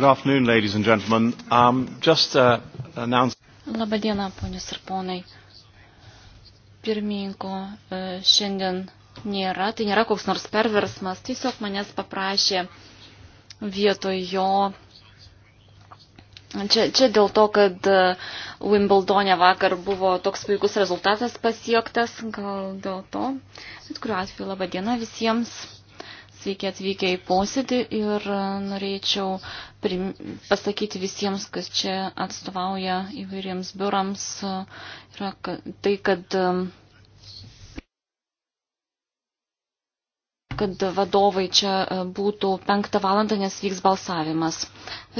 Good afternoon, ladies and gentlemen. Um, just uh, announce... Labadiena, ponios ir ponai. Pirmininko e, šiandien nėra, tai nėra koks nors perversmas, tiesiog manęs paprašė vietoj jo Čia, čia dėl to, kad e, Wimbledone vakar buvo toks puikus rezultatas pasiektas, gal dėl to. Bet kuriuo atveju laba diena visiems. Sveiki atvykę į posėdį ir norėčiau prim, pasakyti visiems, kas čia atstovauja įvairiems biurams, yra tai, kad, kad vadovai čia būtų penktą valandą, nes vyks balsavimas.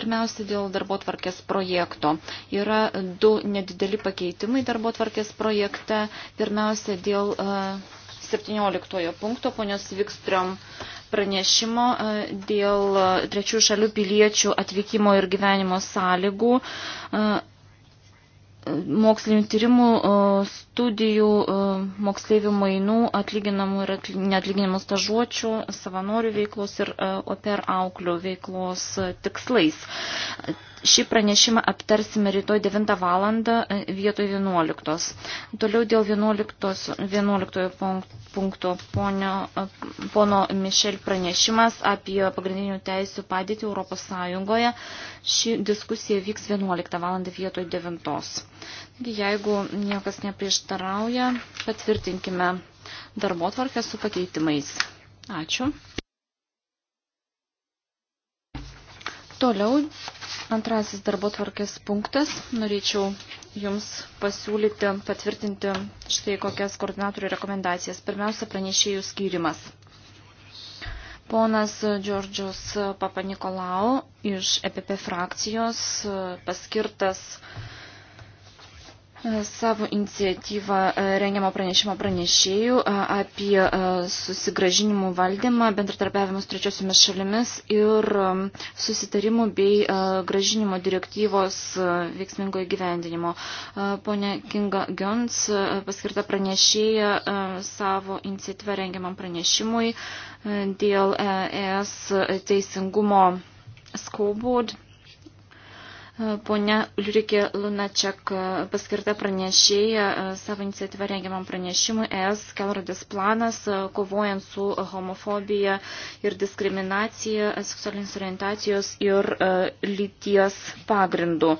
Pirmiausia, dėl darbo tvarkės projekto. Yra du nedideli pakeitimai darbo tvarkės projekte. Pirmiausia, dėl. Uh, 17 punkto ponios Vikstrom pranešimo e, dėl e, trečių šalių piliečių atvykimo ir gyvenimo sąlygų e, mokslinių tyrimų, studijų, moksleivių mainų, atlyginamų ir neatlyginamų stažuočių, savanorių veiklos ir oper auklių veiklos tikslais. Šį pranešimą aptarsime rytoj 9 val. E, vietoj 11. Toliau dėl 11, 11 punkto ponio, e, pono Mišel pranešimas apie pagrindinių teisų padėtį Europos Sąjungoje. Ši diskusija vyks 11 val. vietoj 9. Taigi, jeigu niekas neprieštarauja, patvirtinkime darbo tvarkę su pakeitimais. Ačiū. Toliau antrasis darbo tvarkės punktas. Norėčiau Jums pasiūlyti, patvirtinti štai kokias koordinatorių rekomendacijas. Pirmiausia, pranešėjų skyrimas. Ponas Džordžius Papanikolau iš EPP frakcijos paskirtas uh, savo iniciatyvą e, rengiamo pranešimo pranešėjų e, apie e, susigražinimų valdymą, bendratarbiavimus trečiosiomis šalimis ir susitarimų bei gražinimo direktyvos veiksmingo įgyvendinimo. Pone Kinga Gions paskirta pranešėja savo iniciatyvą rengiamam pranešimui dėl ES teisingumo scoreboard Pone Ulrike Lunačiak paskirta pranešėja e, savo iniciatyvą rengiamam pranešimui ES kelrodės planas, e, kovojant su homofobija ir diskriminacija seksualinės orientacijos ir e, lyties pagrindu.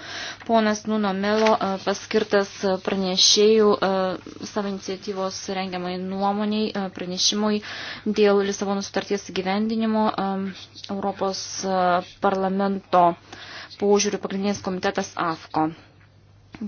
Ponas Nuno Melo paskirtas pranešėjų savo iniciatyvos rengiamai nuomoniai pranešimui dėl Lisabono sutarties įgyvendinimo Europos parlamento požiūrių pagrindinis komitetas AFKO.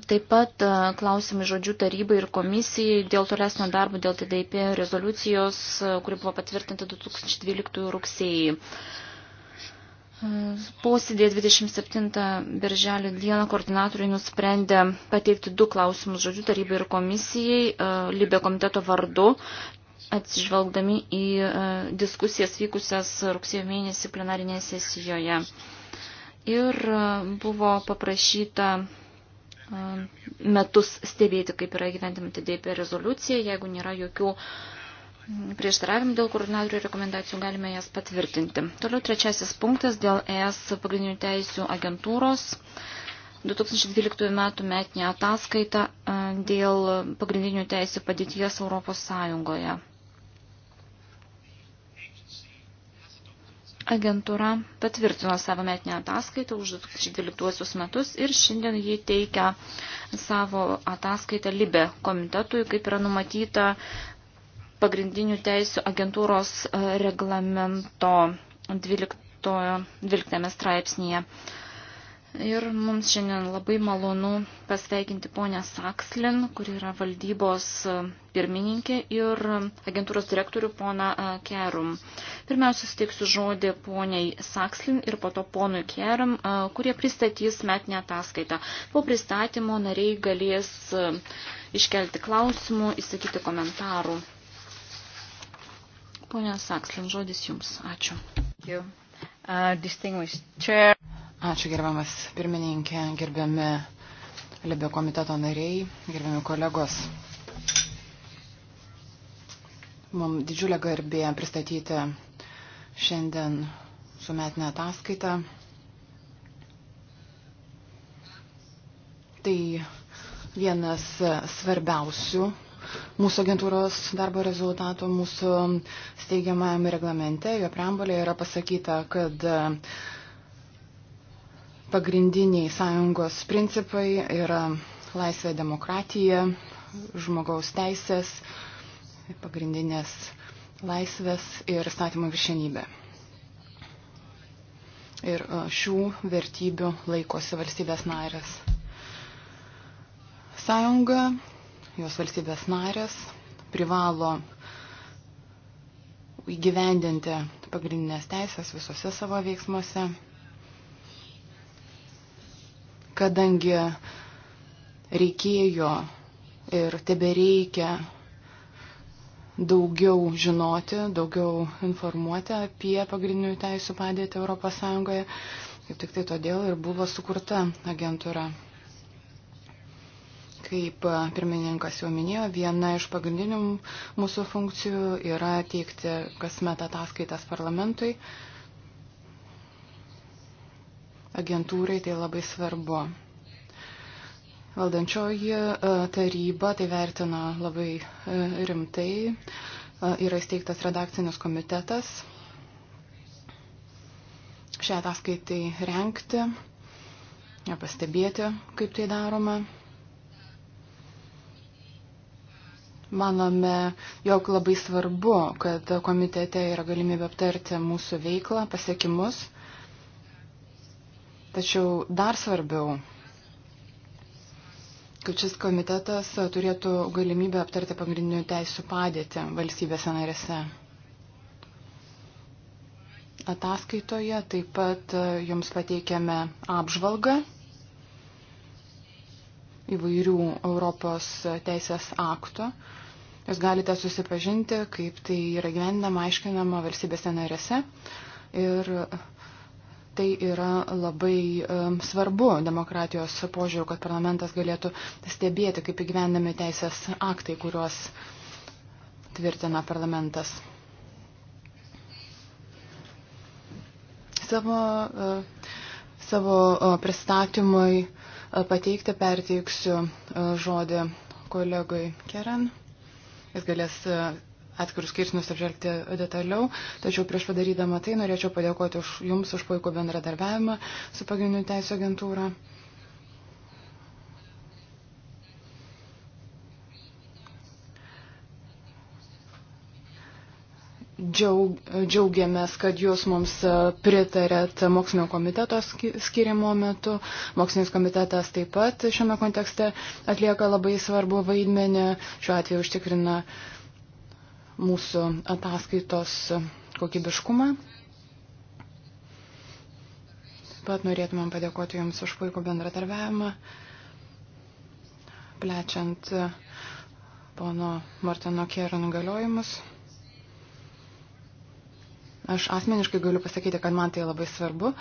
Taip pat e, klausimai žodžių tarybai ir komisijai dėl tolesnio darbo dėl TDIP rezoliucijos, e, kuri buvo patvirtinta 2012 rugsėjai. E, posėdėje 27 birželio dieną koordinatoriai nusprendė pateikti du klausimus žodžių tarybai ir komisijai Libė komiteto vardu, atsižvelgdami į diskusijas vykusias rugsėjo mėnesį plenarinėje sesijoje ir e, buvo paprašyta e, metus stebėti, kaip yra gyventama TDP rezoliucija. Jeigu nėra jokių prieštaravimų dėl koordinatorių rekomendacijų, galime jas patvirtinti. Toliau trečiasis punktas dėl ES pagrindinių teisių agentūros. 2012 metų metinė ataskaita e, dėl pagrindinių teisių padėties Europos Sąjungoje. agentūra patvirtino savo metinę ataskaitą už 2012 metus ir šiandien jį teikia savo ataskaitą Libe komitetui, kaip yra numatyta pagrindinių teisų agentūros e, reglamento 12, 12 straipsnėje. Ir mums šiandien labai malonu pasveikinti ponę Sakslin, kuri yra valdybos e, pirmininkė ir agentūros direktorių poną e, Kerum. Pirmiausia, suteiksiu žodį poniai Sakslin ir po to ponui Kerum, e, kurie pristatys metinę ataskaitą. Po pristatymo nariai galės iškelti klausimų, įsakyti komentarų. Pone Sakslin, žodis jums. Ačiū. Ačiū. Uh, Ačiū gerbiamas pirmininkė, gerbiami Libio komiteto nariai, gerbiami kolegos. Mums didžiulė garbė pristatyti šiandien su metinė ataskaita. Tai vienas svarbiausių mūsų agentūros darbo rezultatų mūsų steigiamajame reglamente, jo preambulėje yra pasakyta, kad Pagrindiniai sąjungos principai yra laisvė demokratija, žmogaus teisės, pagrindinės laisvės ir statymo viršenybė. Ir e, šių vertybių laikosi valstybės narės. Sąjunga, jos valstybės narės privalo įgyvendinti pagrindinės teisės visose savo veiksmuose kadangi reikėjo ir tebe reikia daugiau žinoti, daugiau informuoti apie pagrindinių teisų padėtį ES. Kaip tik tai todėl ir buvo sukurta agentūra. Kaip pirmininkas jau minėjo, viena iš pagrindinių mūsų funkcijų yra teikti kasmet ataskaitas parlamentui. Uh, agentūrai tai labai svarbu. Valdančioji e, taryba tai vertina labai e, rimtai. E, yra įsteigtas redakcinis komitetas šią ataskaitai renkti, pastebėti, kaip tai daroma. Manome, jog labai svarbu, kad komitete yra galimybė aptarti mūsų veiklą, pasiekimus Tačiau dar svarbiau, kad šis komitetas turėtų galimybę aptarti pagrindinių teisų padėtį valstybėse narėse. Ataskaitoje taip pat e, jums pateikėme apžvalgą įvairių Europos teisės akto. Jūs galite susipažinti, kaip tai yra gyvendama, aiškinama valstybėse narėse. Ir Tai yra labai um, svarbu demokratijos požiūriu, kad parlamentas galėtų stebėti, kaip įgyvendami teisės aktai, kuriuos tvirtina parlamentas. Savo, uh, savo uh, pristatymui uh, pateikti perteiksiu uh, žodį kolegai Keren. Jis galės. Uh, atskirus skirsnius apžvelgti detaliau, tačiau prieš padarydama tai norėčiau padėkoti už, Jums už puikų bendradarbiavimą su pagrindinių teisų agentūra. Džiaug, džiaugiamės, kad jūs mums pritarėt mokslinio komiteto skirimo metu. Mokslinis komitetas taip pat šiame kontekste atlieka labai svarbu vaidmenį, šiuo atveju užtikrina uh, mūsų ataskaitos kokybiškumą. Pat norėtumėm padėkoti Jums už puikų bendratarbiavimą, plečiant pono Martino Kėro nugaliojimus. Aš asmeniškai galiu pasakyti, kad man tai labai svarbu.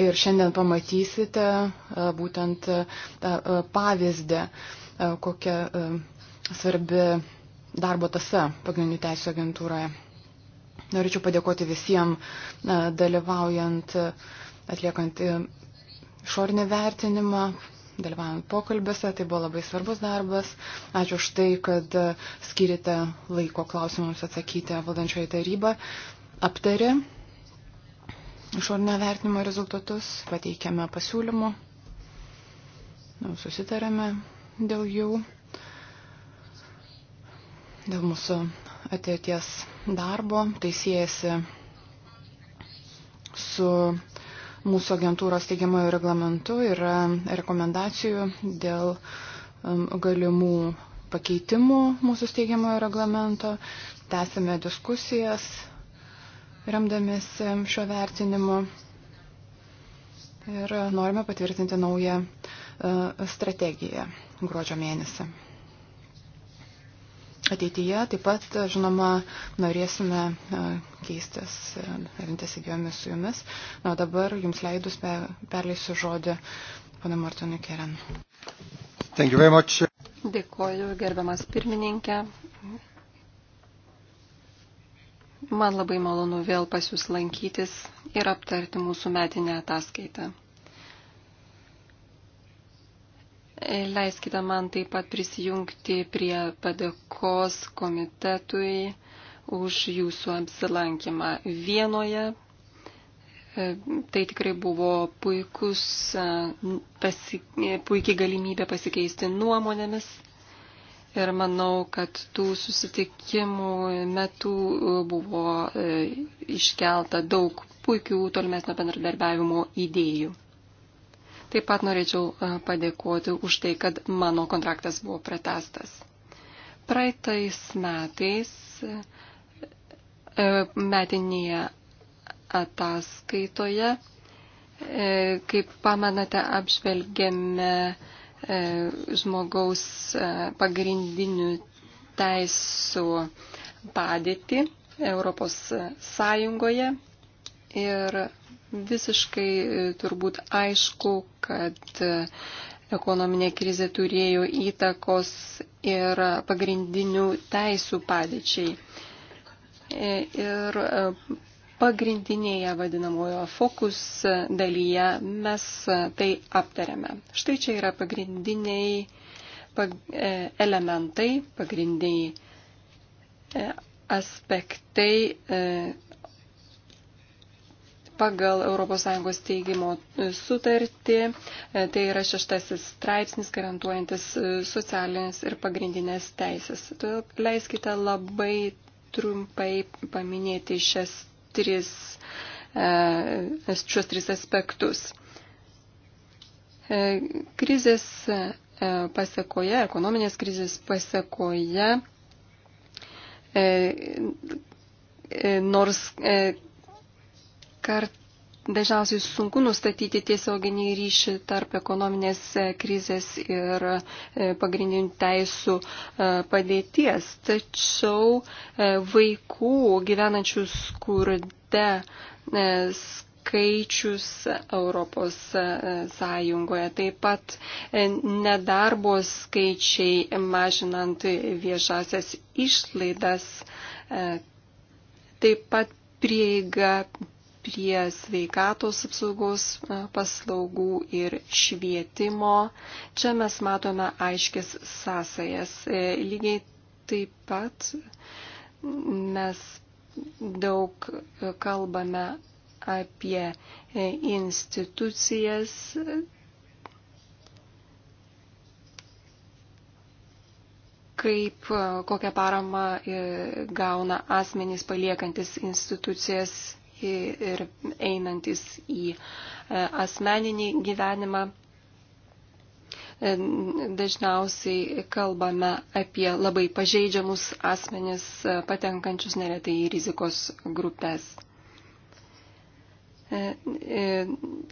Ir šiandien pamatysite e, būtent e, e, pavyzdį, kokia svarbi darbo tasa pagrindinių teisų agentūroje. Norėčiau padėkoti visiems dalyvaujant, atliekant išorinį vertinimą, dalyvaujant pokalbėse, tai buvo labai svarbus darbas. Ačiū už tai, kad skirite laiko klausimams atsakyti valdančioji taryba. Aptarė išorinio vertinimo rezultatus, pateikėme pasiūlymų, nu, susitarėme dėl jų, dėl mūsų ateities darbo, tai siejasi su mūsų agentūros teigiamojo reglamentu yra rekomendacijų dėl um, galimų pakeitimų mūsų steigiamojo reglamento. Tęsime diskusijas remdamėsi šio vertinimu ir norime patvirtinti naują e, strategiją gruodžio mėnesį. Ateityje taip pat, žinoma, norėsime e, keistis, e, dalintis įgijomis su jumis. Na, dabar jums leidus perleisiu žodį pana Martinu Keren. Dėkuoju, gerbiamas pirmininkė, Man labai malonu vėl pas Jūs lankytis ir aptarti mūsų metinę ataskaitą. Leiskite man taip pat prisijungti prie padėkos komitetui už Jūsų apsilankymą vienoje. E, tai tikrai buvo puikus, e, pasi, puikiai galimybė pasikeisti nuomonėmis Ir manau, kad tų susitikimų metu e, buvo e, iškelta daug puikių tolmesnio bendradarbiavimo idėjų. Taip pat norėčiau e, padėkoti už tai, kad mano kontraktas buvo pratestas. Praeitais metais metinėje ataskaitoje, kaip pamenate, apžvelgėme E, žmogaus e, pagrindinių teisų padėtį Europos Sąjungoje ir visiškai e, turbūt aišku, kad ekonominė krizė turėjo įtakos ir pagrindinių teisų padėčiai. Ir pagrindinėje vadinamojo fokus dalyje mes tai aptariame. Štai čia yra pagrindiniai pag, e, elementai, pagrindiniai e, aspektai e, pagal ES teigimo sutartį. Tai yra šeštasis straipsnis, garantuojantis socialinės ir pagrindinės teisės. Todėl leiskite labai trumpai paminėti šias tris, e, šios tris aspektus. E, krizės e, pasakoje, ekonominės krizės pasakoje, nors kart dažniausiai sunku nustatyti tiesioginį ryšį tarp ekonominės krizės ir e, pagrindinių teisų e, padėties. Tačiau e, vaikų gyvenančių skurde skaičius Europos Sąjungoje, taip pat nedarbo skaičiai mažinant viešasias išlaidas, taip pat prieiga prie sveikatos apsaugos e, paslaugų ir švietimo. Čia mes matome aiškis sąsajas. E, lygiai taip pat mes daug kalbame apie e, institucijas. kaip kokią paramą gauna asmenys paliekantis institucijas ir einantis į e, asmeninį gyvenimą. E, dažniausiai kalbame apie labai pažeidžiamus asmenis, e, patenkančius neretai į rizikos grupės.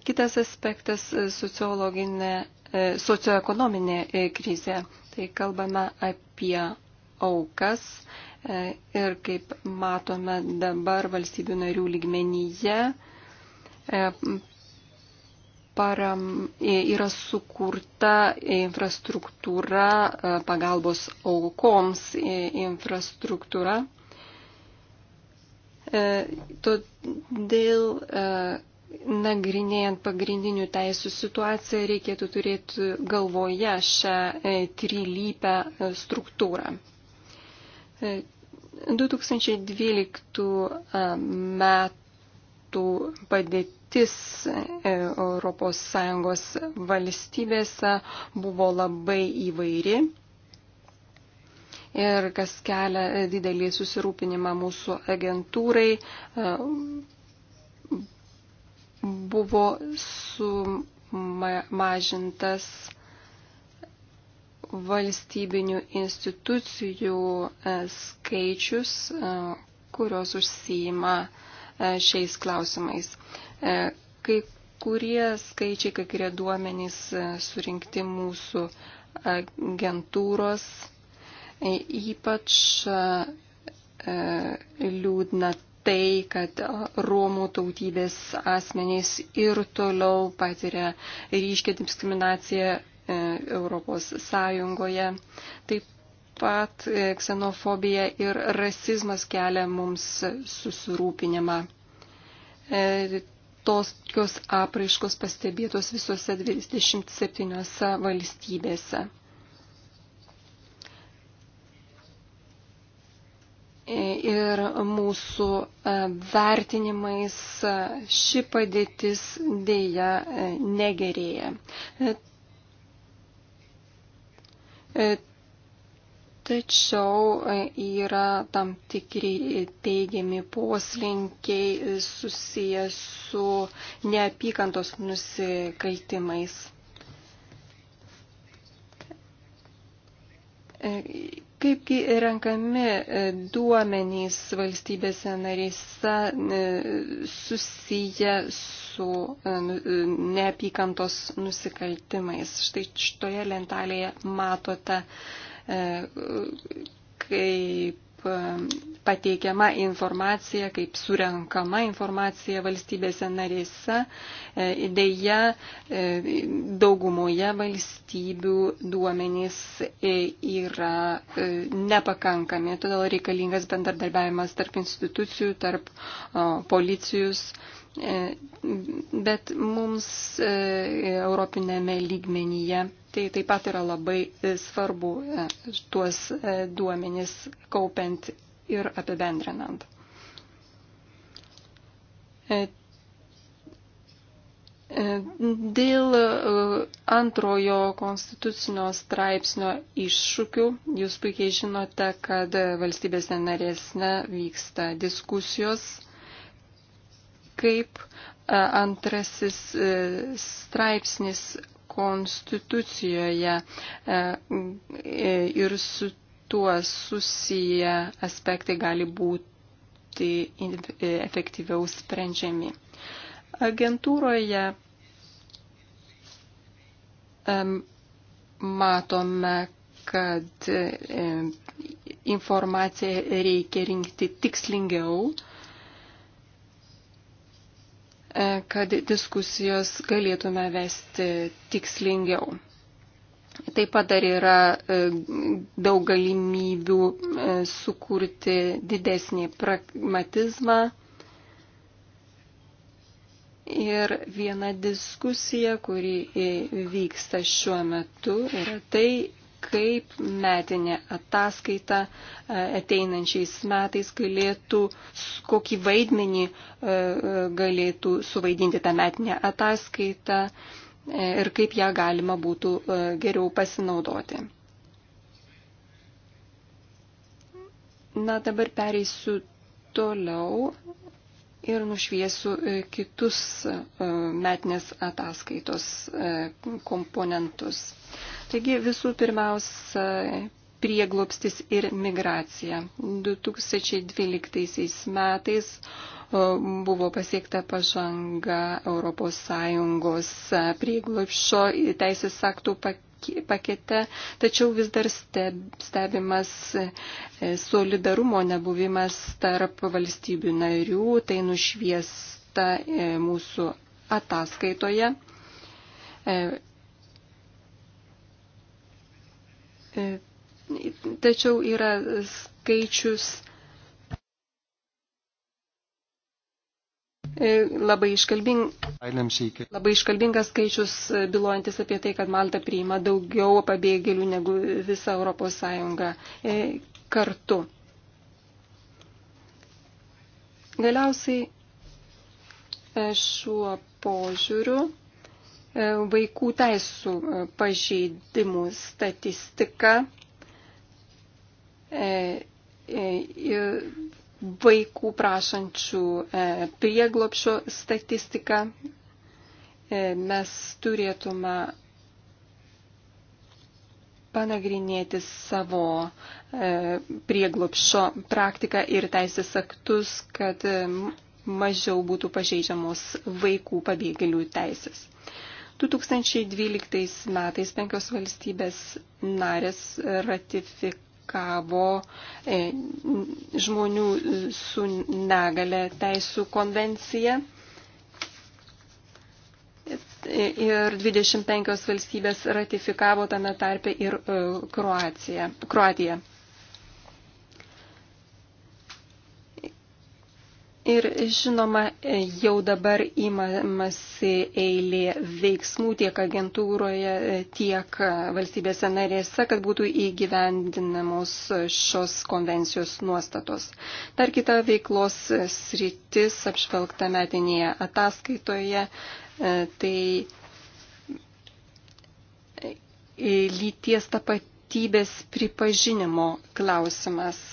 Kitas aspektas - socioekonominė krizė. Tai kalbame apie aukas, E, ir kaip matome dabar valstybių narių lygmenyje e, param, e, yra sukurta infrastruktūra pagalbos aukoms infrastruktūra. Todėl nagrinėjant pagrindinių teisų situaciją reikėtų turėti galvoje šią trilypę struktūrą. 2012 metų padėtis ES valstybėse buvo labai įvairi ir kas kelia didelį susirūpinimą mūsų agentūrai e, buvo sumažintas valstybinių institucijų e, skaičius, e, kurios užsijima e, šiais klausimais. Kai kurie skaičiai, kai kurie duomenys surinkti mūsų agentūros, ypač liūdna tai, kad Romų tautybės asmenys ir toliau patiria ryškę diskriminaciją E, Europos Sąjungoje. Taip pat e, ksenofobija ir rasizmas kelia mums susirūpinimą. E, tokios apraiškos pastebėtos visose 27 valstybėse. ir mūsų vertinimais ši padėtis dėja negerėja. E, tačiau e, yra tam tikri teigiami poslinkiai e, susijęs su neapykantos nusikaltimais. Kaipgi renkami e, duomenys valstybėse narėse e, susiję su e, nu, neapykantos nusikaltimais. Štai šitoje lentelėje matote, kaip pateikiama informacija, kaip surenkama informacija valstybėse narėse, e, dėja e, daugumoje valstybių duomenys e, yra nepakankami, todėl reikalingas bendradarbiavimas tarp institucijų, tarp policijos E, bet mums e, europinėme lygmenyje tai taip pat yra labai e, svarbu tuos duomenis kaupiant ir apibendrinant. Dėl antrojo konstitucinio straipsnio iššūkių jūs puikiai žinote, kad valstybėse narėsne vyksta diskusijos kaip e, antrasis e, straipsnis konstitucijoje e, ir su tuo susiję aspektai gali būti efektyviau sprendžiami. Agentūroje matome, kad informaciją reikia rinkti tikslingiau, E, kad diskusijos galėtume vesti tikslingiau. Taip pat dar yra e, daug galimybių e, sukurti didesnį pragmatizmą. Ir viena diskusija, kuri vyksta šiuo metu, yra tai, kaip metinė ataskaita e, ateinančiais metais galėtų, kokį vaidmenį e, e, galėtų suvaidinti tą metinę ataskaitą ir kaip ją galima būtų geriau pasinaudoti. Na, dabar pereisiu toliau ir nušviesiu kitus metinės ataskaitos komponentus. Taigi visų pirmiausia prieglopstis ir migracija. 2012 metais buvo pasiekta pažanga ES prieglopščio teisės aktų pakeitimų pakete, tačiau vis dar stebimas e, solidarumo nebuvimas tarp valstybių narių, tai nušviesta e, mūsų ataskaitoje. E, E, tačiau yra skaičius e, labai, iškalbing, labai iškalbingas skaičius, e, biluojantis apie tai, kad Malta priima daugiau pabėgėlių negu visa Europos Sąjunga kartu. Galiausiai šiuo požiūriu E, vaikų teisų e, pažeidimų statistika. E, vaikų prašančių prieglopšio statistiką mes turėtume panagrinėti savo prieglopšio praktiką ir teisės aktus, kad mažiau būtų pažeidžiamos vaikų pabėgėlių teisės. 2012 metais penkios valstybės narės ratifikavo e, žmonių su negale teisų konvenciją e, ir 25 valstybės ratifikavo tame tarpe ir e, Kroacija. Kroatija. Ir žinoma, jau dabar įmamasi eilė veiksmų tiek agentūroje, tiek valstybėse narėse, kad būtų įgyvendinamos šios konvencijos nuostatos. Dar kita veiklos sritis apžvelgta metinėje ataskaitoje. E, tai e, lyties tapatybės pripažinimo klausimas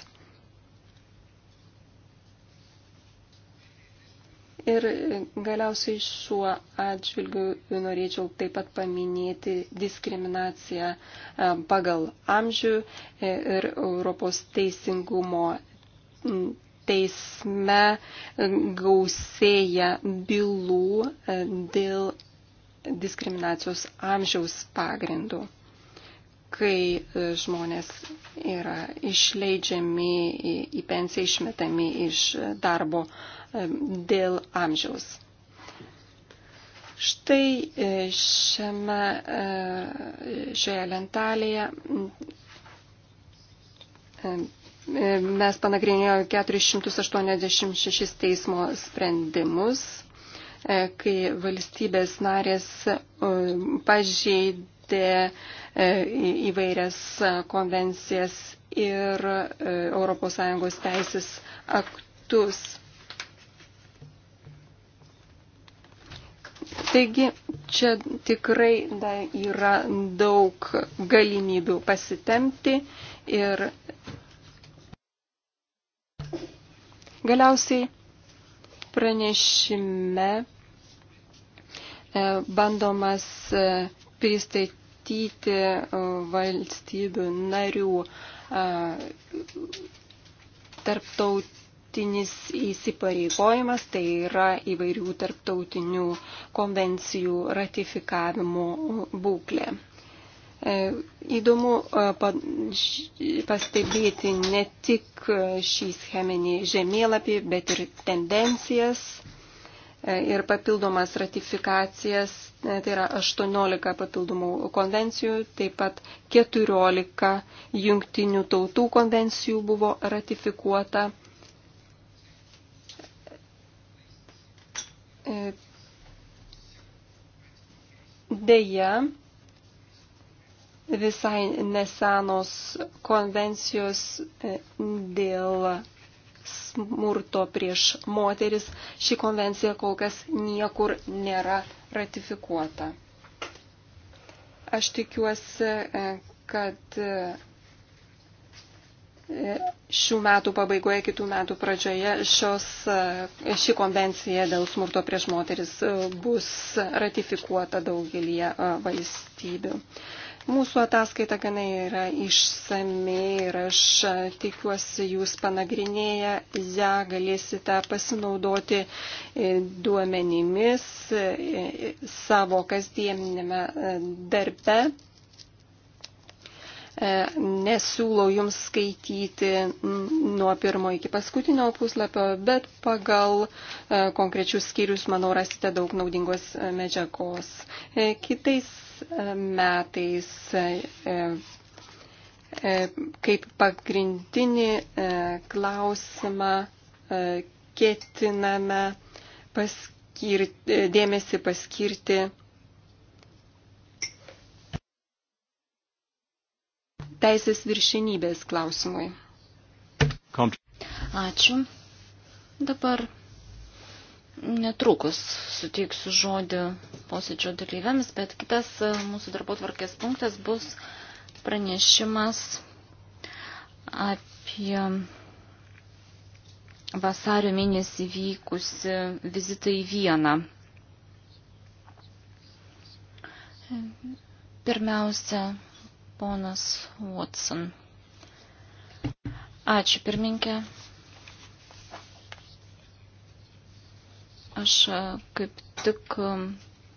Ir galiausiai šiuo atžvilgiu norėčiau taip pat paminėti diskriminaciją e, pagal amžių e, ir Europos teisingumo teisme e, gausėja bylų dėl diskriminacijos amžiaus pagrindų kai e, žmonės yra išleidžiami į, į pensiją, išmetami iš darbo e, dėl amžiaus. Štai e, šiame, šioje lentelėje mes panagrinėjome 486 teismo sprendimus, kai valstybės narės pažeidė E, įvairias e, konvencijas ir ES teisės aktus. Taigi čia tikrai da, yra daug galimybių pasitemti ir galiausiai pranešime e, bandomas pristatyti nustatyti e, valstybių narių e, tarptautinis įsipareigojimas, tai yra įvairių tarptautinių konvencijų ratifikavimo būklė. E, įdomu pastebėti ne tik šį scheminį žemėlapį, bet ir tendencijas ir papildomas ratifikacijas, tai yra 18 papildomų konvencijų, taip pat 14 jungtinių tautų konvencijų buvo ratifikuota. Deja, visai nesenos konvencijos dėl smurto prieš moteris, ši konvencija kol kas niekur nėra ratifikuota. Aš tikiuosi, e, kad e, šių metų pabaigoje, kitų metų pradžioje šios, e, ši konvencija dėl smurto prieš moteris bus ratifikuota daugelį valstybių. Mūsų ataskaita gana yra išsamei ir aš tikiuosi jūs panagrinėję ją galėsite pasinaudoti e, duomenimis e, savo kasdieninėme e, darbe. Nesiūlau jums skaityti nuo pirmo iki paskutinio puslapio, bet pagal konkrečius skyrius, manau, rasite daug naudingos medžiagos. Kitais metais e, e, kaip pagrindinį e, klausimą ketiname paskirti, dėmesį paskirti teisės viršinybės klausimui. Ačiū. Dabar netrukus suteiksiu žodį posėdžio dalyviams, bet kitas e, mūsų darbo tvarkės punktas bus pranešimas apie vasario mėnesį vykusi vizitą į Vieną. Pirmiausia, ponas Watson. Ačiū, pirminkė. Aš e, kaip tik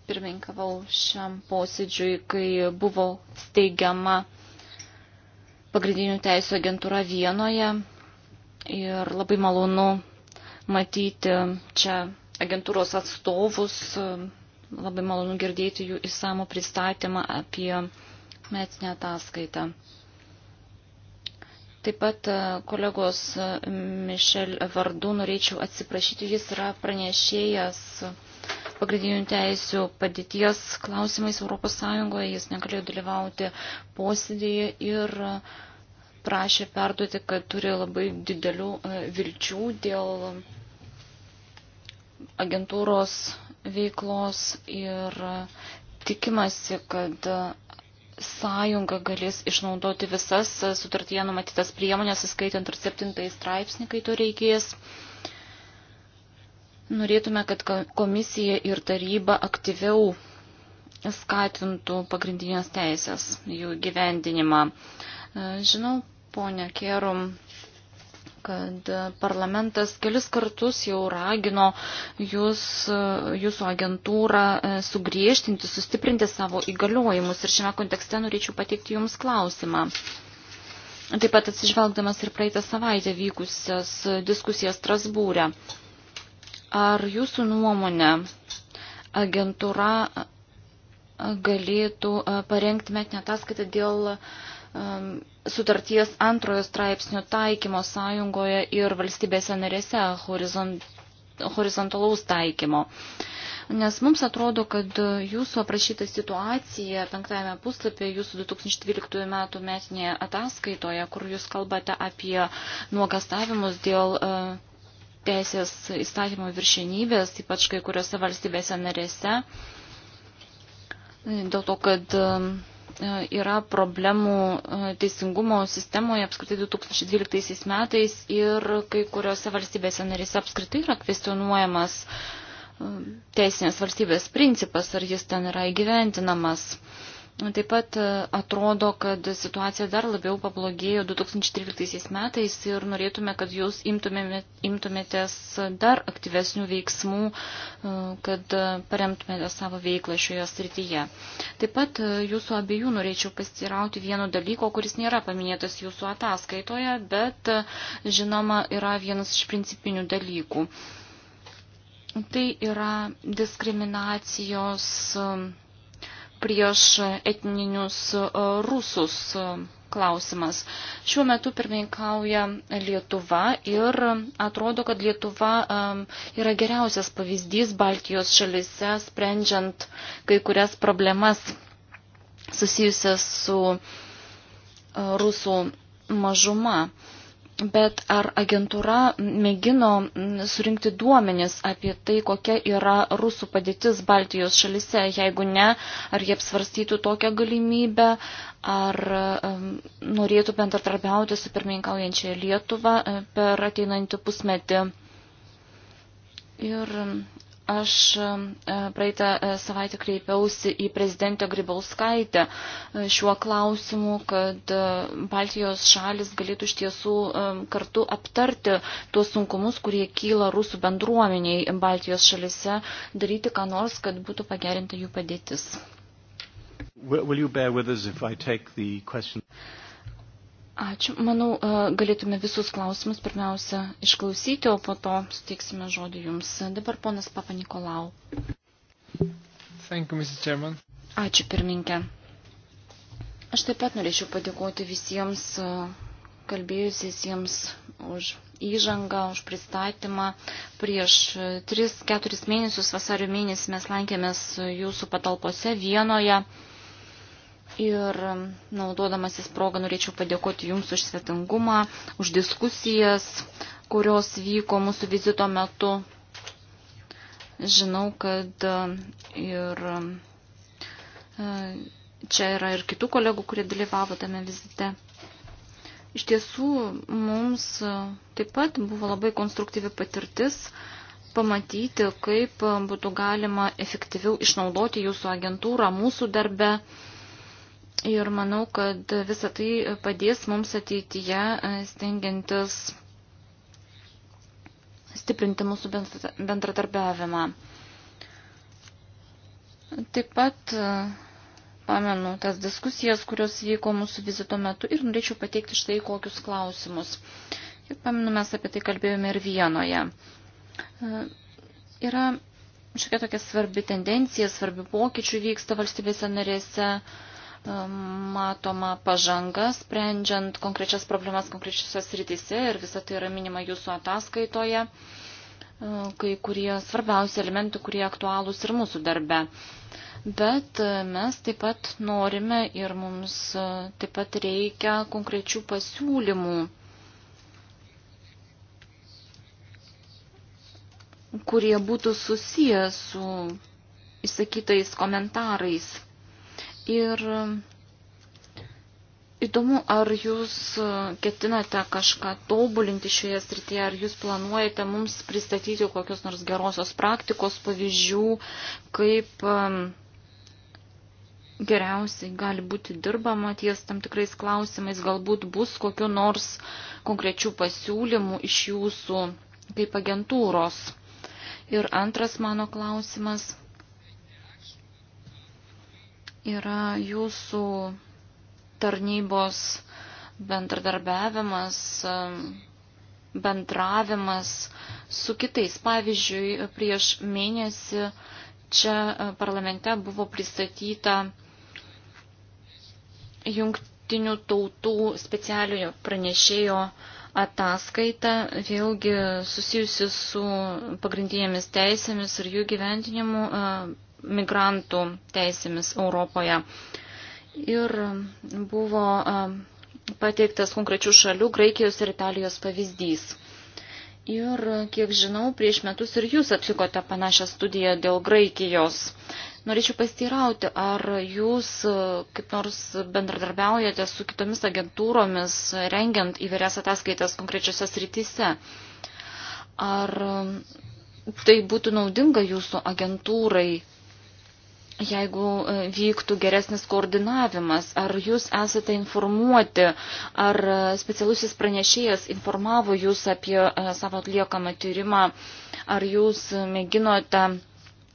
pirmininkavau šiam posėdžiui, kai buvo steigiama pagrindinių teisų agentūra Vienoje. Ir labai malonu matyti čia agentūros atstovus, labai malonu girdėti jų įsamų pristatymą apie metinę ataskaitą. Taip pat e, kolegos e, Mišel vardu norėčiau atsiprašyti, jis yra pranešėjas pagrindinių teisių padėties klausimais ES, jis negalėjo dalyvauti posėdėje ir prašė perduoti, kad turi labai didelių e, vilčių dėl agentūros veiklos ir tikimasi, kad sąjunga galės išnaudoti visas sutartyje numatytas priemonės, įskaitant ir septintąjį straipsnį, kai to reikės. Norėtume, kad komisija ir taryba aktyviau skatintų pagrindinės teisės, jų gyvendinimą. E, žinau, ponia Kerum, kad parlamentas kelis kartus jau ragino jūs, e, jūsų agentūrą e, sugriežtinti, sustiprinti savo įgaliojimus. Ir šiame kontekste norėčiau pateikti jums klausimą. Taip pat atsižvelgdamas ir praeitą savaitę vykusias diskusijas Strasbūrę. E. Ar jūsų nuomonė agentūra galėtų parengti metinę ataskaitą dėl sutarties antrojo straipsnio taikymo sąjungoje ir valstybėse narėse horizont, horizontalaus taikymo. Nes mums atrodo, kad jūsų aprašyta situacija penktajame puslapyje jūsų 2012 metų metinėje ataskaitoje, kur jūs kalbate apie nuogastavimus dėl uh, teisės įstatymo viršenybės, ypač kai kuriuose valstybėse narėse, dėl to, kad e, yra problemų e, teisingumo sistemoje apskritai 2012 metais ir kai kuriuose valstybėse narėse apskritai yra kvestionuojamas e, teisinės valstybės principas, ar jis ten yra įgyventinamas. Taip pat e, atrodo, kad situacija dar labiau pablogėjo 2013 metais ir norėtume, kad jūs imtumėtės dar aktyvesnių veiksmų, e, kad e, paremtumėte savo veiklą šioje srityje. Taip pat jūsų abiejų norėčiau pasirauti vieno dalyko, kuris nėra paminėtas jūsų ataskaitoje, bet žinoma yra vienas iš principinių dalykų. Tai yra diskriminacijos prieš etninius e, rusus e, klausimas. Šiuo metu pirmininkauja Lietuva ir atrodo, kad Lietuva e, yra geriausias pavyzdys Baltijos šalise, sprendžiant kai kurias problemas susijusias su rusų mažuma. Bet ar agentūra mėgino surinkti duomenis apie tai, kokia yra rusų padėtis Baltijos šalise? Jeigu ne, ar jie apsvarstytų tokią galimybę, ar um, norėtų bendratarbiauti su pirmininkaujančia Lietuva e, per ateinantį pusmetį? Ir Aš e, praeitą e, savaitę kreipiausi į prezidentę Grybauskaitę e, šiuo klausimu, kad Baltijos šalis galėtų iš tiesų kartu aptarti tuos sunkumus, kurie kyla rusų bendruomeniai Baltijos šalise, daryti ką nors, kad būtų pagerinta jų padėtis. Will you bear with us if I take the question? Ačiū. Manau, e, galėtume visus klausimus pirmiausia išklausyti, o po to suteiksime žodį jums. Dabar ponas Papa Nikolau. Thank you, Mrs. Chairman. Ačiū, pirminkė. Aš taip pat norėčiau padėkoti visiems e, kalbėjusiesiems už įžangą, už pristatymą. Prieš 3-4 e, mėnesius, vasario mėnesį, mes lankėmės jūsų patalpose vienoje. Ir naudodamasis progą norėčiau padėkoti Jums už svetingumą, už diskusijas, kurios vyko mūsų vizito metu. Žinau, kad e, ir e, čia yra ir kitų kolegų, kurie dalyvavo tame vizite. Iš tiesų, mums taip pat buvo labai konstruktyvi patirtis pamatyti, kaip būtų galima efektyviau išnaudoti jūsų agentūrą mūsų darbe Ir manau, kad visa tai padės mums ateityje e, stengiantis stiprinti mūsų bendradarbiavimą. Taip pat e, pamenu tas diskusijas, kurios vyko mūsų vizito metu ir norėčiau pateikti štai kokius klausimus. Ir pamenu, mes apie tai kalbėjome ir Vienoje. E, yra šiokia tokia svarbi tendencija, svarbi pokyčių vyksta valstybėse narėse matoma pažanga, sprendžiant konkrečias problemas konkrečiose srityse ir visa tai yra minima jūsų ataskaitoje, kai kurie svarbiausi elementai, kurie aktualūs ir mūsų darbe. Bet e, mes taip pat norime ir mums e, taip pat reikia konkrečių pasiūlymų, kurie būtų susiję su įsakytais komentarais Ir um, įdomu, ar jūs uh, ketinate kažką tobulinti šioje srityje, ar jūs planuojate mums pristatyti kokios nors gerosios praktikos pavyzdžių, kaip um, geriausiai gali būti dirbama ties tam tikrais klausimais, galbūt bus kokiu nors konkrečių pasiūlymų iš jūsų kaip agentūros. Ir antras mano klausimas yra jūsų tarnybos bendradarbiavimas, bendravimas su kitais. Pavyzdžiui, prieš mėnesį čia parlamente buvo pristatyta jungtinių tautų specialiojo pranešėjo ataskaita, vėlgi susijusi su pagrindinėmis teisėmis ir jų gyventinimu migrantų teisėmis Europoje. Ir buvo pateiktas konkrečių šalių Graikijos ir Italijos pavyzdys. Ir, kiek žinau, prieš metus ir jūs atlikote panašią studiją dėl Graikijos. Norėčiau pastirauti, ar jūs kaip nors bendradarbiaujate su kitomis agentūromis, rengiant įvairias ataskaitas konkrečiose srityse. Ar tai būtų naudinga jūsų agentūrai jeigu e, vyktų geresnis koordinavimas, ar jūs esate informuoti, ar e, specialusis pranešėjas informavo jūs apie e, savo atliekamą tyrimą, ar jūs mėginote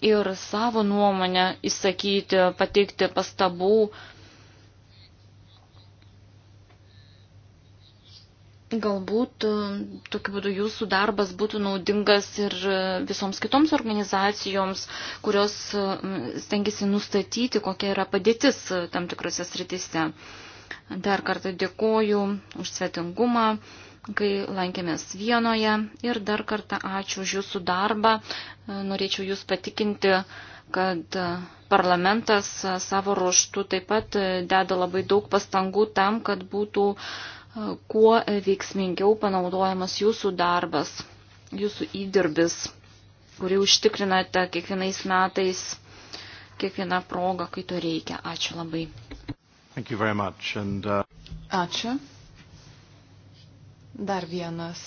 ir savo nuomonę įsakyti, pateikti pastabų, Galbūt e, tokiu būdu jūsų darbas būtų naudingas ir e, visoms kitoms organizacijoms, kurios e, stengiasi nustatyti, kokia yra padėtis tam tikrose sritise. Dar kartą dėkoju už svetingumą, kai lankėmės vienoje ir dar kartą ačiū už jūsų darbą. Norėčiau jūs patikinti, kad parlamentas savo ruoštų taip pat deda labai daug pastangų tam, kad būtų uh, kuo veiksmingiau panaudojamas jūsų darbas, jūsų įdirbis, kurį užtikrinate kiekvienais metais, kiekvieną progą, kai to reikia. Ačiū labai. And, uh... Ačiū. Dar vienas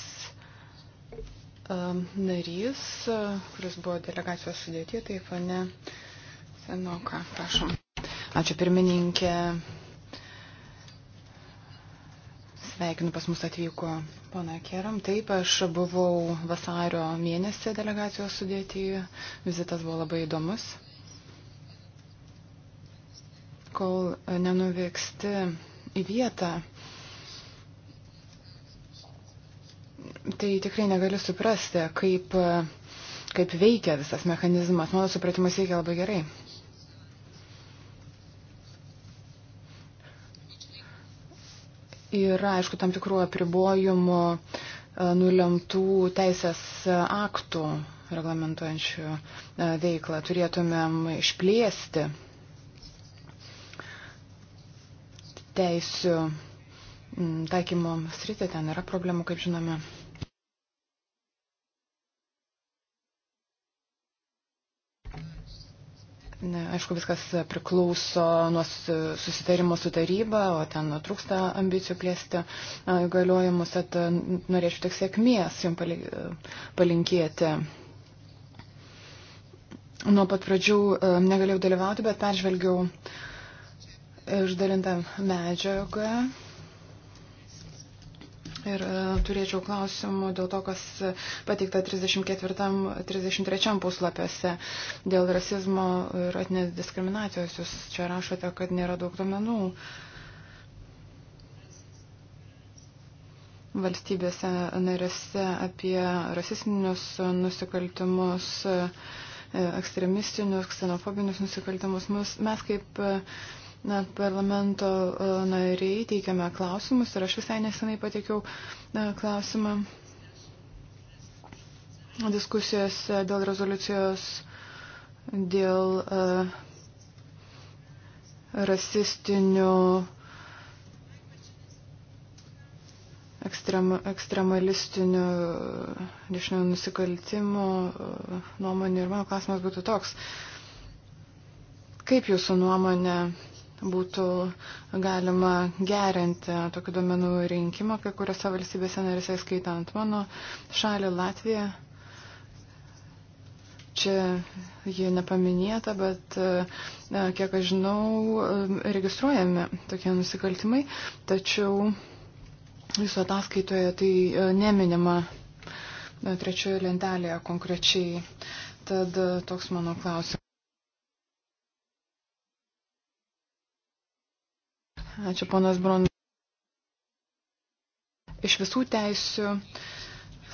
um, narys, kuris buvo delegacijos sudėti, tai pane Senoka, prašom. Ačiū pirmininkė, Sveikinu pas mus atvyko pana Keram. Taip, aš buvau vasario mėnesį delegacijos sudėti. Vizitas buvo labai įdomus. Kol nenuvyksti į vietą, tai tikrai negaliu suprasti, kaip, kaip veikia visas mechanizmas. Mano supratimas veikia labai gerai. yra, aišku, tam tikrų apribojimų e, nulemtų teisės aktų reglamentuojančių e, veiklą. Turėtumėm išplėsti teisių taikymo sritį, ten yra problemų, kaip žinome. Ne, aišku, viskas priklauso nuo susitarimo su taryba, o ten trūksta ambicijų plėsti įgaliojimus, tad norėčiau tik sėkmės jums palinkėti. Nuo pat pradžių negalėjau dalyvauti, bet peržvelgiau išdalintą medžiagą Ir e, turėčiau klausimų dėl to, kas pateikta 34-33 puslapiuose dėl rasizmo ir atnės diskriminacijos. Jūs čia rašote, kad nėra daug domenų. valstybėse narėse apie rasistinius nusikaltimus, e, ekstremistinius, ksenofobinius nusikaltimus. Mes kaip e, na, parlamento e, nariai teikiame klausimus ir aš visai nesenai pateikiau na, e, klausimą diskusijos e, dėl rezoliucijos dėl uh, rasistinių ekstrem, ekstremalistinių dešinių nusikaltimų nuomonė ir mano klausimas būtų toks. Kaip jūsų nuomonė būtų galima gerinti tokių duomenų rinkimą kai kuriuose valstybėse narise, skaitant mano šalį Latviją. Čia ji nepaminėta, bet kiek aš žinau, registruojami tokie nusikaltimai, tačiau jūsų ataskaitoje tai e, neminima e, trečiojo lentelėje konkrečiai. Tad e, toks mano klausimas. Ačiū, ponas Bron. Iš visų teisių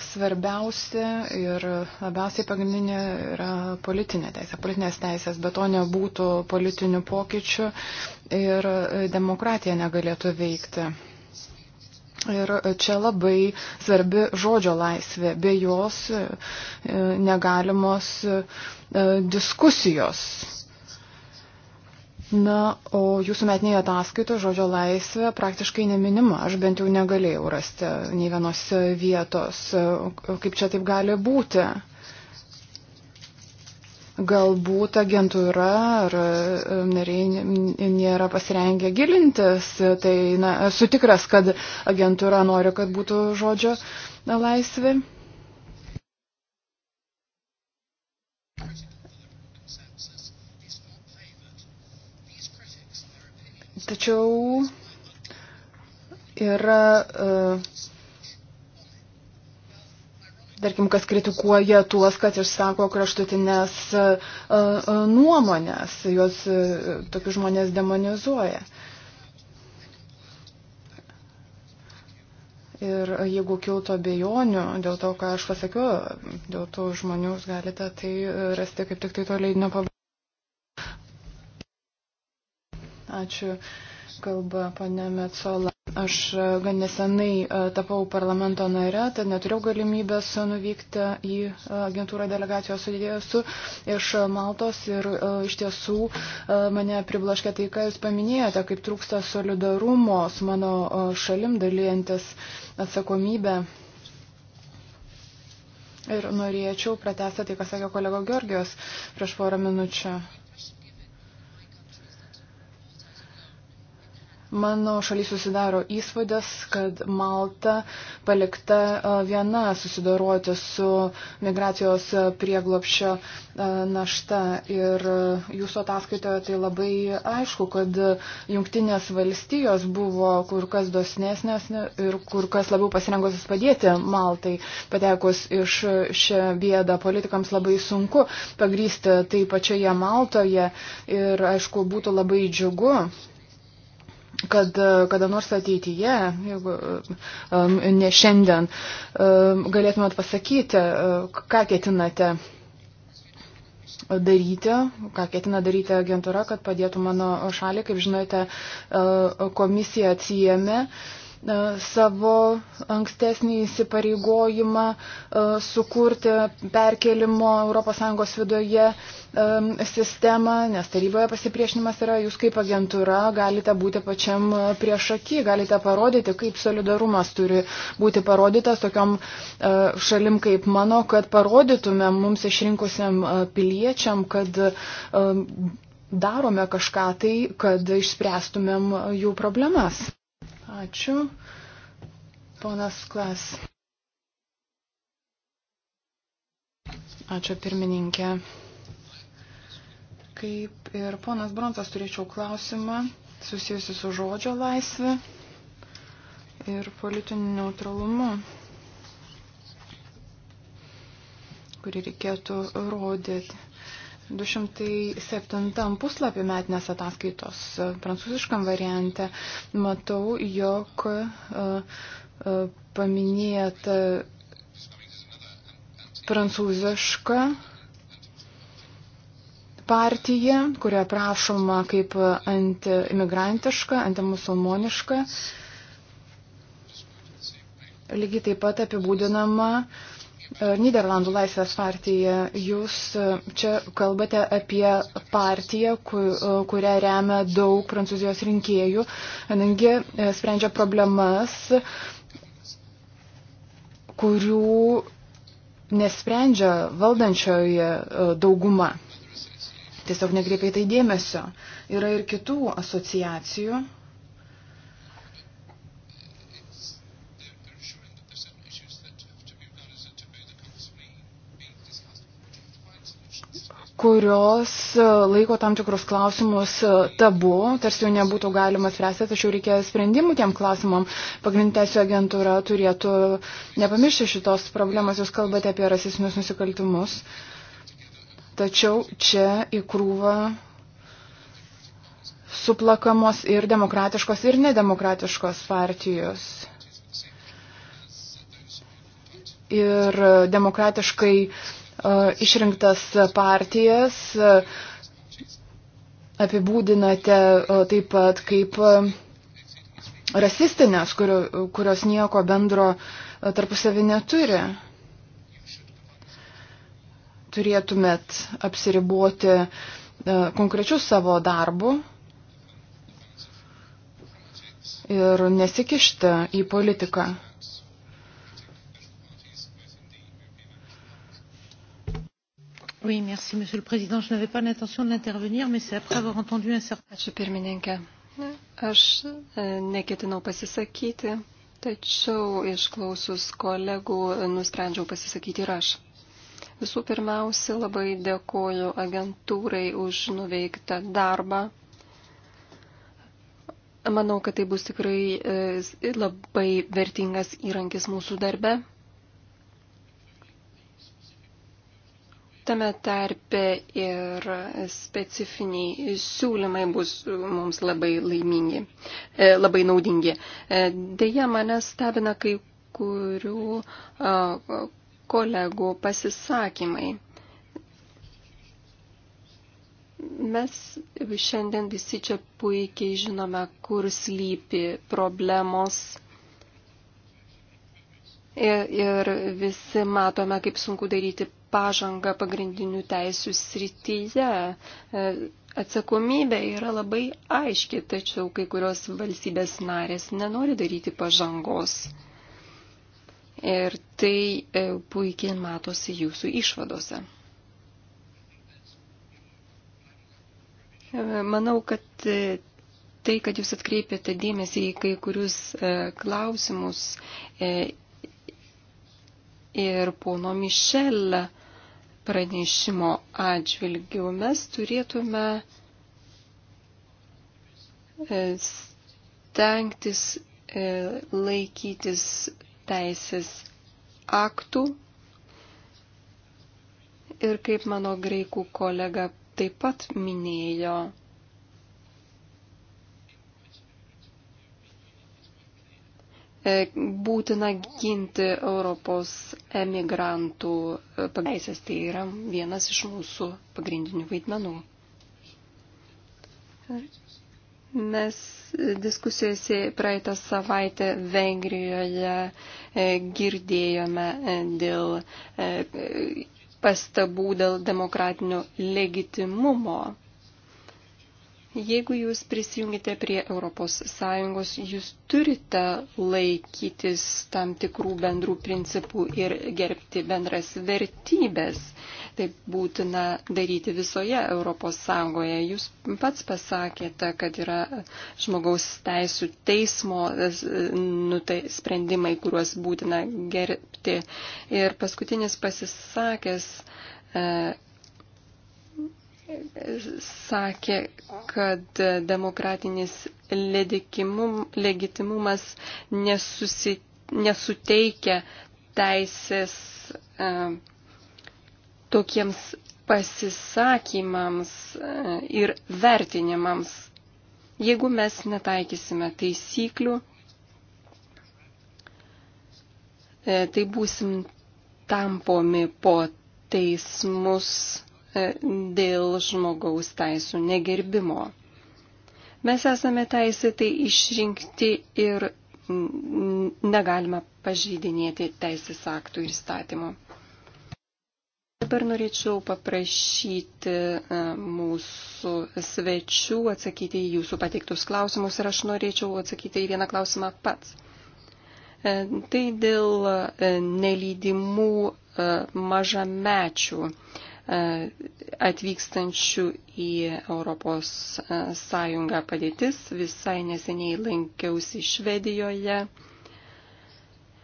svarbiausia ir labiausiai pagrindinė yra politinė teisė, politinės teisės, bet to nebūtų politinių pokyčių ir demokratija negalėtų veikti. Ir čia labai svarbi žodžio laisvė, be jos e, negalimos e, diskusijos Na, o jūsų metinėje ataskaitoje žodžio laisvė praktiškai neminima. Aš bent jau negalėjau rasti nei vienos vietos. Kaip čia taip gali būti? Galbūt agentūra ar e, nariai nėra pasirengę gilintis. Tai na, esu tikras, kad agentūra nori, kad būtų žodžio laisvė. Tačiau yra, e, tarkim, kas kritikuoja tuos, kad išsako kraštutinės e, e, nuomonės, juos tokius žmonės demonizuoja. Ir jeigu kiltų abejonių dėl to, ką aš pasakiau, dėl tų žmonių, jūs galite tai rasti kaip tik tai to leidinio pabaigoje. Ačiū, kalba pane Metsola. Aš e, gan nesenai e, tapau parlamento nare, tad neturėjau galimybės nuvykti į e, agentūrą delegacijos sudėjusiu iš Maltos ir iš tiesų mane priblaškė tai, ką jūs paminėjote, kaip trūksta solidarumo su mano šalim dalyjantis atsakomybę. Ir norėčiau pratesti tai, ką sakė kolega Georgijos prieš porą minučių. Mano šalis susidaro įspūdis, kad Malta palikta e, viena susidoroti su migracijos prieglopščio e, našta. Ir e, jūsų ataskaitoje tai labai aišku, kad jungtinės valstijos buvo kur kas dosnesnės ir kur kas labiau pasirengusios padėti Maltai. Patekus iš šią bėdą politikams labai sunku pagrysti tai pačioje Maltoje. Ir aišku, būtų labai džiugu kad e, kada nors ateityje, jeigu e, ne šiandien, e, galėtumėt pasakyti, ką ketinate daryti, ką ketina daryti agentūra, kad padėtų mano šaliai. Kaip žinote, komisija atsijėmė uh, E, savo ankstesnį įsipareigojimą e, sukurti perkelimo ES viduje e, sistemą, nes taryboje pasipriešinimas yra, jūs kaip agentūra galite būti pačiam prieš akį, galite parodyti, kaip solidarumas turi būti parodytas tokiom šalim kaip mano, kad parodytume mums išrinkusiam piliečiam, kad darome kažką tai, kad išspręstumėm jų problemas. Ačiū. Ponas Klas. Ačiū pirmininkė. Kaip ir ponas Bronsas turėčiau klausimą susijusi su žodžio laisvė ir politiniu neutralumu, kurį reikėtų rodyti. 207 puslapį metinės ataskaitos e, prancūziškam variante matau, jog e, e, paminėta prancūziška partija, kurioje prašoma kaip antiimigrantiška, antimusulmoniška. Lygiai taip pat apibūdinama uh, E, Niderlandų laisvės partija. Jūs e, čia kalbate apie partiją, e, kurią remia daug prancūzijos rinkėjų, kadangi sprendžia problemas, kurių nesprendžia valdančioji dauguma. Tiesiog nekreipia į tai dėmesio. Yra ir kitų asociacijų kurios e, laiko tam tikrus klausimus e, tabu, tarsi jų nebūtų galima spręsti, tačiau reikia sprendimų tiem klausimam. Pagrindinėsio agentūra turėtų nepamiršti šitos problemos, jūs kalbate apie rasisminius nusikaltimus. Tačiau čia į krūvą suplakamos ir demokratiškos, ir nedemokratiškos partijos ir demokratiškai išrinktas partijas apibūdinate taip pat kaip rasistinės, kurios nieko bendro tarpusavį neturi. Turėtumėt apsiriboti konkrečių savo darbų ir nesikišti į politiką. Oui, merci, Monsieur le Président. Je n'avais pas l'intention d'intervenir, mais c'est après avoir entendu un certain. Ačiū pirmininkė. Aš e, neketinau pasisakyti, tačiau išklausus kolegų e, nusprendžiau pasisakyti ir aš. Visų pirmiausia, labai dėkoju agentūrai už nuveiktą darbą. Manau, kad tai bus tikrai e, labai vertingas įrankis mūsų darbe. Tame tarpe ir specifiniai siūlymai bus mums labai laimingi, e, labai naudingi. E, deja, mane stebina kai kurių kolegų pasisakymai. Mes šiandien visi čia puikiai žinome, kur slypi problemos. Ir, e, ir visi matome, kaip sunku daryti pažangą pagrindinių teisų srityje. E, atsakomybė yra labai aiški, tačiau kai kurios valstybės narės nenori daryti pažangos. Ir tai e, puikiai matosi jūsų išvadose. E, manau, kad tai, kad jūs atkreipėte dėmesį į kai kurius klausimus ir pono Mišelą pranešimo atžvilgių mes turėtume e, stengtis e, laikytis teisės aktų. Ir kaip mano greikų kolega taip pat minėjo, E, būtina ginti Europos emigrantų e, teisės. Tai yra vienas iš mūsų pagrindinių vaidmenų. Mes diskusijose praeitą savaitę Vengrijoje e, girdėjome dėl pastabų dėl demokratinio legitimumo Jeigu jūs prisijungite prie ES, jūs turite laikytis tam tikrų bendrų principų ir gerbti bendras vertybės. Tai būtina daryti visoje ES. Jūs pats pasakėte, kad yra žmogaus teisų teismo e, nutai, sprendimai, kuriuos būtina gerbti. Ir paskutinis pasisakęs e, sakė, kad demokratinis legitimumas nesusi, nesuteikia teisės e, tokiems pasisakymams e, ir vertinimams. Jeigu mes netaikysime taisyklių, e, tai būsim tampomi po teismus dėl žmogaus teisų negerbimo. Mes esame teisėtai išrinkti ir negalime pažydinėti teisės aktų ir įstatymų. Dabar norėčiau paprašyti e, mūsų svečių atsakyti į jūsų pateiktus klausimus ir aš norėčiau atsakyti į vieną klausimą pats. E, tai dėl e, nelydimų mažamečių E, atvykstančių į Europos e, Sąjungą padėtis. Visai neseniai lankiausi Švedijoje.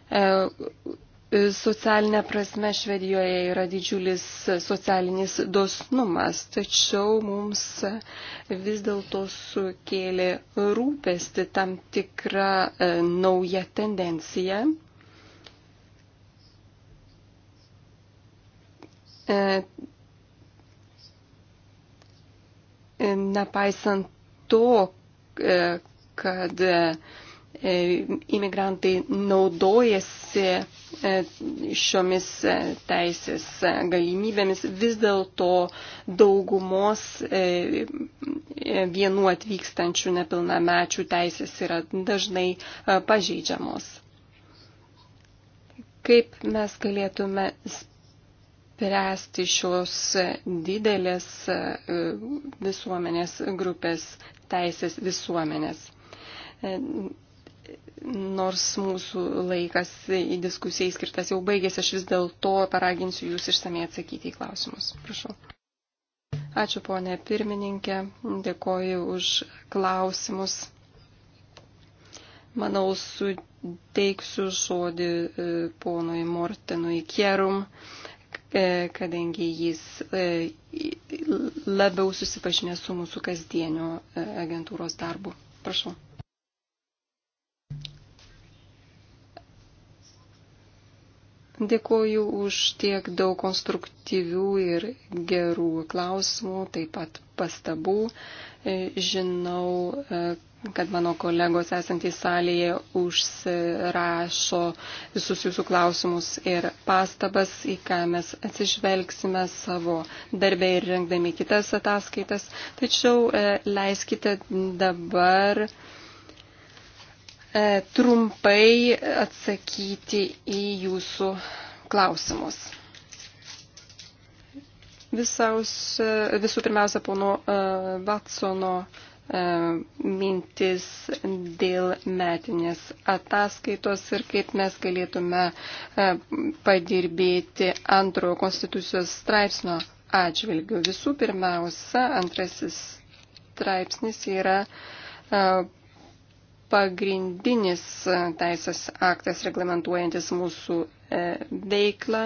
E, socialinė prasme Švedijoje yra didžiulis socialinis dosnumas, tačiau mums vis dėlto sukėlė rūpesti tam tikrą naują tendenciją nepaisant to, e, kad e, imigrantai naudojasi e, šiomis teisės galimybėmis, vis dėlto daugumos vienų atvykstančių nepilnamečių teisės yra dažnai pažeidžiamos. Kaip mes galėtume spręsti šios didelės e, visuomenės grupės teisės visuomenės. E, nors mūsų laikas į diskusijai skirtas jau baigėsi, aš vis dėlto paraginsiu jūs išsamei atsakyti į klausimus. Prašau. Ačiū ponė pirmininkė, dėkoju už klausimus. Manau, suteiksiu žodį e, ponui Mortenui Kierum. E, E, kadangi jis e, labiau susipažinęs su mūsų kasdieniu e, agentūros darbu. Prašau. Dėkuoju už tiek daug konstruktyvių ir gerų klausimų, taip pat pastabų. E, žinau, e, kad mano kolegos esantys salėje užsirašo visus jūsų klausimus ir pastabas, į ką mes atsižvelgsime savo darbę ir rengdami kitas ataskaitas. Tačiau e, leiskite dabar E, trumpai atsakyti į jūsų klausimus. Visaus, e, visų pirmiausia, pono Vatsono e, mintis dėl metinės ataskaitos ir kaip mes galėtume padirbėti antrojo konstitucijos straipsnio atžvilgių. Visų pirmiausia, antrasis straipsnis yra pagrindinis e, teisės aktas reglamentuojantis mūsų e, veiklą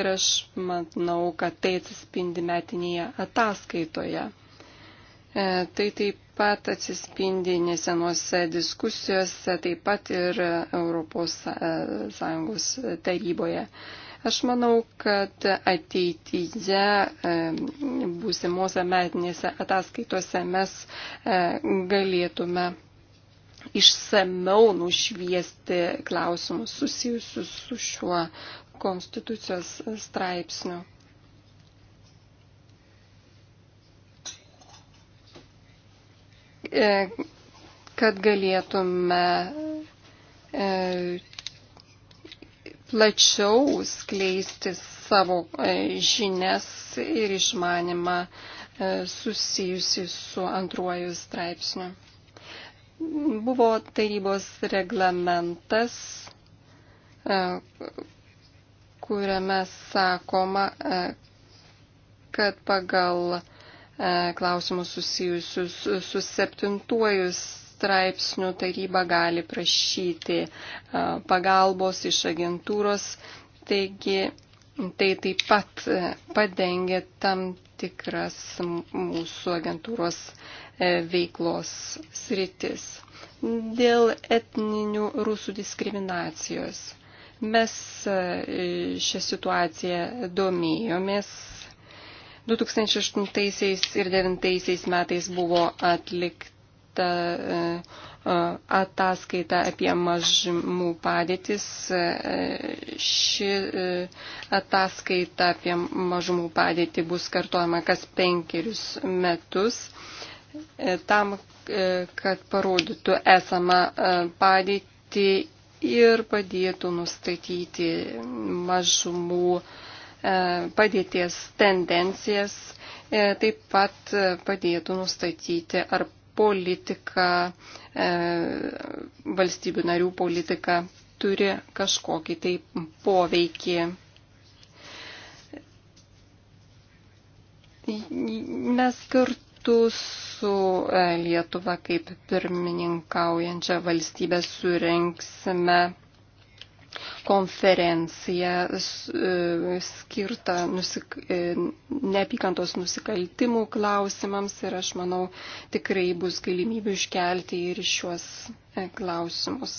ir aš manau, kad tai atsispindi metinėje ataskaitoje. E, tai taip pat atsispindi nesenuose diskusijose, taip pat ir ES taryboje. Aš manau, kad ateityje būsimose metinėse ataskaitose mes galėtume išsameu nušviesti klausimus susijusius su šiuo konstitucijos straipsniu. E, kad galėtume e, plačiau skleisti savo e, žinias ir išmanimą susijusi su antruoju straipsniu. Buvo tarybos reglamentas, e, kuriame sakoma, e, kad pagal e, klausimus susijusius su septintuoju straipsniu taryba gali prašyti pagalbos iš agentūros. Taigi tai taip pat padengia tam tikras mūsų agentūros e, veiklos sritis. Dėl etninių rusų diskriminacijos. Mes e, šią situaciją domėjomės 2008 ir 2009 metais buvo atlikta ta e, e, ataskaita apie mažumų padėtis. E, ši ataskaita apie mažumų padėtį bus kartuojama kas penkerius metus tam, kad parodytų esamą padėtį ir padėtų nustatyti mažumų padėties tendencijas, taip pat padėtų nustatyti, ar politika, e, valstybių narių politika turi kažkokį tai poveikį. Mes kartu su e, Lietuva kaip pirmininkaujančia valstybė surenksime konferencija e, skirta nusik... E, neapykantos nusikaltimų klausimams ir aš manau tikrai bus galimybių iškelti ir šiuos e, klausimus.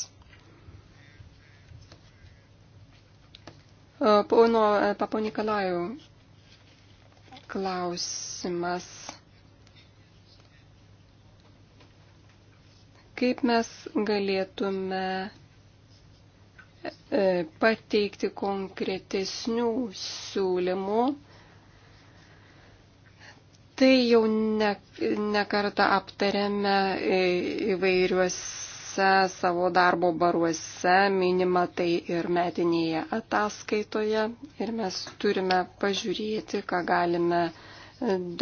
Pono Paponikalajų klausimas. Kaip mes galėtume E, pateikti konkretesnių siūlymų. Tai jau nekartą ne aptarėme įvairiuose savo darbo baruose, minima tai ir metinėje ataskaitoje ir mes turime pažiūrėti, ką galime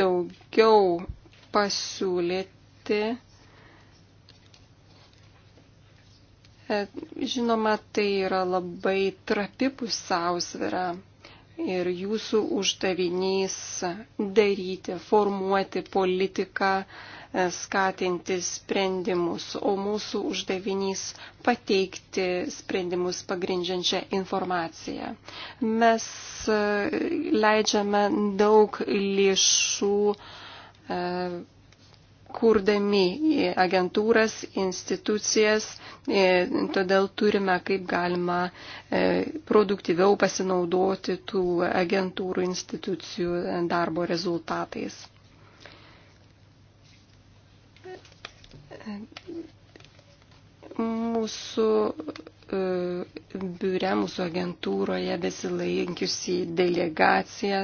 daugiau pasiūlyti E, žinoma, tai yra labai trapi pusiausvėra ir jūsų uždavinys daryti, formuoti politiką, e, skatinti sprendimus, o mūsų uždavinys pateikti sprendimus pagrindžiančią informaciją. Mes e, leidžiame daug lėšų kurdami agentūras, institucijas, e, todėl turime kaip galima e, produktyviau pasinaudoti tų agentūrų institucijų darbo rezultatais. Mūsų E, biure, mūsų agentūroje besilankiusi delegacija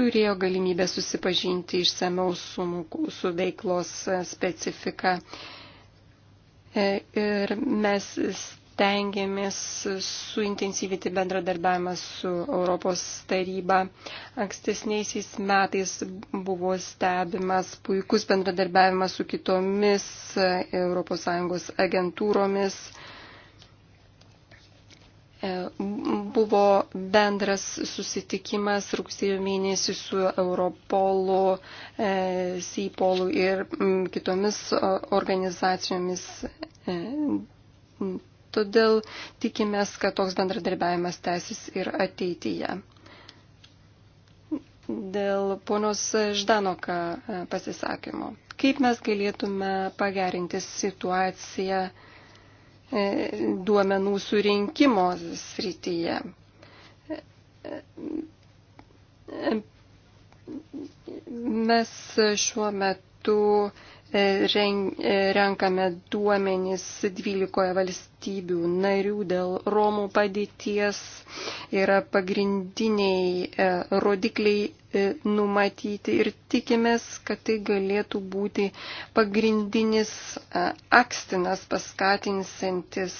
turėjo galimybę susipažinti išsameu su mūsų veiklos specifika. E, ir mes stengiamės suintensyvinti bendradarbiavimą su Europos taryba. Ankstesniaisiais metais buvo stebimas puikus bendradarbiavimas su kitomis ES agentūromis. E, buvo bendras susitikimas rugsėjo mėnesį su Europolu, e, Seipolu ir mm, kitomis organizacijomis. E, todėl tikimės, kad toks bendradarbiavimas tęsis ir ateityje. Dėl ponios Ždanoka pasisakymo. Kaip mes galėtume pagerinti situaciją? E, duomenų surinkimo srityje. E, e, mes šiuo metu renkame duomenys 12 valstybių narių dėl Romų padėties, yra pagrindiniai e, rodikliai e, numatyti ir tikimės, kad tai galėtų būti pagrindinis e, akstinas paskatinsantis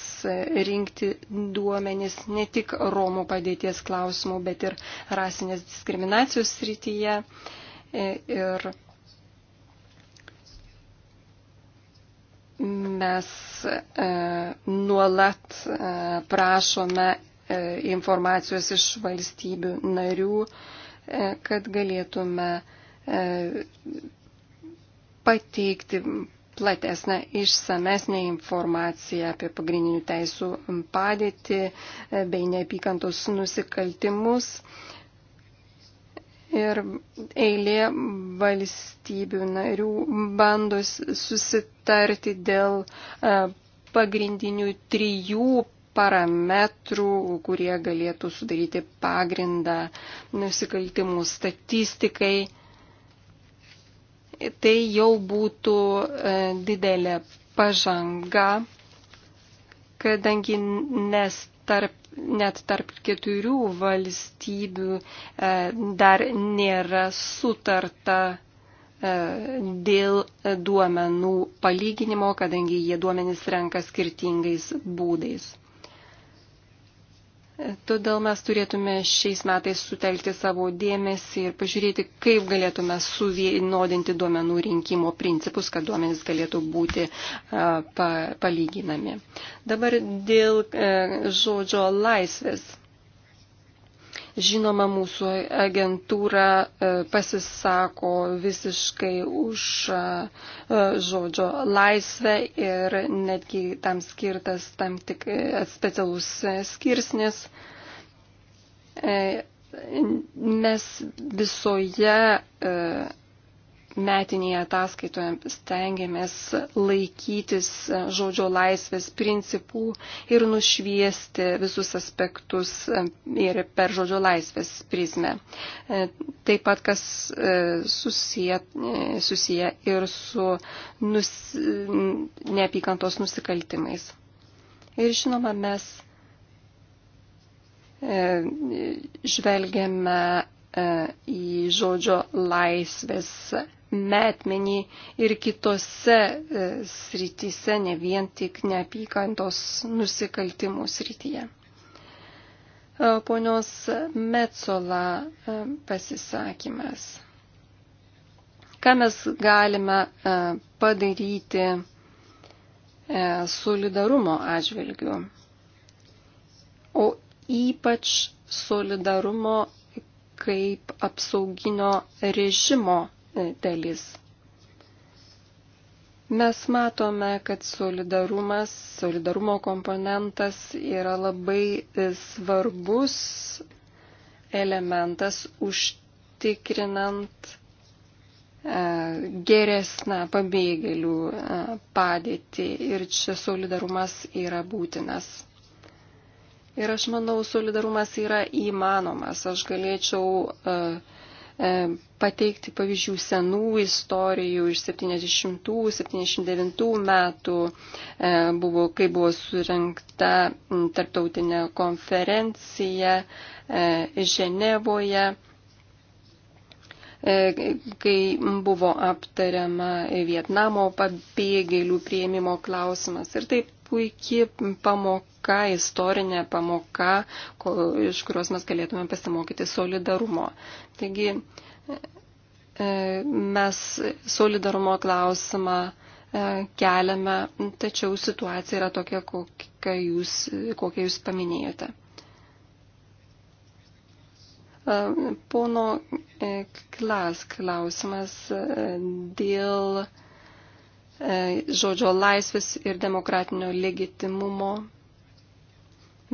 rinkti duomenys ne tik Romų padėties klausimų, bet ir rasinės diskriminacijos srityje. Ir Mes e, nuolat e, prašome e, informacijos iš valstybių narių, kad galėtume pateikti platesnę išsamesnę informaciją apie pagrindinių teisų padėtį bei neapykantos nusikaltimus ir eilė valstybių narių bando susitarti dėl e, pagrindinių trijų parametrų, kurie galėtų sudaryti pagrindą nusikaltimų statistikai. Tai jau būtų e, didelė pažanga, kadangi nes tarp net tarp keturių valstybių e, dar nėra sutarta e, dėl duomenų palyginimo, kadangi jie duomenys renka skirtingais būdais. Todėl mes turėtume šiais metais sutelkti savo dėmesį ir pažiūrėti, kaip galėtume suvienodinti duomenų rinkimo principus, kad duomenys galėtų būti palyginami. Dabar dėl e, žodžio laisvės. Žinoma, mūsų agentūra e, pasisako visiškai už e, e, žodžio laisvę ir netgi tam skirtas tam tik specialus skirsnis nes visoje metinėje ataskaitoje stengiamės laikytis žodžio laisvės principų ir nušviesti visus aspektus e, ir per žodžio laisvės prizmę. E, taip pat, kas e, susiję, susiję ir su nus, neapykantos nusikaltimais. Ir žinoma, mes žvelgiame į žodžio laisvės metmenį ir kitose e, srityse, ne vien tik neapykantos nusikaltimų srityje. E, ponios Metzola e, pasisakymas. Ką mes galime padaryti solidarumo atžvilgiu, o ypač solidarumo kaip apsauginio režimo dalis. Mes matome, kad solidarumas, solidarumo komponentas yra labai e, svarbus elementas užtikrinant e, geresnę pabėgėlių e, padėtį ir čia solidarumas yra būtinas. Ir aš manau, solidarumas yra įmanomas. Aš galėčiau pateikti pavyzdžių senų istorijų iš 70-79 metų, e, buvo, kai buvo surinkta tarptautinė konferencija e, Ženevoje e, kai buvo aptariama Vietnamo pabėgėlių prieimimo klausimas. Ir taip puikiai pamoka, istorinė pamoka, ko, iš kurios mes galėtume pasimokyti solidarumo. Taigi, E, mes solidarumo klausimą e, keliame, tačiau situacija yra tokia, kokią jūs, kokią jūs paminėjote. E, pono Klas klausimas dėl žodžio laisvės ir demokratinio legitimumo.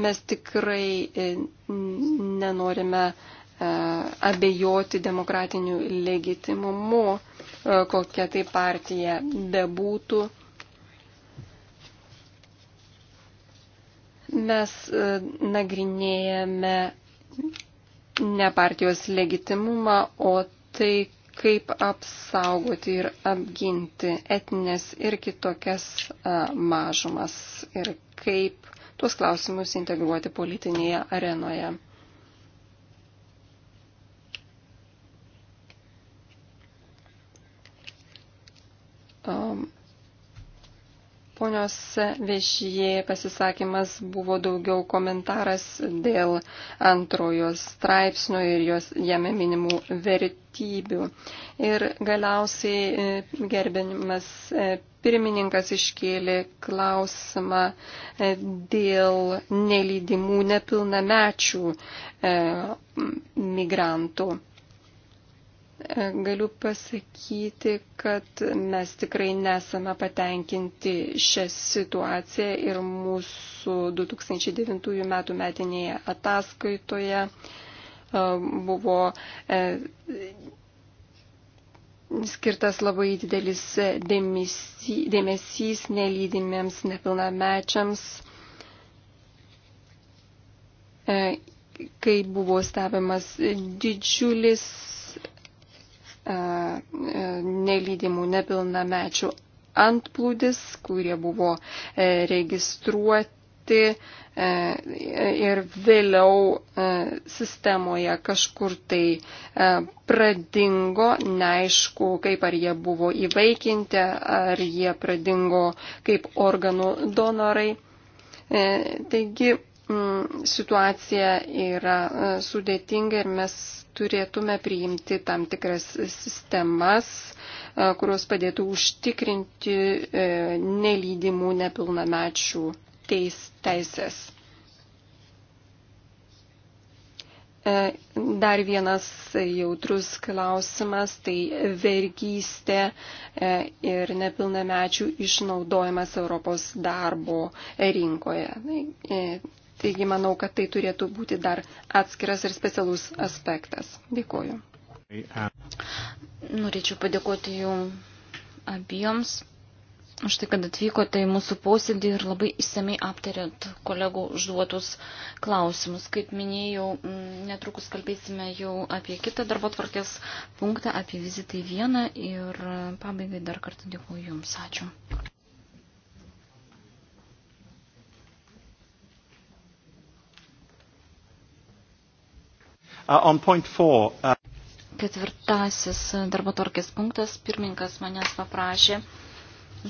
Mes tikrai nenorime abejoti demokratiniu legitimumu, kokia tai partija bebūtų. Mes nagrinėjame ne partijos legitimumą, o tai, kaip apsaugoti ir apginti etinės ir kitokias mažumas ir kaip tuos klausimus integruoti politinėje arenoje. Um, Ponios viešyje pasisakymas buvo daugiau komentaras dėl antrojo straipsnio ir jos jame minimų vertybių. Ir galiausiai e, gerbinimas e, pirmininkas iškėlė klausimą e, dėl nelydimų nepilnamečių migrantų galiu pasakyti, kad mes tikrai nesame patenkinti šią situaciją ir mūsų 2009 metų metinėje ataskaitoje e, buvo e, skirtas labai didelis dėmesys nelydimiems nepilnamečiams e, kai buvo stebimas didžiulis E, e, nelydimų nepilnamečių antplūdis, kurie buvo e, registruoti ir vėliau sistemoje kažkur tai pradingo, neaišku, kaip ar jie buvo įvaikinti, ar jie pradingo kaip organų donorai. Taigi situacija yra sudėtinga ir mes turėtume priimti tam tikras sistemas, e, kurios padėtų užtikrinti e, nelydimų nepilnamečių teis, teisės. E, dar vienas jautrus klausimas - tai vergystė ir nepilnamečių išnaudojimas Europos darbo rinkoje. Taigi manau, kad tai turėtų būti dar atskiras ir specialus aspektas. Dėkuoju. Norėčiau padėkoti jums abiems už tai, kad atvykote į mūsų posėdį ir labai įsamei aptarėt kolegų užduotus klausimus. Kaip minėjau, netrukus kalbėsime jau apie kitą darbo tvarkės punktą, apie vizitą į vieną ir pabaigai dar kartą dėkuoju Jums. Ačiū. Uh, on point four. Uh, Ketvirtasis darbo tvarkės punktas. Pirmininkas manęs paprašė.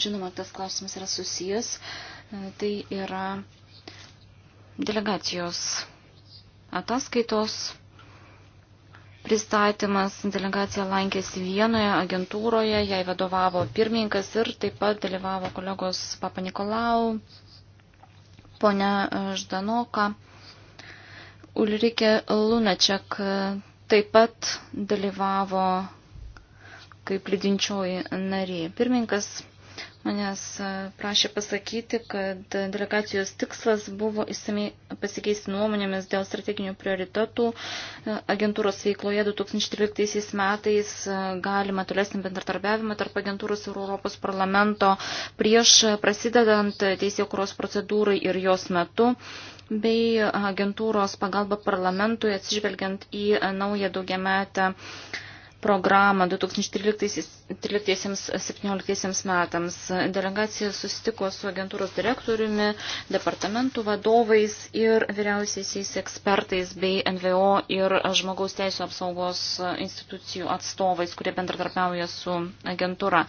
Žinoma, tas klausimas yra susijęs. Uh, tai yra delegacijos ataskaitos pristatymas. Delegacija lankėsi vienoje agentūroje, jai vadovavo pirmininkas ir taip pat dalyvavo kolegos Papa Nikolau, ponia Ždanoka Ulrike Lunačiak taip pat dalyvavo kaip lydinčioji narė. Pirmininkas manęs prašė pasakyti, kad delegacijos tikslas buvo įsimei pasikeisti nuomonėmis dėl strateginių prioritetų agentūros veikloje 2013 metais galima tolesnį bendratarbiavimą tarp agentūros ir Europos parlamento prieš prasidedant teisėkuros procedūrai ir jos metu bei agentūros pagalba parlamentui atsižvelgiant į naują daugiametę metę programą 2013-2017 metams. Delegacija susitiko su agentūros direktoriumi, departamentų vadovais ir vyriausiaisiais ekspertais bei NVO ir žmogaus teisų apsaugos institucijų atstovais, kurie bendradarbiauja su agentūra.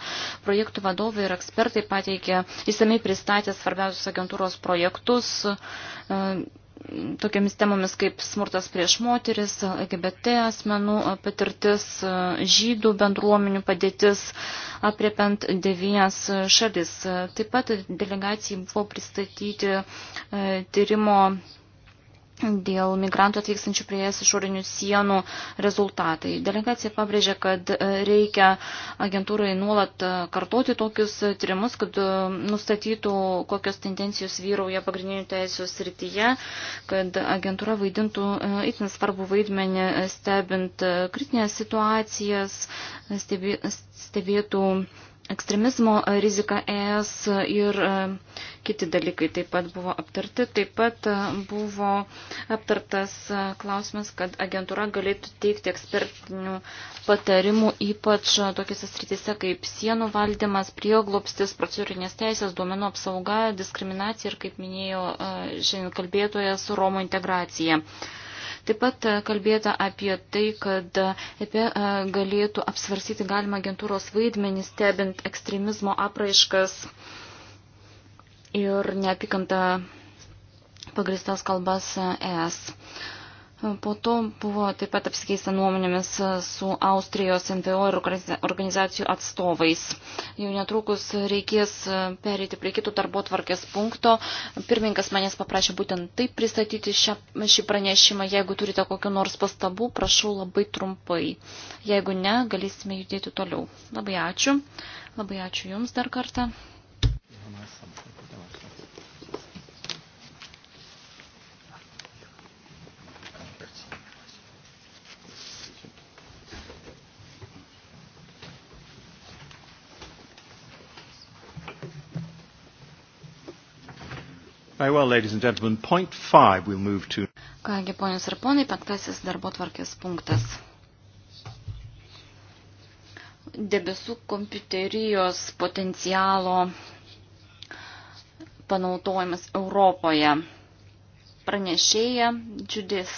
Projektų vadovai ir ekspertai pateikė įsamei pristatė svarbiausius agentūros projektus tokiamis temomis kaip smurtas prieš moteris, LGBT asmenų patirtis, žydų bendruomenių padėtis, apriepiant devynias šalis. Taip pat delegacijai buvo pristatyti e, tyrimo dėl migrantų atvykstančių prie jas išorinių sienų rezultatai. Delegacija pabrėžė, kad e, reikia agentūrai nuolat e, kartoti tokius e, tyrimus, kad nustatytų, kokios tendencijos vyrauja pagrindinių teisų srityje, kad agentūra vaidintų itin svarbu vaidmenį stebint kritinės situacijas, stebėtų ekstremizmo rizika ES ir kiti dalykai taip pat buvo aptarti. Taip pat buvo aptartas klausimas, kad agentūra galėtų teikti ekspertinių patarimų, ypač tokiuose srityse kaip sienų valdymas, prieglopstis, procedūrinės teisės, duomenų apsauga, diskriminacija ir, kaip minėjo šiandien kalbėtojas, Romo integracija. Taip pat e, kalbėta apie tai, kad EP e, galėtų apsvarsyti galimą agentūros vaidmenį stebint ekstremizmo apraiškas ir neapykantą pagristas kalbas ES. E Po to buvo taip pat apsikeista nuomonėmis e, su Austrijos NPO ir organizacijų atstovais. Jau netrukus reikės e, perėti prie kitų darbo tvarkės punkto. Pirmininkas manęs paprašė būtent taip pristatyti šią, šį pranešimą. Jeigu turite kokiu nors pastabų, prašau labai trumpai. Jeigu ne, galėsime judėti toliau. Labai ačiū. Labai ačiū Jums dar kartą. Thank you. Very well, ladies and gentlemen, point five we'll move to. Kągi, ponios ir ponai, penktasis darbo tvarkės punktas. Debesų kompiuterijos potencialo panaudojimas Europoje. Pranešėja Judith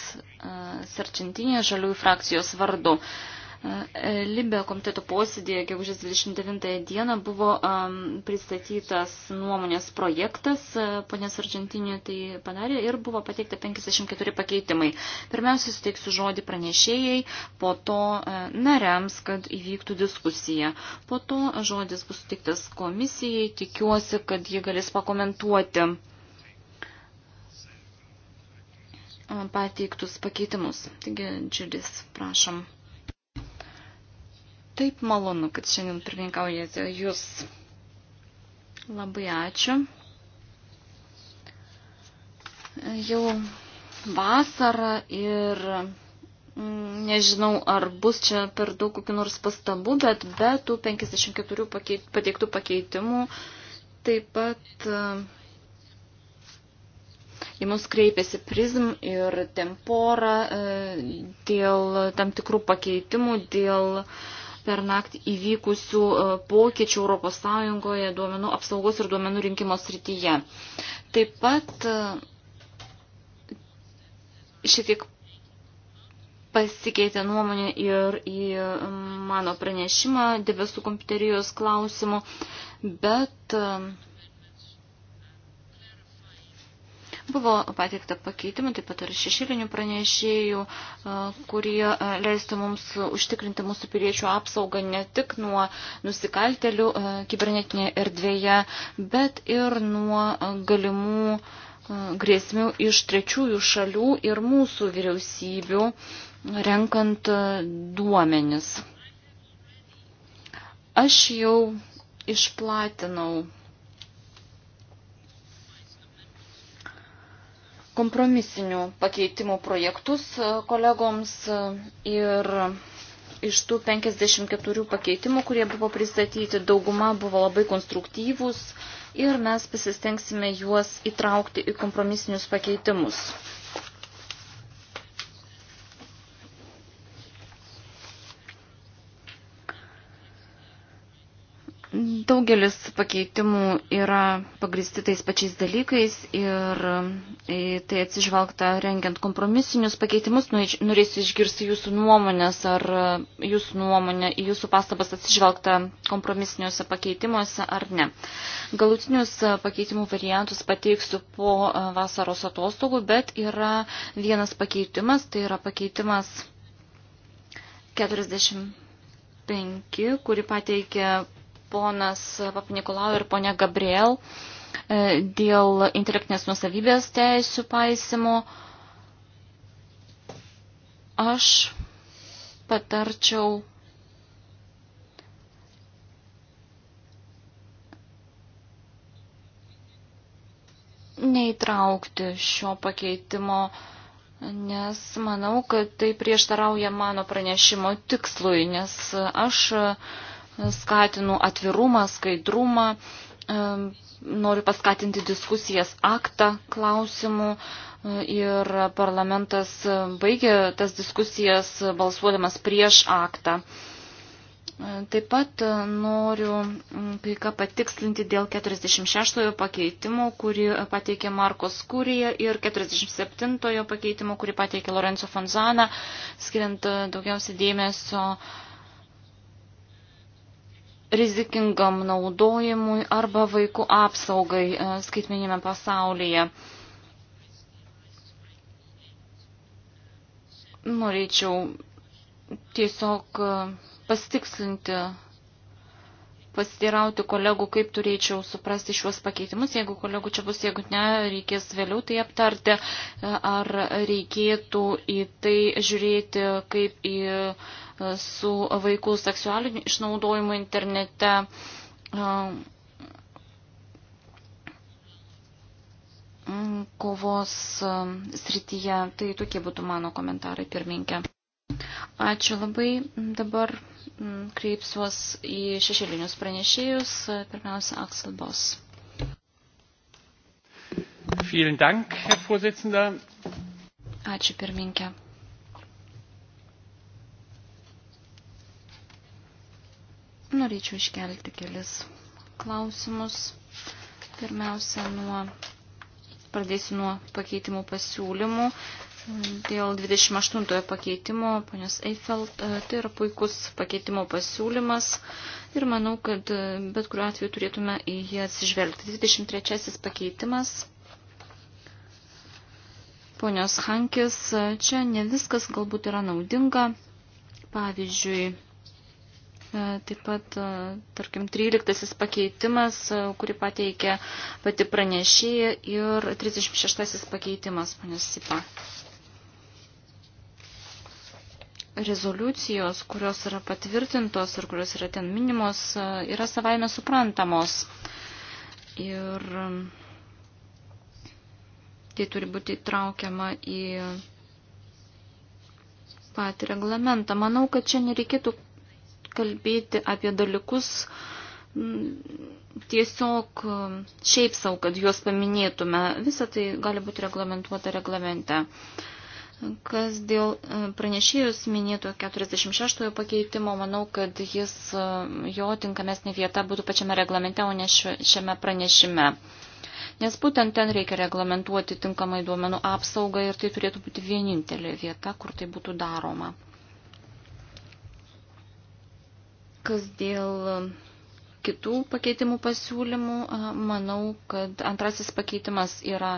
Serčintinė žaliųjų frakcijos vardu. Uh, Libė komiteto posėdėje gegužės 29 dieną buvo um, pristatytas nuomonės projektas, uh, ponės Argentinė tai padarė ir buvo pateikta 54 pakeitimai. Pirmiausia, suteiksiu žodį pranešėjai, po to uh, nariams, kad įvyktų diskusija. Po to žodis bus suteiktas komisijai, tikiuosi, kad ji galės pakomentuoti um, pateiktus pakeitimus. Taigi, Džiulis, prašom. Taip malonu, kad šiandien pirmininkaujate jūs. Labai ačiū. Jau vasara ir mm, nežinau, ar bus čia per daug kokių nors pastabų, bet be tų 54 pakeit, pateiktų pakeitimų taip pat e, į mus kreipėsi prizm ir tempora e, dėl tam tikrų pakeitimų, dėl uh, per naktį įvykusių e, pokyčių ES duomenų apsaugos ir duomenų rinkimo srityje. Taip pat e, šiek tiek pasikeitė nuomonė ir į e, mano pranešimą debesų kompiuterijos klausimų, bet uh, Buvo pateikta pakeitimų, taip pat ir šešėlinių pranešėjų, kurie leistų mums užtikrinti mūsų piliečių apsaugą ne tik nuo nusikaltelių kibernetinėje erdvėje, bet ir nuo galimų grėsmių iš trečiųjų šalių ir mūsų vyriausybių renkant duomenis. Aš jau išplatinau kompromisinių pakeitimų projektus e, kolegoms e, ir iš tų 54 pakeitimų, kurie buvo pristatyti, dauguma buvo labai konstruktyvūs ir mes pasistengsime juos įtraukti į kompromisinius pakeitimus. Daugelis pakeitimų yra pagristi tais pačiais dalykais ir tai atsižvelgta rengiant kompromisinius pakeitimus. Nu, norėsiu išgirsti jūsų nuomonės, ar e, jūsų nuomonė, jūsų pastabas atsižvelgta kompromisiniuose pakeitimuose ar ne. Galutinius e, pakeitimų variantus pateiksiu po e, vasaros atostogų, bet yra vienas pakeitimas, tai yra pakeitimas 40 5, kuri pateikė ponas Papnikolau ir ponia Gabriel e, dėl intelektinės nusavybės teisų paisimo. Aš patarčiau neįtraukti šio pakeitimo, nes manau, kad tai prieštarauja mano pranešimo tikslui, nes aš uh, skatinu atvirumą, skaidrumą, noriu paskatinti diskusijas aktą klausimų e, ir parlamentas baigė tas diskusijas balsuodamas prieš aktą. E, taip pat e, noriu kai ką patikslinti dėl 46 pakeitimo, kurį pateikė Markos Kurija ir 47 pakeitimo, kurį pateikė Lorenzo Fonzana, skiriant daugiausiai dėmesio uh, rizikingam naudojimui arba vaikų apsaugai e, skaitminėme pasaulyje. Norėčiau tiesiog e, pastikslinti, pasiteirauti kolegų, kaip turėčiau suprasti šiuos pakeitimus. Jeigu kolegų čia bus, jeigu ne, reikės vėliau tai aptarti, e, ar reikėtų į tai žiūrėti kaip į uh, su vaikų seksualiniu išnaudojimu internete. kovos srityje. Tai tokie būtų mano komentarai, pirminkė. Ačiū labai. Dabar kreipsiuos į šešėlinius pranešėjus. Pirmiausia, Aksel Bos. Vielen Dank, Herr Vorsitzender. Ačiū, pirminkė. norėčiau iškelti kelis klausimus. Pirmiausia, nuo, pradėsiu nuo pakeitimų pasiūlymų. Dėl 28 pakeitimo, ponios Eiffelt, e, tai yra puikus pakeitimo pasiūlymas ir manau, kad e, bet kuriuo atveju turėtume į jį atsižvelgti. 23 pakeitimas. Ponios Hankis, e, čia ne viskas galbūt yra naudinga. Pavyzdžiui, E, taip pat, e, tarkim, 13 pakeitimas, e, kurį pateikė pati pranešėja ir 36 pakeitimas, ponios Sipa. Rezoliucijos, kurios yra patvirtintos ir kurios yra ten minimos, yra savaime suprantamos. Ir tai turi būti traukiama į patį reglamentą. Manau, kad čia nereikėtų kalbėti apie dalykus tiesiog šiaip savo, kad juos paminėtume. Visą tai gali būti reglamentuota reglamente. Kas dėl e, pranešėjus minėto 46 pakeitimo, manau, kad jis, e, jo tinkamesnė vieta būtų pačiame reglamente, o ne šiame pranešime. Nes būtent ten reikia reglamentuoti tinkamai duomenų apsaugą ir tai turėtų būti vienintelė vieta, kur tai būtų daroma. Kas dėl um, kitų pakeitimų pasiūlymų, manau, kad antrasis pakeitimas yra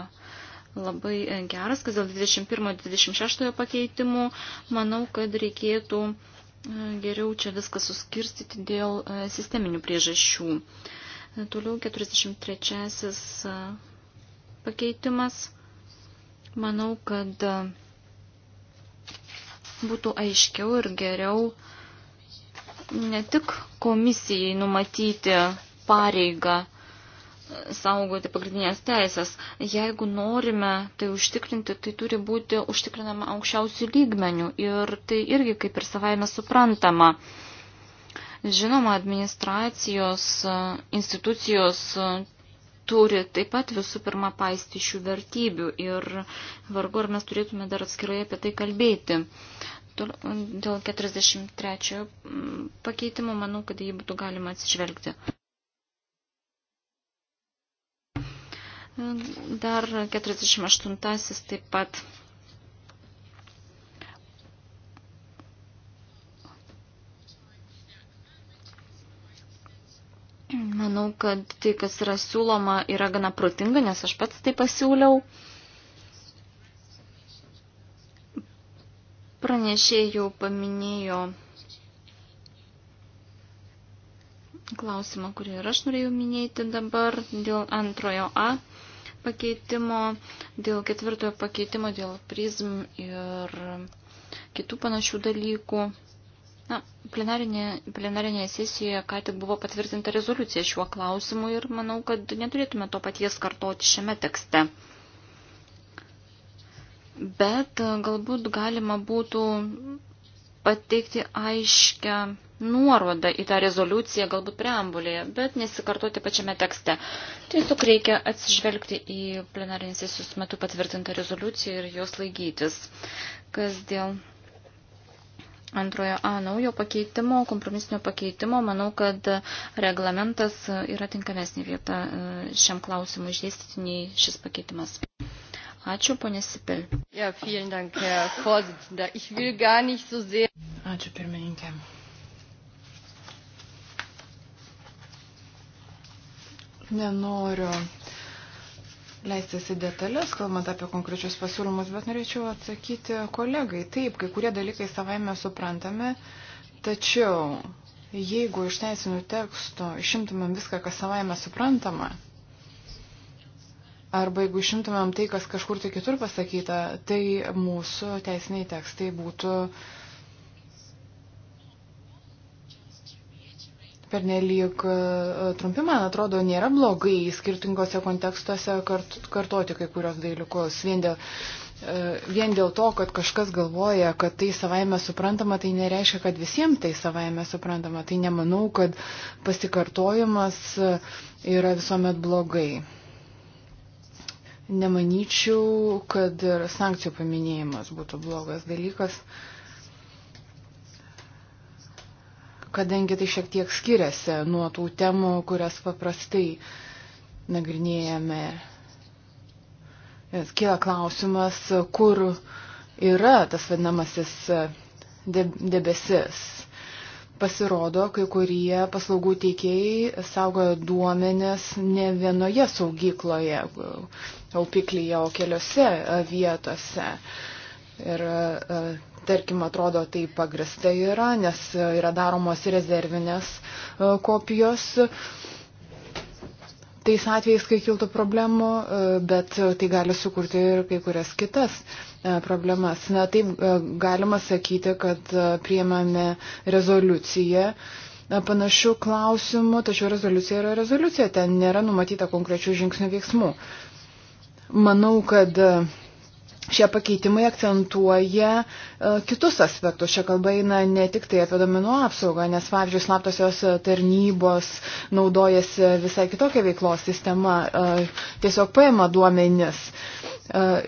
labai e, geras, kas dėl 21-26 pakeitimų, manau, kad reikėtų geriau čia viską suskirstyti dėl e, sisteminių priežasčių. E, toliau 43 pakeitimas. Manau, kad būtų aiškiau ir geriau uh, ne tik komisijai numatyti pareigą saugoti pagrindinės teisės. Jeigu norime tai užtikrinti, tai turi būti užtikrinama aukščiausių lygmenių ir tai irgi kaip ir savaime suprantama. Žinoma, administracijos institucijos turi taip pat visų pirma paisti šių vertybių ir vargu ar mes turėtume dar atskirai apie tai kalbėti. Dėl 43 mm, pakeitimo manau, kad jį būtų galima atsižvelgti. Dar 48 taip pat. Manau, kad tai, kas yra siūloma, yra gana protinga, nes aš pats tai pasiūliau. Pranešėjų paminėjo klausimą, kurį ir aš norėjau minėti dabar dėl antrojo A pakeitimo, dėl ketvirtojo pakeitimo, dėl prizm ir kitų panašių dalykų. Na, plenarinė, plenarinėje sesijoje ką tik buvo patvirtinta rezoliucija šiuo klausimu ir manau, kad neturėtume to paties kartoti šiame tekste bet e, galbūt galima būtų pateikti aiškę nuorodą į tą rezoliuciją, galbūt preambulėje, bet nesikartoti pačiame tekste. Tiesiog reikia atsižvelgti į plenarinės sesijos metu patvirtintą rezoliuciją ir jos laikytis. Kas dėl antrojo A naujo pakeitimo, kompromisinio pakeitimo, manau, kad reglamentas yra tinkamesnė vieta e, šiam klausimui išdėstyti nei šis pakeitimas. Ačiū, ponė Sipel. Ja, dank, so sehr... Ačiū, pirmininkė. Nenoriu leistis į detalės, kalbant apie konkrečius pasiūlymus, bet norėčiau atsakyti kolegai. Taip, kai kurie dalykai savaime suprantame, tačiau jeigu iš teisinių tekstų išimtumėm viską, kas savaime suprantama, Arba jeigu išimtumėm tai, kas kažkur tai kitur pasakyta, tai mūsų teisiniai tekstai būtų pernelyg e, trumpi, man atrodo, nėra blogai skirtingose kontekstuose kart, kartoti kai kurios dalykus. Vien dėl, e, vien dėl to, kad kažkas galvoja, kad tai savaime suprantama, tai nereiškia, kad visiems tai savaime suprantama. Tai nemanau, kad pasikartojimas e, yra visuomet blogai. Nemanyčiau, kad ir sankcijų paminėjimas būtų blogas dalykas, kadangi tai šiek tiek skiriasi nuo tų temų, kurias paprastai nagrinėjame. Nes kyla klausimas, kur yra tas vadinamasis debesis. Pasirodo, kai kurie paslaugų teikėjai saugojo duomenis ne vienoje saugykloje, upiklyje, o keliose e, vietose. Ir e, e, tarkim, atrodo, tai pagrista yra, nes yra daromos rezervinės kopijos. Tais atvejais, kai kiltų problemų, bet tai gali sukurti ir kai kurias kitas problemas. Na, taip galima sakyti, kad priemame rezoliuciją panašių klausimų, tačiau rezoliucija yra rezoliucija, ten nėra numatyta konkrečių žingsnių veiksmų. Uh, Manau, kad e, šie pakeitimai akcentuoja e, kitus aspektus. Šia kalba eina ne tik tai apie domino apsaugą, nes, pavyzdžiui, slaptosios tarnybos naudojasi visai kitokią veiklos sistemą, e, tiesiog paima duomenis.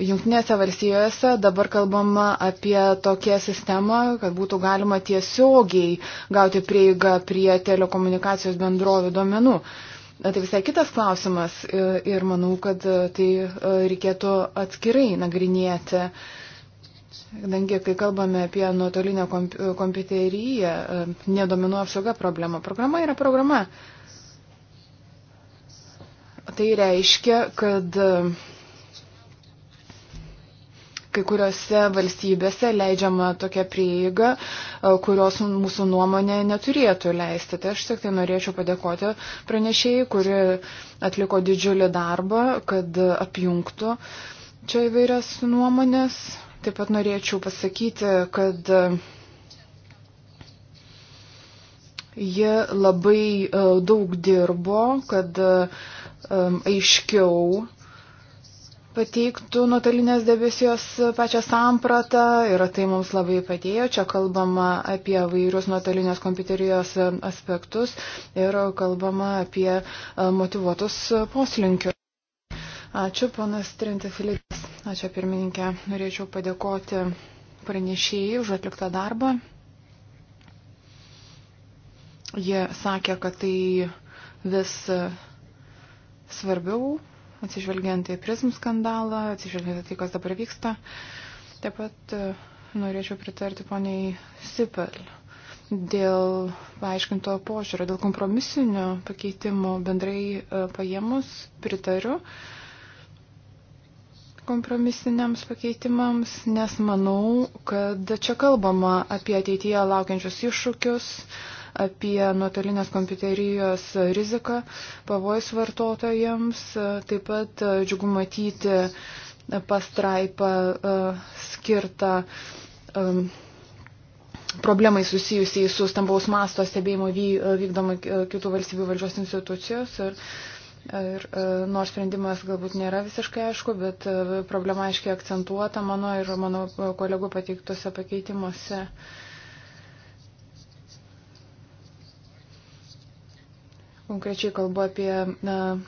Junktinėse valstijose dabar kalbama apie tokią sistemą, kad būtų galima tiesiogiai gauti prieigą prie telekomunikacijos bendrovių duomenų. Tai visai kitas klausimas e, ir manau, kad e, tai e, reikėtų atskirai nagrinėti. Kadangi, kai kalbame apie nuotolinę komp kompiuteriją, nedomino apsauga problema. Programa yra programa. Tai reiškia, kad kai kuriuose valstybėse leidžiama tokia prieiga, e, kurios mūsų nuomonė neturėtų leisti. Tai aš tik tai norėčiau padėkoti pranešėjai, kuri atliko didžiulį darbą, kad apjungtų čia įvairias nuomonės. Taip pat norėčiau pasakyti, kad ji labai e, daug dirbo, kad e, aiškiau pateiktų nuotolinės debesijos pačią sampratą ir tai mums labai padėjo. Čia kalbama apie vairius nuotolinės kompiuterijos aspektus ir kalbama apie e, motivuotus poslinkius. Ačiū, ponas Trentefilikas. Ačiū, pirmininkė. Norėčiau padėkoti pranešėjai už atliktą darbą. Jie sakė, kad tai vis svarbiau atsižvelgiant į prism skandalą, atsižvelgiant į tai, kas dabar vyksta. Taip pat e, norėčiau pritarti poniai Sipel dėl paaiškinto požiūrio, dėl kompromisinio pakeitimo bendrai e, paėmus pritariu kompromisiniams pakeitimams, nes manau, kad čia kalbama apie ateityje laukiančius iššūkius, uh, apie nuotolinės kompiuterijos riziką, pavojus vartotojams, taip pat e, džiugu matyti e, pastraipą e, skirtą problemai susijusiai su stambaus masto stebėjimo vykdoma kitų valstybių valdžios institucijos. Ir, Ir nors sprendimas galbūt nėra visiškai aišku, bet problema aiškiai akcentuota mano ir mano kolegų pateiktose pakeitimuose. Uh, Konkrečiai kalbu apie na,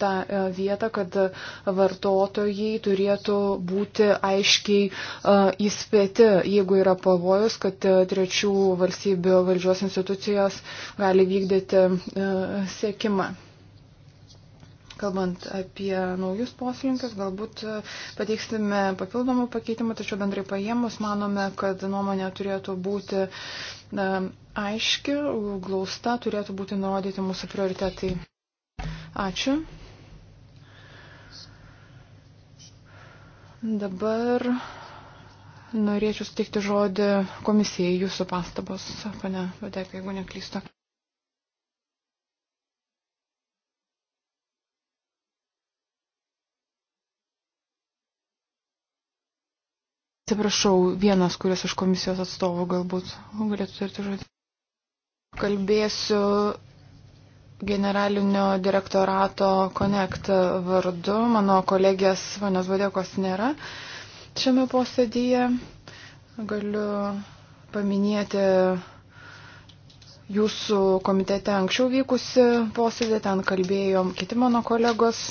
tą e, vietą, kad vartotojai turėtų būti aiškiai e, įspėti, jeigu yra pavojus, kad e, trečių valstybių valdžios institucijos gali vykdyti sėkimą. Kalbant apie naujus poslinkius, galbūt pateiksime papildomų pakeitimų, tačiau bendrai paėmus manome, kad nuomonė turėtų būti aiški, glausta turėtų būti nurodyti mūsų prioritetai. Ačiū. Dabar norėčiau sutikti žodį komisijai jūsų pastabos, pane Vadeka, jeigu neklystu. Atsiprašau, vienas, kuris iš komisijos atstovų galbūt galėtų turėti žodį. Kalbėsiu generalinio direktorato Connect vardu. Mano kolegės Vanios Vadėkos nėra šiame posėdyje. Galiu paminėti jūsų komitete anksčiau vykusi posėdį, ten kalbėjom kiti mano kolegos.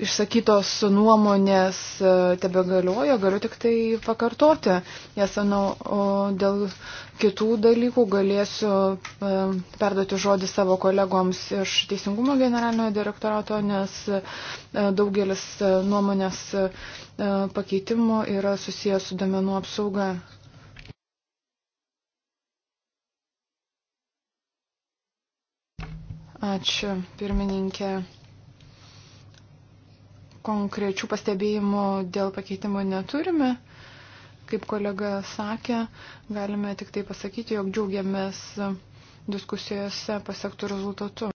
išsakytos nuomonės e, tebe galioja, galiu tik tai pakartoti. Jas, manau, dėl kitų dalykų galėsiu e, perduoti žodį savo kolegoms iš Teisingumo generalinio direktorato, nes e, daugelis nuomonės pakeitimų yra susijęs su domenų apsauga. Ačiū, pirmininkė konkrečių pastebėjimų dėl pakeitimų neturime. Kaip kolega sakė, galime tik tai pasakyti, jog džiaugiamės diskusijose pasiektų rezultatų.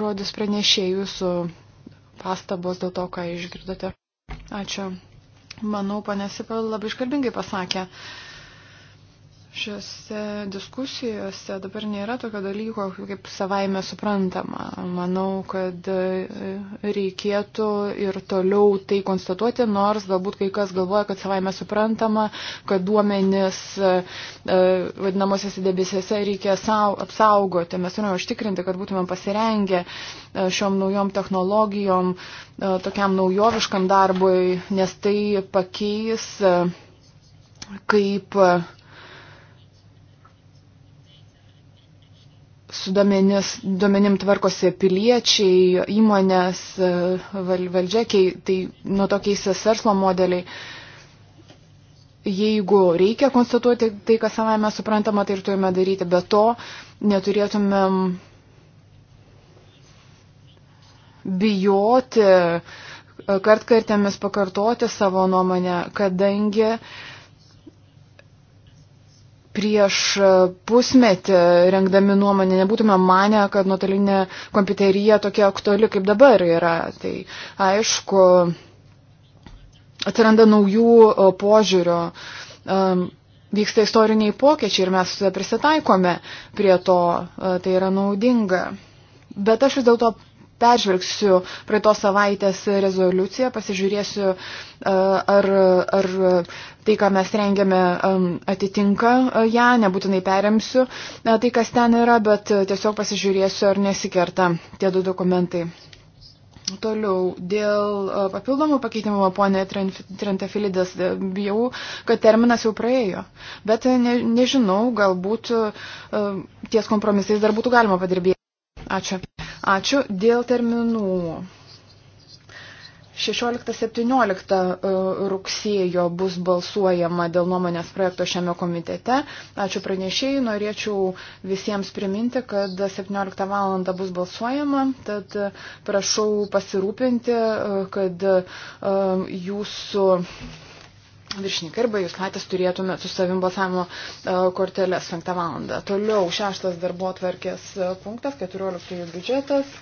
Žodis pranešėjų su pastabos dėl to, ką išgirdote. Ačiū. Manau, panė Sipel labai iškalbingai pasakė. Uh, šiuose diskusijose dabar nėra tokio dalyko kaip savaime suprantama. Manau, kad e, reikėtų ir toliau tai konstatuoti, nors galbūt kai kas galvoja, kad savaime suprantama, kad duomenis e, e, vadinamosiose debesėse reikia sau, apsaugoti. Mes turime užtikrinti, kad būtume pasirengę šiom naujom technologijom, tokiam naujoviškam darbui, nes tai pakeis kaip uh, su duomenis, duomenim tvarkosi piliečiai, įmonės, e, val, valdžiakiai, tai nuo tokiais verslo modeliai. Jeigu reikia konstatuoti tai, kas savai mes suprantama, tai ir turime daryti, be to neturėtumėm bijoti kartkartėmis pakartoti savo nuomonę, kadangi uh, prieš pusmetį rengdami nuomonę nebūtume mane, kad nuotolinė kompiuterija tokia aktuali kaip dabar yra. Tai aišku, atsiranda naujų požiūrių. Um, vyksta istoriniai pokyčiai ir mes prisitaikome prie to, tai yra naudinga. Bet aš vis dėlto peržvelgsiu praeitos savaitės rezoliuciją, pasižiūrėsiu, ar, ar tai, ką mes rengiame, atitinka e, ją, ja, nebūtinai perimsiu tai, kas ten yra, bet e, tiesiog pasižiūrėsiu, ar nesikerta tie du dokumentai. Toliau, dėl e, papildomų pakeitimų, ponė Trentafilidės, bijau, kad terminas jau praėjo, bet ne, nežinau, galbūt ties kompromisais dar būtų galima padirbėti. Ačiū. Ačiū dėl terminų. 16-17 e, rugsėjo bus balsuojama dėl nuomonės projekto šiame komitete. Ačiū pranešėjai, norėčiau visiems priminti, kad 17 val. bus balsuojama, tad prašau pasirūpinti, e, kad e, jūsų viršininkai arba jūs patys turėtumėt su savim balsavimo korteles 5 val. Toliau šeštas darbo atvarkės punktas, 14 biudžetas.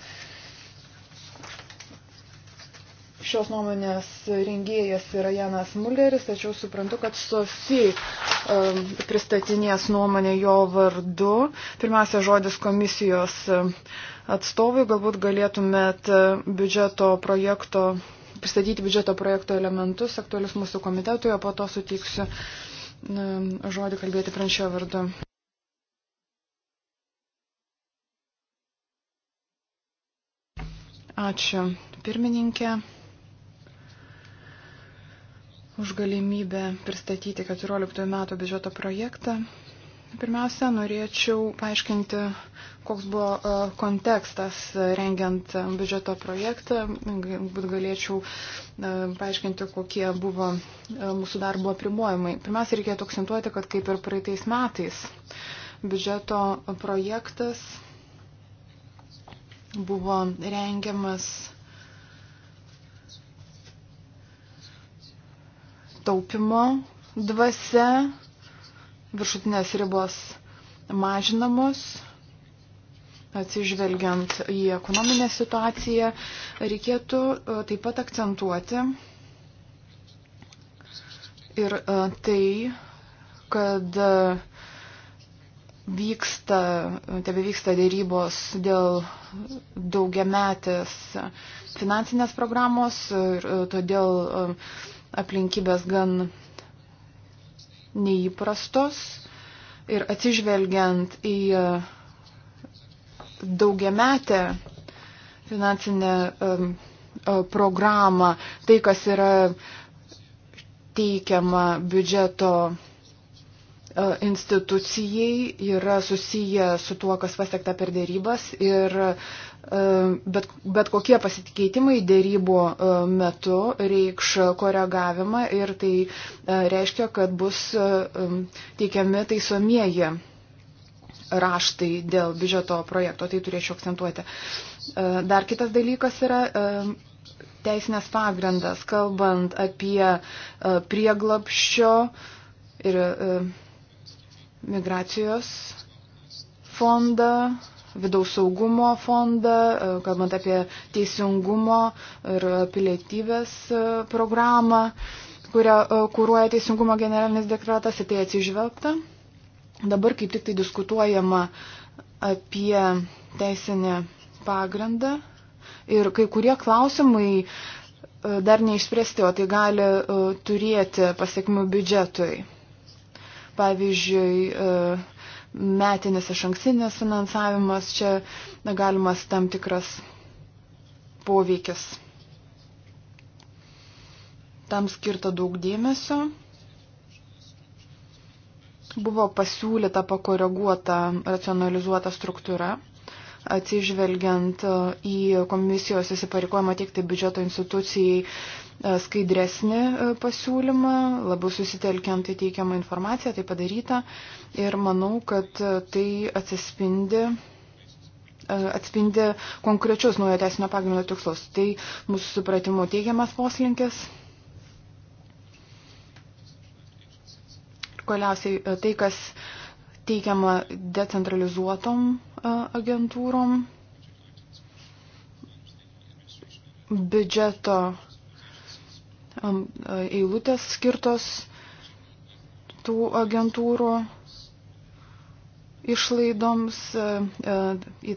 Šios nuomonės rengėjas yra Janas Mulleris, tačiau suprantu, kad Sofi um, pristatinės nuomonę jo vardu. Pirmiausia, žodis komisijos atstovui, galbūt galėtumėt e, biudžeto projekto, pristatyti biudžeto projekto elementus aktualius mūsų komitetui, o po to sutiksiu um, žodį kalbėti pranešėjo vardu. Ačiū pirmininkė už galimybę pristatyti 14 metų biudžeto projektą. Pirmiausia, norėčiau paaiškinti, koks buvo e, kontekstas rengiant biudžeto projektą. Galbūt galėčiau e, paaiškinti, kokie buvo e, mūsų darbo apribojimai. Pirmiausia, reikėtų akcentuoti, kad kaip ir praeitais metais biudžeto projektas buvo rengiamas taupimo dvasia, viršutinės ribos mažinamos, atsižvelgiant į ekonominę situaciją, reikėtų e, taip pat akcentuoti ir e, tai, kad e, vyksta, tebe vyksta dėrybos dėl daugiametės finansinės programos ir todėl aplinkybės gan neįprastos ir atsižvelgiant į daugiametę finansinę e, programą, tai kas yra teikiama biudžeto e, institucijai yra susiję su tuo, kas pasiekta per dėrybas ir E, bet, bet kokie pasikeitimai dėrybo e, metu reikš koregavimą ir tai e, reiškia, kad bus teikiami taisomieji raštai dėl biudžeto projekto, tai turėčiau akcentuoti. Dar kitas dalykas yra teisinės pagrindas, kalbant apie prieglapščio ir migracijos fondą, vidaus saugumo fondą, e, kalbant apie teisingumo ir pilietybės e, programą, kurią e, kūruoja teisingumo generalinis dekratas, į tai atsižvelgta. Dabar kaip tik tai diskutuojama apie teisinę pagrindą ir kai kurie klausimai dar neišspręsti, o tai gali turėti pasiekmių biudžetui. Pavyzdžiui, metinis iš anksinės finansavimas, čia galimas tam tikras poveikis. Tam skirta daug dėmesio. Buvo pasiūlyta pakoreguota, racionalizuota struktūra, atsižvelgiant e, į komisijos įsipareigojimą teikti biudžeto institucijai E, skaidresnį e, pasiūlymą, labiau susitelkiant į teikiamą informaciją, tai padaryta. Ir manau, kad e, tai atsispindi atspindi konkrečius naujo teisinio pagrindo tikslus. Tai mūsų supratimu teigiamas poslinkis. Galiausiai tai, kas teikiama decentralizuotom agentūrom, biudžeto E, eilutės skirtos tų agentūrų išlaidoms. E, e,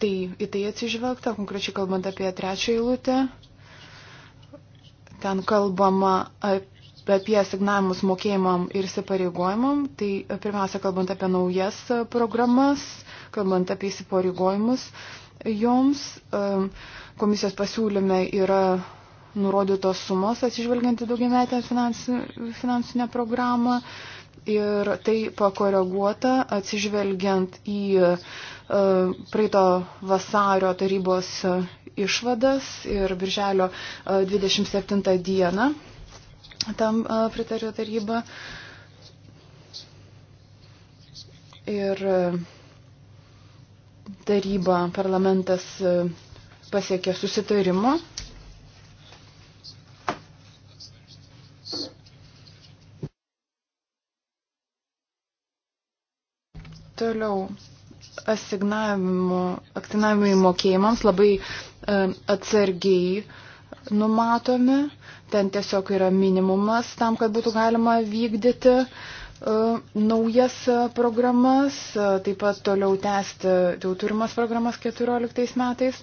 tai, į tai atsižvelgta, konkrečiai kalbant apie trečią eilutę. Ten kalbama apie asignavimus mokėjimam ir įsipareigojimam. Tai pirmiausia, kalbant apie naujas programas, kalbant apie įsipareigojimus, joms komisijos pasiūlyme yra nurodytos sumos atsižvelgiant į daugiametę finansinę programą. Ir tai pakoreguota atsižvelgiant į e, praeito vasario tarybos išvadas ir birželio 27 e, dieną tam e, pritarė taryba. Ir taryba, parlamentas pasiekė susitarimo Toliau, asignavimo, akcinavimai mokėjimams labai e, atsargiai numatomi. Ten tiesiog yra minimumas tam, kad būtų galima vykdyti e, naujas e, programas, taip pat toliau tęsti jau turimas programas 2014 metais.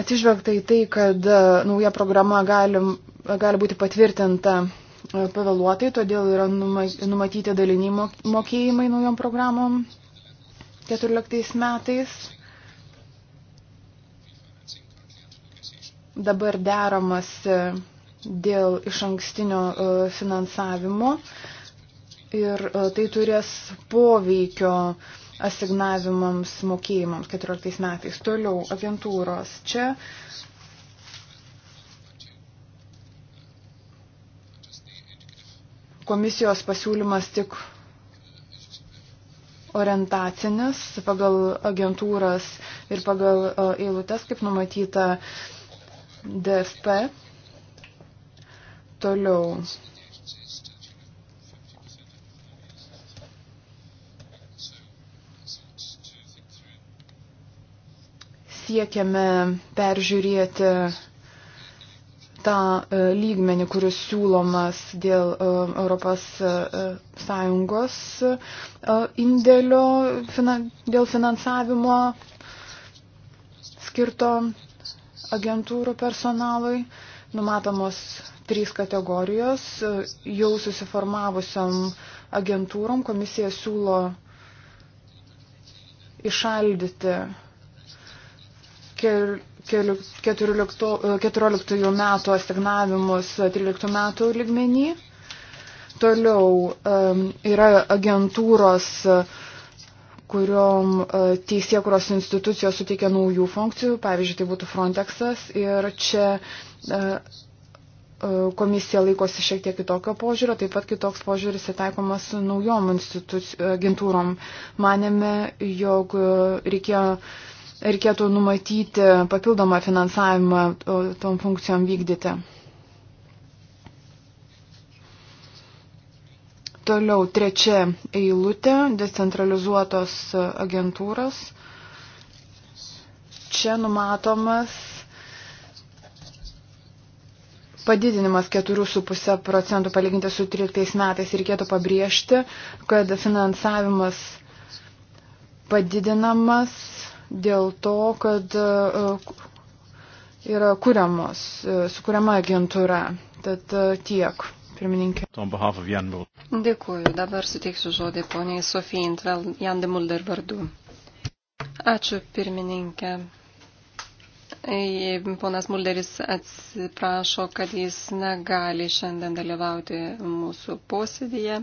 Atsižvelgta į tai, kad nauja programa gali, gali būti patvirtinta E, pavėluotai, todėl yra numatyti daliniai mokėjimai naujom programom 14 metais. Dabar deramas e, dėl iš ankstinio e, finansavimo ir tai turės poveikio asignavimams mokėjimams 14 metais. Toliau agentūros. Čia komisijos pasiūlymas tik orientacinis pagal agentūras ir pagal e, eilutes, kaip numatyta DFP. Toliau. Siekiame peržiūrėti tą e, lygmenį, kuris siūlomas dėl ES e, e, indėlio dėl finansavimo skirto agentūrų personalui. Numatomos trys kategorijos. Jau susiformavusiam agentūrom komisija siūlo išaldyti 14 metų asignavimus 13 metų lygmenį. Toliau yra agentūros, kuriom e, teisėkuros institucijos suteikia naujų funkcijų, pavyzdžiui, tai būtų Frontexas. Ir čia e, e, komisija laikosi šiek tiek kitokio požiūrio, taip pat kitoks požiūris įtaikomas naujom agentūrom. Manėme, jog reikėjo reikėtų numatyti papildomą finansavimą tom funkcijom vykdyti. Toliau trečia eilutė - decentralizuotos agentūros. Čia numatomas padidinimas 4,5 procentų palyginti su 13 metais. Reikėtų pabrėžti, kad finansavimas padidinamas dėl to, kad e, yra kuriamos, e, sukuriama agentūra. Tad e, tiek, pirmininkė. Dėkuoju. Dabar suteiksiu žodį poniai Sofijai Intvel Jandemulder vardu. Ačiū, pirmininkė. Ponas Mulderis atsiprašo, kad jis negali šiandien dalyvauti mūsų posėdėje,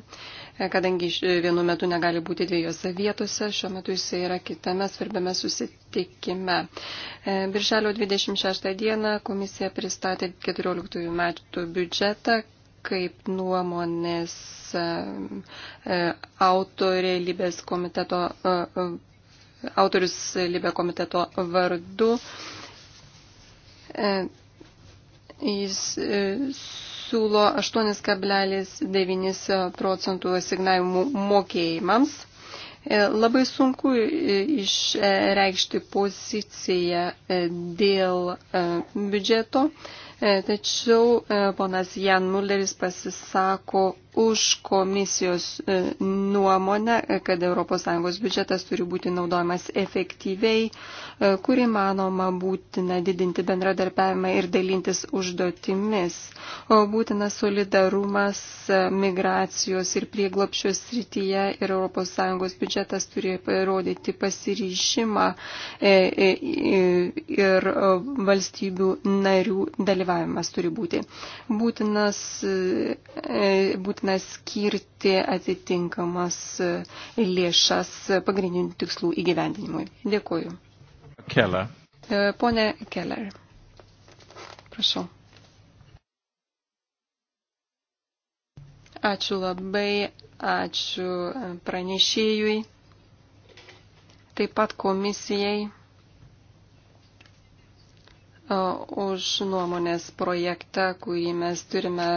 kadangi vienu metu negali būti dviejose vietose, šiuo metu jis yra kitame svarbiame susitikime. E, Birželio 26 dieną komisija pristatė 14 metų biudžetą, kaip nuomonės e, e, autorė Libės komiteto autorius Libė komiteto vardu E, jis e, siūlo 8,9 procentų asignavimų mokėjimams. E, labai sunku išreikšti poziciją dėl biudžeto, tačiau ponas Jan Mulleris pasisako už komisijos e, nuomonę, e, kad ES biudžetas turi būti naudojamas efektyviai, e, kuri manoma būtina didinti bendradarbiavimą ir dalintis užduotimis. Būtina solidarumas migracijos ir prieglopščio srityje ir ES biudžetas turi parodyti pasiryšimą ir valstybių narių dalyvavimas turi būti. Būtinas, būtinas būtina skirti atitinkamas lėšas pagrindinių tikslų įgyvendinimui. Dėkuoju. Keller. E, pone Keller. Prašau. Ačiū labai, ačiū pranešėjui, taip pat komisijai e, už nuomonės projektą, kurį mes turime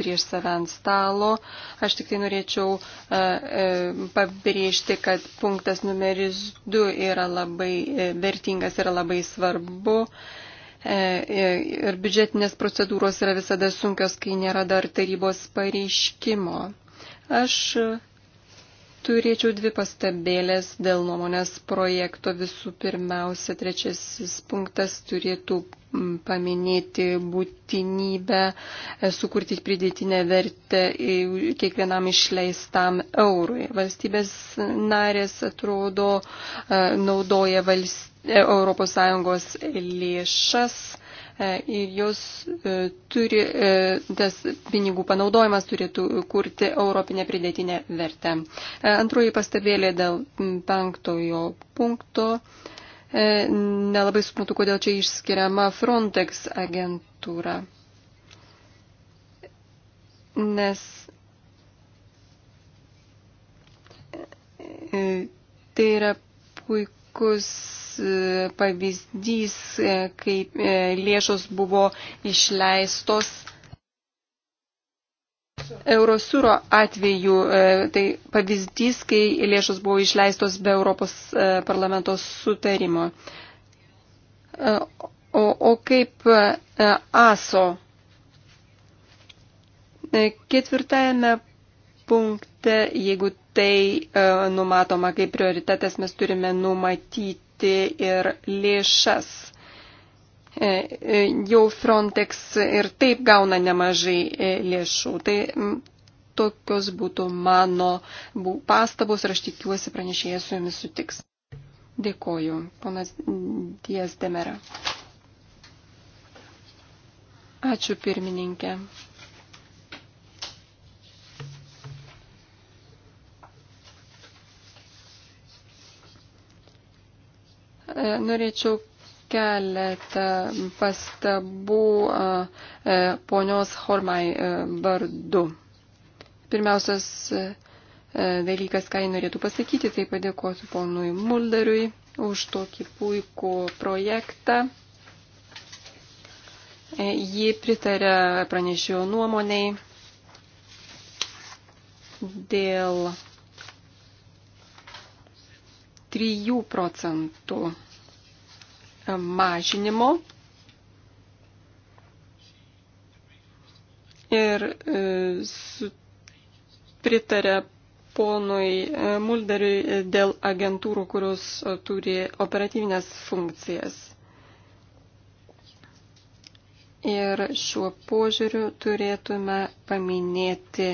prieš save ant stalo. Aš tik tai norėčiau e, e, pabrėžti, kad punktas numeris 2 yra labai e, vertingas ir labai svarbu. Ir biudžetinės procedūros yra visada sunkios, kai nėra dar tarybos pareiškimo. Aš turėčiau dvi pastabėlės dėl nuomonės projekto. Visų pirmiausia, trečiasis punktas turėtų mm, paminėti būtinybę e, sukurti pridėtinę vertę e, kiekvienam išleistam eurui. Valstybės narės atrodo e, naudoja valst... ES lėšas E, ir jos e, turi, e, tas pinigų panaudojimas turėtų kurti europinę pridėtinę vertę. Antroji pastabėlė dėl penktojo punkto. Nelabai suprantu, kodėl čia išskiriama Frontex agentūra. Nes tai yra puiku puikus e, pavyzdys, e, kaip e, lėšos buvo išleistos Eurosūro atveju. Tai pavyzdys, kai lėšos buvo išleistos be Europos parlamento sutarimo. O, o kaip ASO? Ketvirtajame punkte E, jeigu tai e, numatoma kaip prioritetas, mes turime numatyti ir lėšas. E, jau Frontex ir taip gauna nemažai lėšų. Tai tokios būtų mano pastabos ir aš tikiuosi pranešėjas su jumis sutiks. Dėkoju, ponas Dijas Demera. Ačiū pirmininkė. E, norėčiau keletą pastabų e, ponios Hormai e, vardu. Pirmiausias dalykas, ką jį norėtų pasakyti, tai padėkosiu ponui Mulderiui už tokį puikų projektą. Ji pritarė pranešėjo nuomoniai dėl 3 procentų mažinimo. Ir e, pritarė ponui e, Mulderiui e, dėl agentūrų, kurios turi operatyvinės funkcijas. Ir šiuo požiūriu turėtume paminėti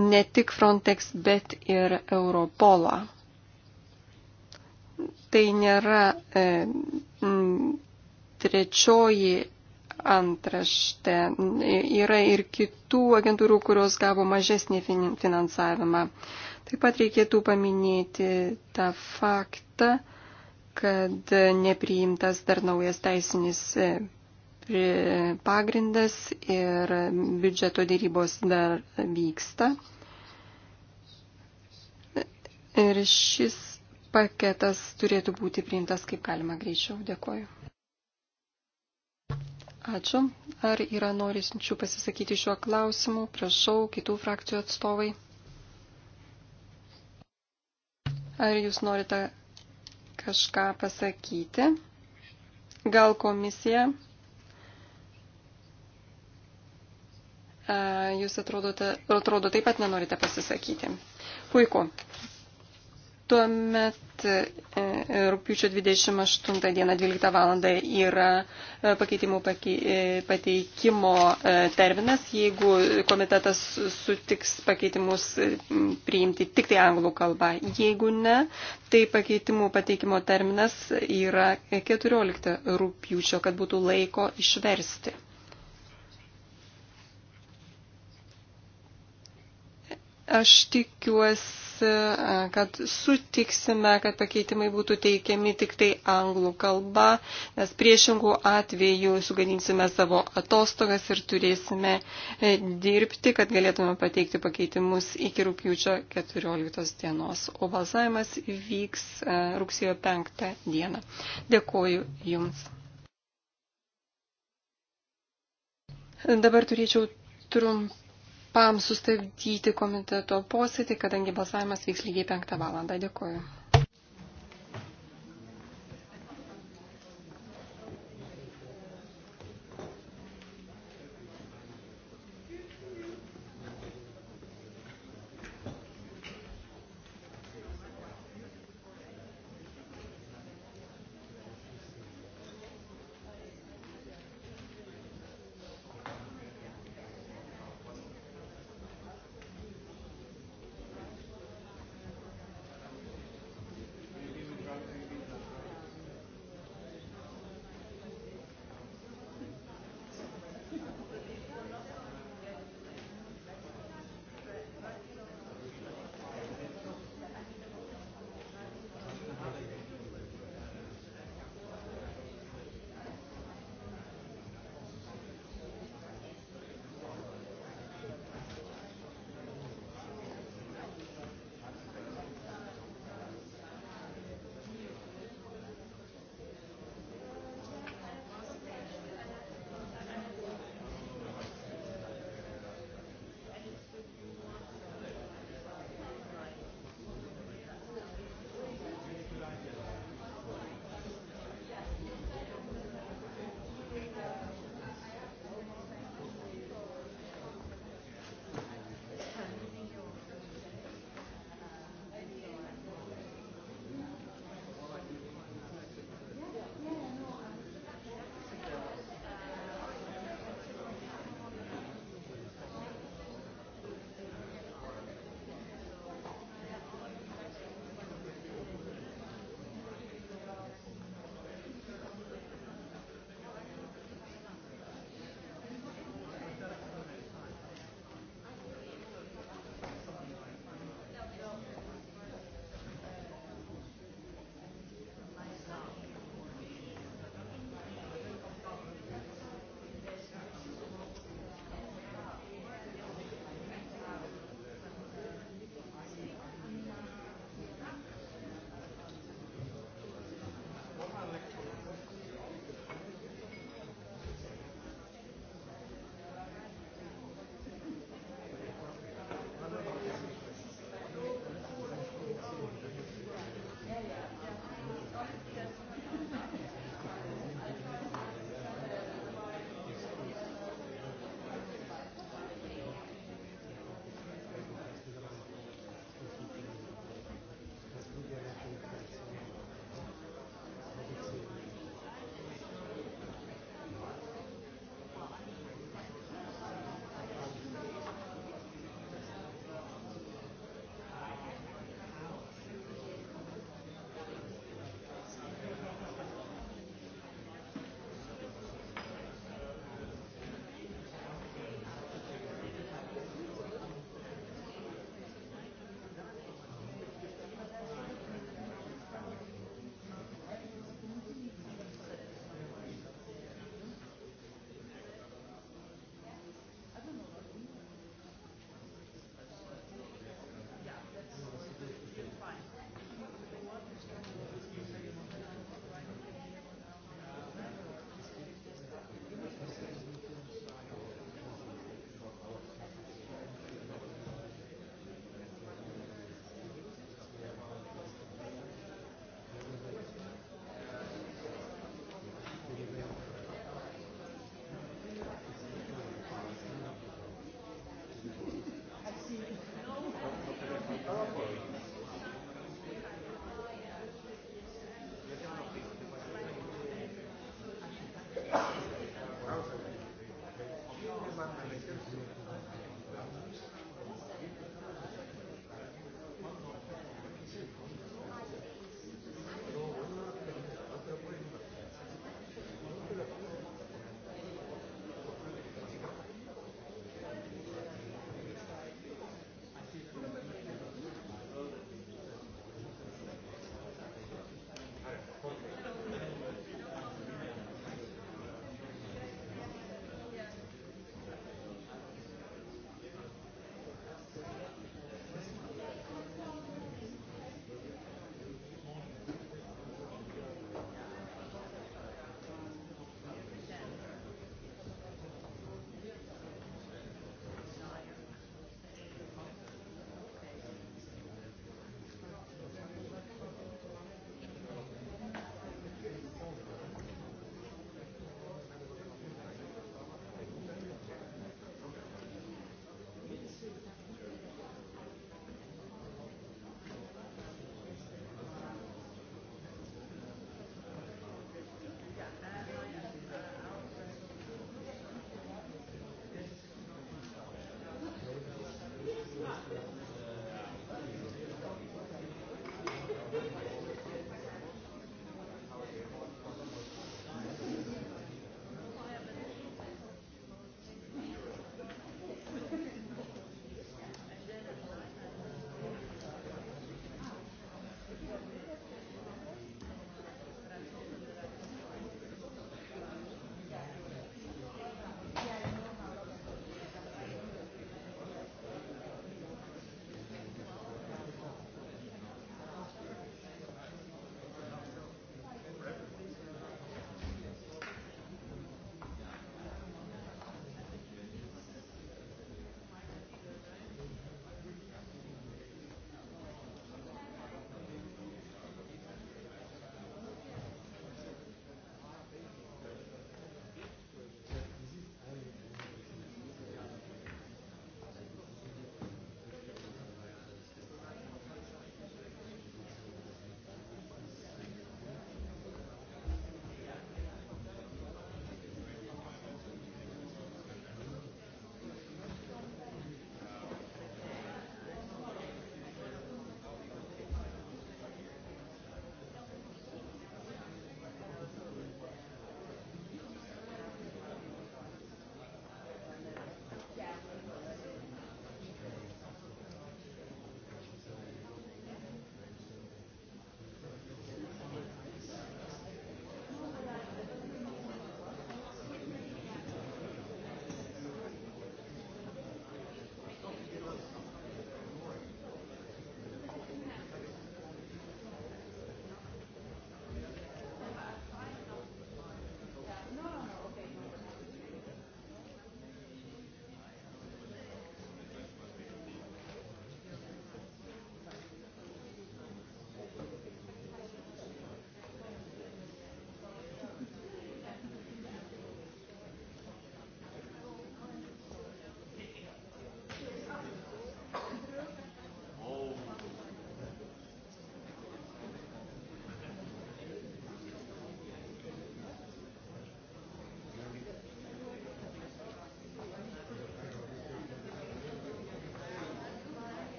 ne tik Frontex, bet ir Europolą tai nėra e, m, trečioji antraštė. Yra ir kitų agentūrų, kurios gavo mažesnį finansavimą. Taip pat reikėtų paminėti tą faktą, kad nepriimtas dar naujas teisinis e, pagrindas ir biudžeto dėrybos dar vyksta. Ir šis paketas turėtų būti priimtas kaip galima greičiau. Dėkoju. Ačiū. Ar yra norinčių pasisakyti šiuo klausimu? Prašau, kitų frakcijų atstovai. Ar jūs norite kažką pasakyti? Gal komisija? Jūs atrodote, atrodo taip pat nenorite pasisakyti. Puiku. Tuomet e, rūpiučio 28 dieną 12 valandą yra e, pakeitimų e, pateikimo terminas, jeigu komitetas sutiks pakeitimus priimti tik tai anglų kalbą. Jeigu ne, tai pakeitimų pateikimo terminas yra 14 rūpiučio, kad būtų laiko išversti. Aš tikiuosi kad sutiksime, kad pakeitimai būtų teikiami tik tai anglų kalba, nes priešingų atvejų sugadinsime savo atostogas ir turėsime e, dirbti, kad galėtume pateikti pakeitimus iki rūpjūčio 14 dienos, o balsavimas vyks e, rugsėjo 5 dieną. Dėkuoju Jums. Dabar turėčiau trumpą PAM sustabdyti komiteto posėdį, kadangi balsavimas vyks lygiai 5 valandą. Dėkuoju.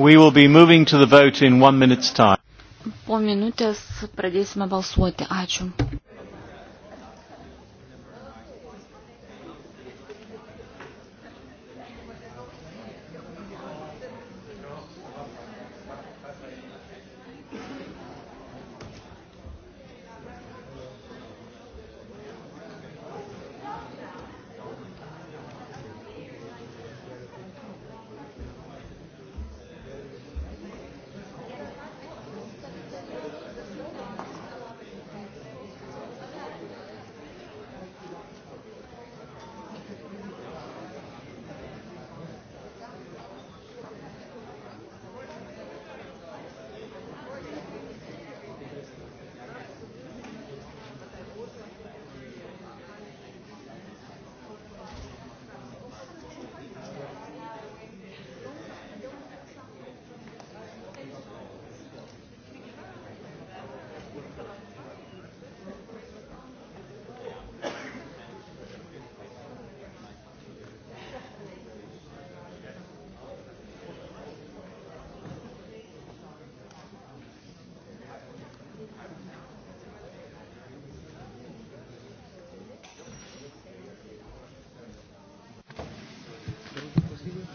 We will be moving to the vote in one minute's time. Po minutės pradėsime balsuoti. Ačiū.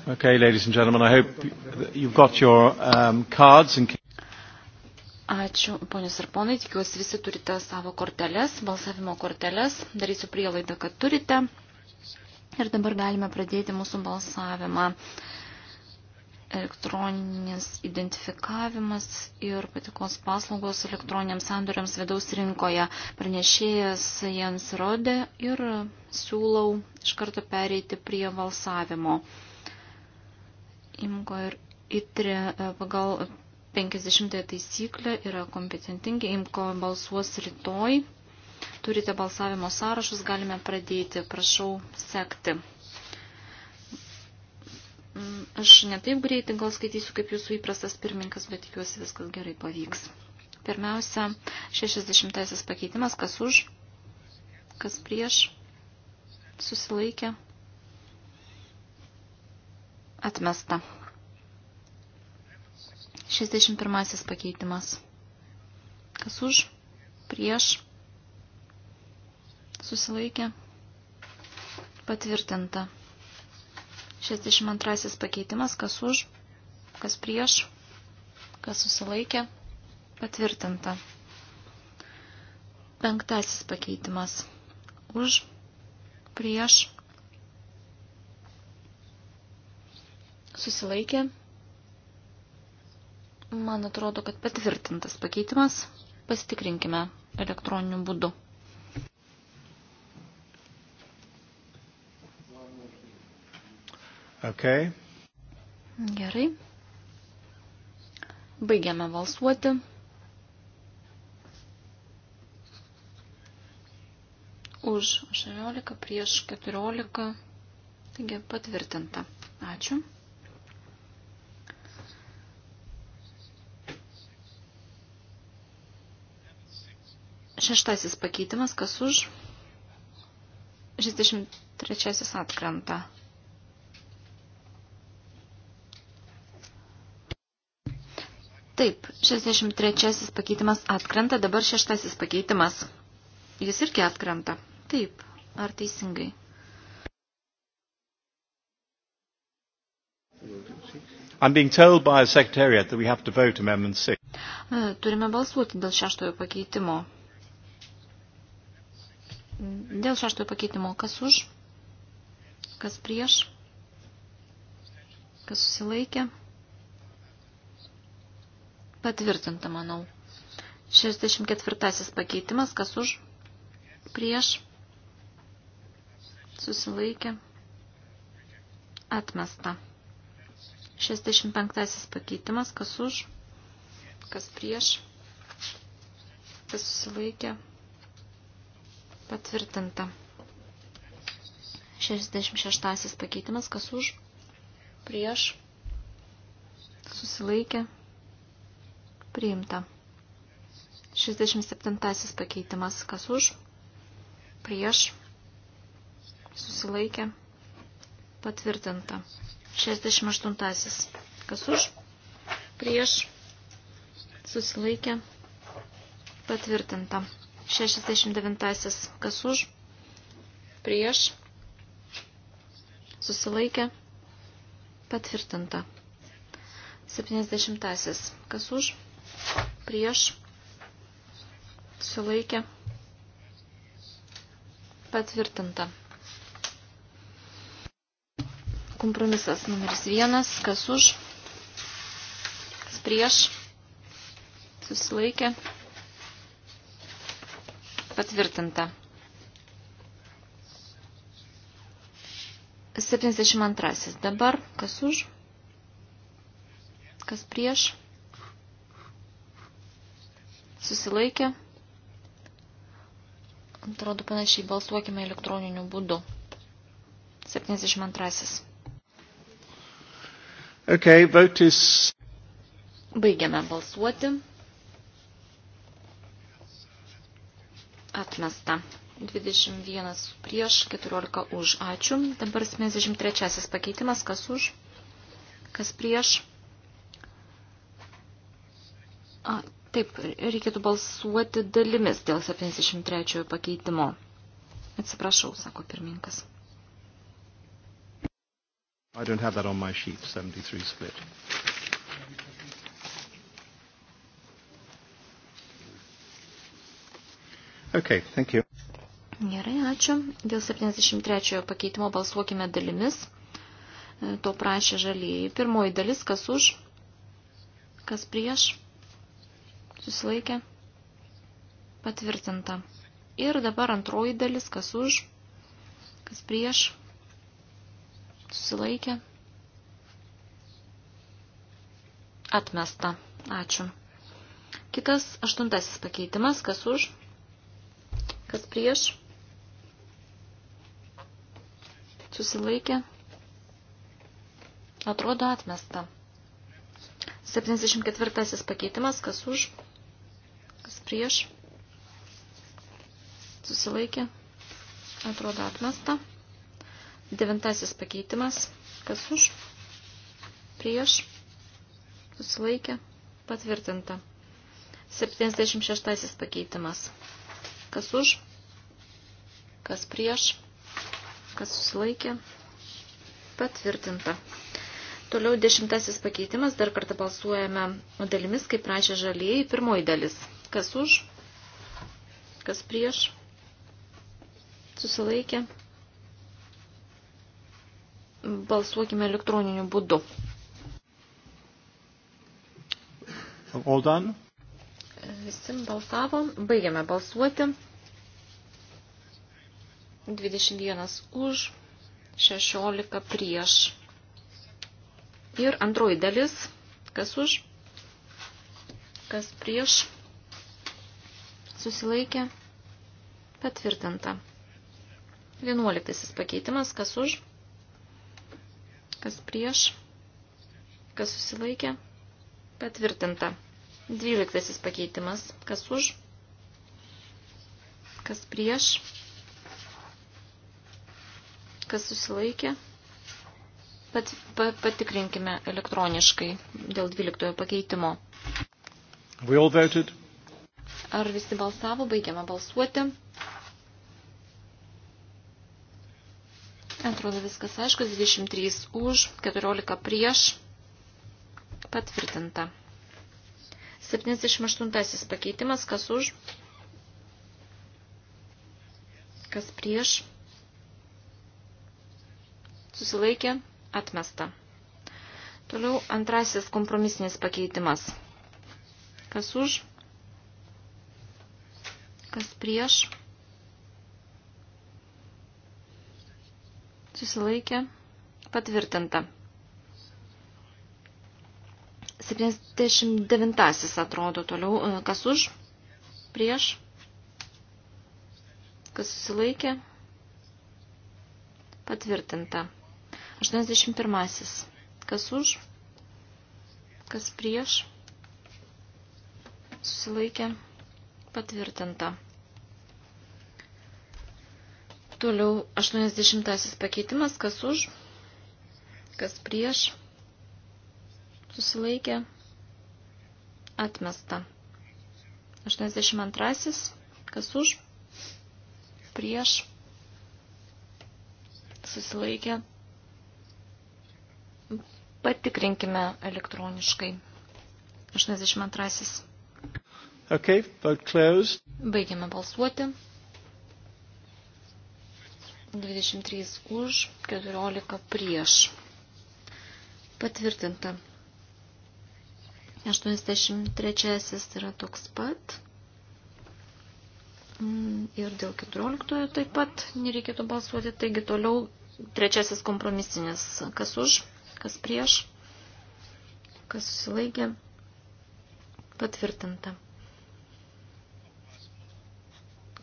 Okay, ladies and gentlemen, I hope you've got your um, cards and... Ačiū, ponios ir ponai, tikiuosi visi turite savo korteles, balsavimo korteles, darysiu prielaidą, kad turite. Ir dabar galime pradėti mūsų balsavimą. Elektroninis identifikavimas ir patikos paslaugos elektroniniams sandoriams vidaus rinkoje. Pranešėjas Jens Rodė ir siūlau iš karto pereiti prie balsavimo. Imko ir Itrė e, pagal 50 taisyklę yra kompetentingi. Imko balsuos rytoj. Turite balsavimo sąrašus, galime pradėti. Prašau sekti. Mm, aš ne taip greitai gal skaitysiu kaip jūsų įprastas pirmininkas, bet tikiuosi viskas gerai pavyks. Pirmiausia, 60 pakeitimas, kas už, kas prieš, susilaikė, Atmesta. 61 pakeitimas. Kas už? Prieš. Susilaikė. Patvirtinta. 62 pakeitimas. Kas už? Kas prieš? Kas susilaikė? Patvirtinta. Penktasis pakeitimas. Už. Prieš susilaikė. Man atrodo, kad patvirtintas pakeitimas. Pasitikrinkime elektroniniu būdu. Okay. Gerai. Baigiame valsuoti. Už 18 prieš 14. Taigi patvirtinta. Ačiū. Šeštasis pakeitimas, kas už. 63 atkrenta. Taip, 63 pakeitimas atkrenta, dabar šeštasis pakeitimas. Jis irgi atkrenta. Taip, ar teisingai? I'm being told by the secretariat that we have to vote amendment 6. E, turime balsuoti dėl šeštojo pakeitimo. Dėl šeštojo pakeitimo, kas už, kas prieš, kas susilaikė, patvirtinta, manau. 64 pakeitimas, kas už, prieš, susilaikė, atmesta. 65 pakeitimas, kas už, kas prieš, kas susilaikė, atmesta Patvirtinta. 66 pakeitimas, kas už, prieš, susilaikė, priimta. 67 pakeitimas, kas už, prieš, susilaikė, patvirtinta. 68 kas už, prieš, susilaikė, patvirtinta. 69. Kas už? Prieš. Susilaikė. Patvirtinta. 70. Kas už? Prieš. Susilaikė. Patvirtinta. Kompromisas numeris vienas. Kas už? Kas prieš? Susilaikė. Patvirtinta. 72. Dabar kas už? Kas prieš? Susilaikė. Atrodo panašiai balsuokime elektroniniu būdu. 72. Okay, vote is... Baigiame balsuoti. atmesta. 21 prieš, 14 už. Ačiū. Dabar 73 pakeitimas. Kas už? Kas prieš? A, taip, reikėtų balsuoti dalimis dėl 73 pakeitimo. Atsiprašau, sako pirmininkas. I don't have that on my sheet, 73 split. Okay, thank you. Gerai, ačiū. Dėl 73 pakeitimo balsuokime dalimis. E, to prašė žalieji. Pirmoji dalis, kas už, kas prieš, susilaikė, patvirtinta. Ir dabar antroji dalis, kas už, kas prieš, susilaikė, atmesta. Ačiū. Kitas aštuntasis pakeitimas, kas už, Kas prieš? Susilaikė. Atrodo atmesta. 74 pakeitimas. Kas už? Kas prieš? Susilaikė. Atrodo atmesta. Devintasis pakeitimas. Kas už? Prieš. Susilaikė. Patvirtinta. 76 pakeitimas. Kas už, kas prieš, kas susilaikė, patvirtinta. Toliau dešimtasis pakeitimas, dar kartą balsuojame dalimis, kaip prašė žalieji, pirmoji dalis. Kas už, kas prieš, susilaikė. Balsuokime elektroniniu būdu. All done? Visi balsavo. Baigiame balsuoti. 21 už, 16 prieš. Ir antroji dalis. Kas už? Kas prieš? Susilaikė. Patvirtinta. 11 pakeitimas. Kas už? Kas prieš? Kas susilaikė? Patvirtinta. Dvyliktasis pakeitimas. Kas už? Kas prieš? Kas susilaikė? Pat, pat, patikrinkime elektroniškai dėl dvyliktojo pakeitimo. We all voted. Ar visi balsavo? Baigiame balsuoti. Atrodo viskas aišku. 23 už, 14 prieš. Patvirtinta. 78 pakeitimas, kas už, kas prieš, susilaikė, atmesta. Toliau antrasis kompromisinis pakeitimas. Kas už, kas prieš, susilaikė, patvirtinta. 79 atrodo toliau. E, kas už? Prieš? Kas susilaikė? Patvirtinta. 81. Kas už? Kas prieš? Susilaikė. Patvirtinta. Toliau 80 pakeitimas. Kas už? Kas prieš? susilaikė, atmesta. 82. Kas už, prieš, susilaikė, patikrinkime elektroniškai. 82. Okay, vote closed. Baigiame balsuoti. 23 už, 14 prieš. Patvirtinta. 83 yra toks pat. Mm, ir dėl 14 taip pat nereikėtų balsuoti. Taigi toliau trečiasis kompromisinis. Kas už, kas prieš, kas susilaikė. Patvirtinta.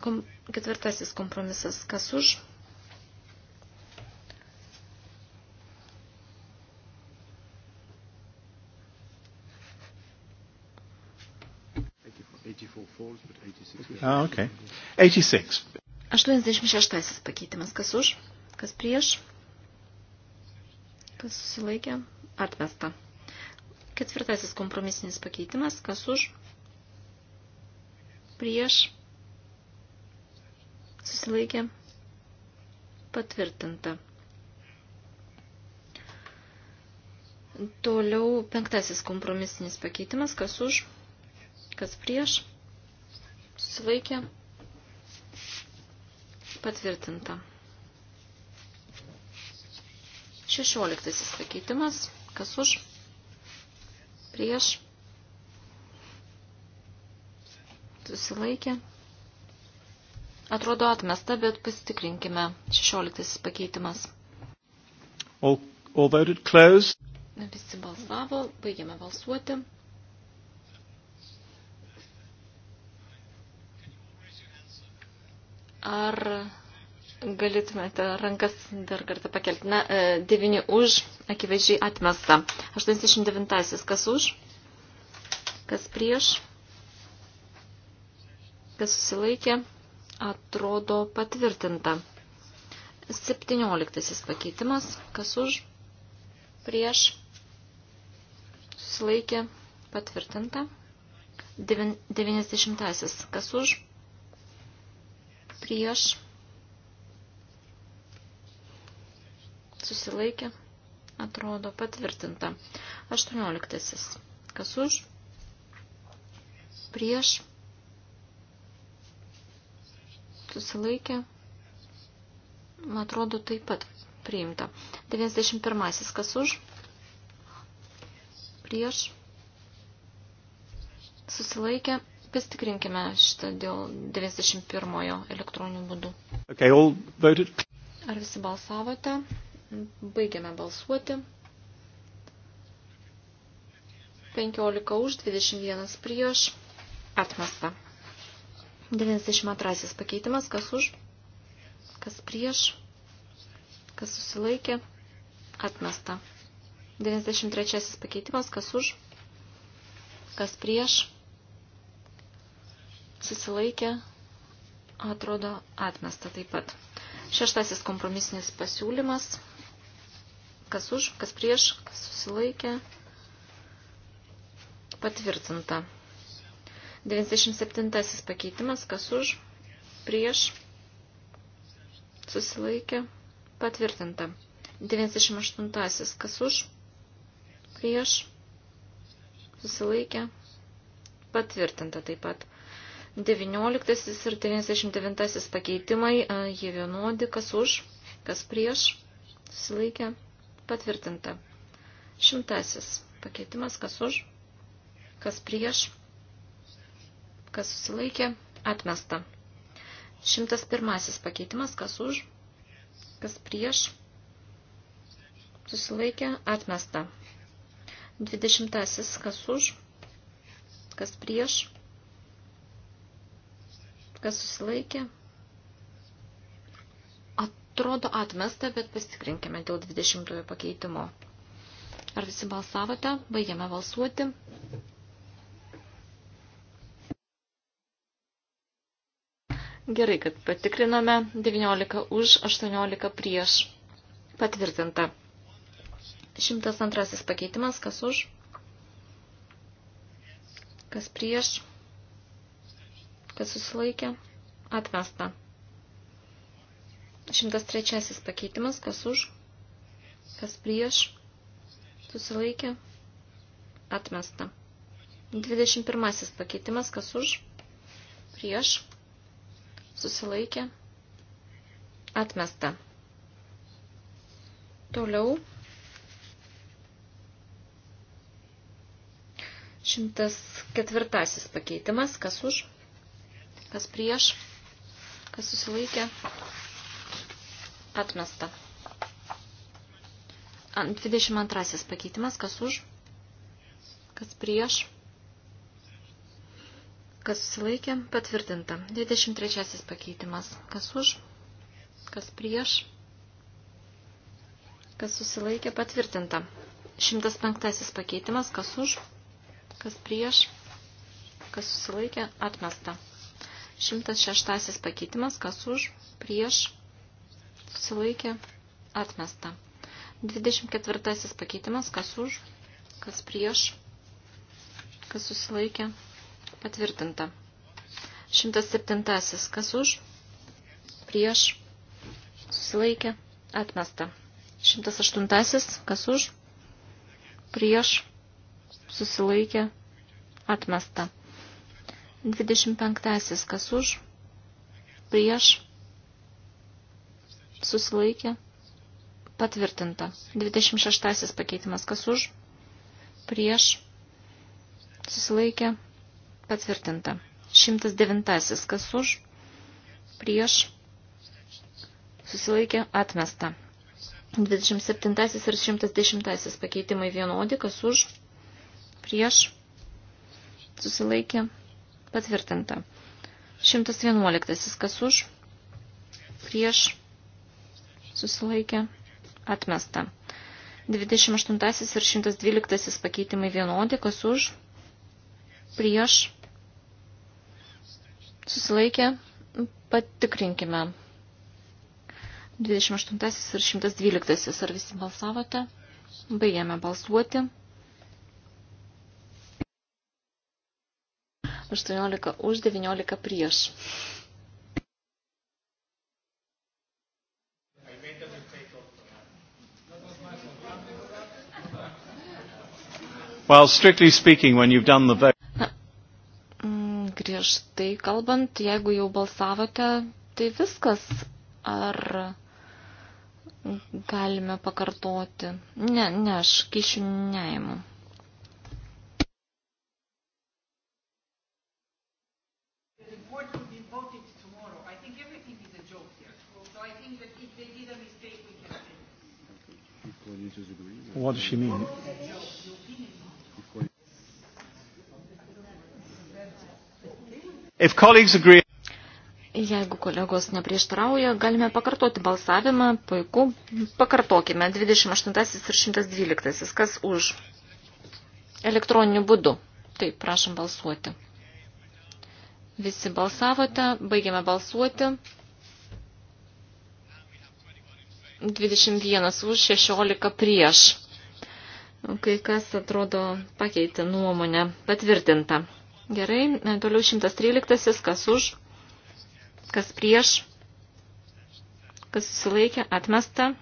Kom, ketvirtasis kompromisas. Kas už, Oh, okay. 86. 86 pakeitimas. Kas už? Kas prieš? Kas susilaikė? Atmesta. Ketvirtasis kompromisinis pakeitimas. Kas už? Prieš? Susilaikė? Patvirtinta. Toliau penktasis kompromisinis pakeitimas. Kas už? Kas prieš? Susilaikė. Patvirtinta. Šešioliktasis pakeitimas. Kas už? Prieš. Susilaikė. Atrodo atmesta, bet pasitikrinkime. Šešioliktasis pakeitimas. All, all voted closed. Visi balsavo, baigėme balsuoti. Ar galėtumėte rankas dar kartą pakelti? Na, 9 e, už, akivaizdžiai atmesta. 89. Kas už? Kas prieš? Kas susilaikė? Atrodo patvirtinta. 17. pakeitimas. Kas už? Prieš? Susilaikė patvirtinta. 90. Kas už? prieš, susilaikė, atrodo patvirtinta. 18. Kas už, prieš, susilaikė, atrodo taip pat priimta. 91. Kas už, prieš, susilaikė, Pasitikrinkime šitą dėl 91-ojo elektroninių būdų. Okay, all voted. Ar visi balsavote? Baigiame balsuoti. 15 už, 21 prieš. Atmesta. 92 pakeitimas. Kas už? Kas prieš? Kas susilaikė? Atmesta. 93 pakeitimas. Kas už? Kas prieš? susilaikė, atrodo atmesta taip pat. Šeštasis kompromisinis pasiūlymas, kas už, kas prieš, kas susilaikė, patvirtinta. 97 pakeitimas, kas už, prieš, susilaikė, patvirtinta. 98 kas už, prieš, susilaikė, patvirtinta taip pat. 19 ir 99 pakeitimai, e, jie vienodi, kas už, kas prieš, susilaikė, patvirtinta. Šimtasis pakeitimas, kas už, kas prieš, kas susilaikė, atmesta. Šimtas pirmasis pakeitimas, kas už, kas prieš, susilaikė, atmesta. Dvidešimtasis, kas už, kas prieš, kas susilaikė. Atrodo atmesta, bet pasitikrinkime dėl 20 pakeitimo. Ar visi balsavote? Baigiame balsuoti. Gerai, kad patikriname 19 už, 18 prieš. Patvirtinta. 102 pakeitimas, kas už, kas prieš, kas susilaikė, atmesta. 103 pakeitimas, kas už, kas prieš, susilaikė, atmesta. 21 pakeitimas, kas už, prieš, susilaikė, atmesta. Toliau 104 pakeitimas, kas už, kas prieš, kas susilaikė, atmesta. 22 pakeitimas, kas už, kas prieš, kas susilaikė, patvirtinta. 23 pakeitimas, kas už, kas prieš, kas susilaikė, patvirtinta. 105 pakeitimas, kas už, kas prieš, kas susilaikė, atmesta. 106 pakeitimas, kas už, prieš, susilaikė, atmesta. 24 pakeitimas, kas už, kas prieš, kas susilaikė, patvirtinta. 107 kas už, prieš, susilaikė, atmesta. 108 kas už, prieš, susilaikė, atmesta. 25. Kas už? Prieš? Susilaikė? Patvirtinta. 26. Pakeitimas. Kas už? Prieš? Susilaikė? Patvirtinta. 109. Kas už? Prieš? Susilaikė? Atmesta. 27 ir 110 pakeitimai vienodi. Kas už? Prieš? Susilaikė? Patvirtinta Patvirtinta. 111. Kas už? Prieš. Susilaikė. Atmesta. 28 ir 112 pakeitimai vienodi. Kas už? Prieš. Susilaikė. Patikrinkime. 28 ir 112. Ar visi balsavote? Baigėme balsuoti. 18 už, 19 prieš. Well, strictly speaking, when you've done the vote. Na, mm, griežtai kalbant, jeigu jau balsavote, tai viskas. Ar galime pakartoti? Ne, ne, aš kišių neimu. What does she mean? If colleagues agree... Jeigu kolegos neprieštarauja, galime pakartoti balsavimą. Puiku. Pakartokime 28 ir 112. Kas už? Elektroniniu būdu. Taip, prašom balsuoti. Visi balsavote. Baigiame balsuoti. 21 už 16 prieš. Kai kas atrodo pakeitė nuomonę. Patvirtinta. Gerai, toliau 113, kas už, kas prieš, kas susilaikė, atmesta.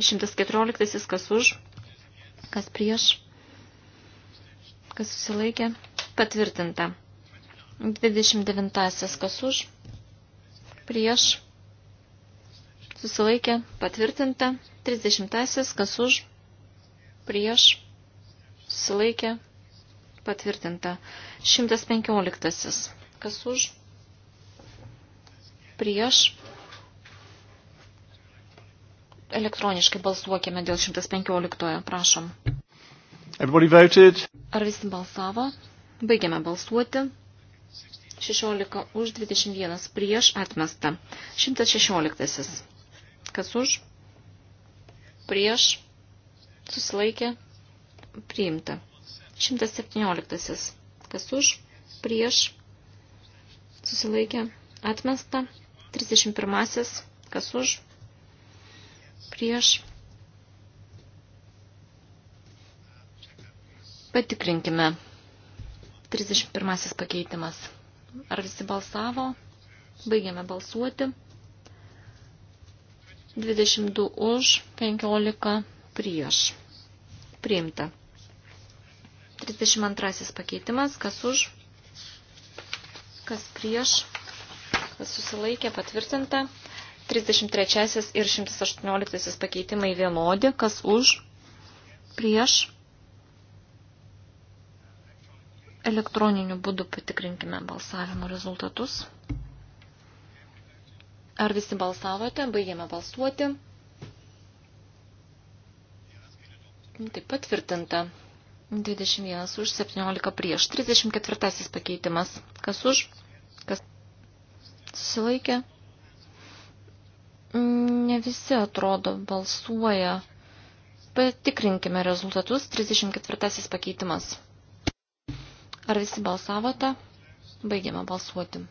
114, kas už, kas prieš, kas susilaikė, patvirtinta. 29, kas už, prieš, susilaikė patvirtinta, 30 kas už, prieš, susilaikė patvirtinta, 115 kas už, prieš, elektroniškai balsuokime dėl 115, prašom. Everybody voted. Ar visi balsavo? Baigiame balsuoti. 16 už 21 prieš atmestą. 116. Kas už? Prieš. Susilaikė. Priimta. 117. Kas už? Prieš. Susilaikė. Atmesta. 31. Kas už? Prieš. Patikrinkime. 31 pakeitimas. Ar visi balsavo? Baigiame balsuoti. 22 už, 15 prieš. Priimta. 32 pakeitimas, kas už, kas prieš, kas susilaikė, patvirtinta. 33 ir 118 pakeitimai vienodi, kas už, prieš. Elektroniniu būdu patikrinkime balsavimo rezultatus. Ar visi balsavote? Baigėme balsuoti. Taip patvirtinta. 21 už 17 prieš. 34 pakeitimas. Kas už? Kas susilaikė? Ne visi atrodo balsuoja. Patikrinkime rezultatus. 34 pakeitimas. Ar visi balsavote? Baigėme balsuoti.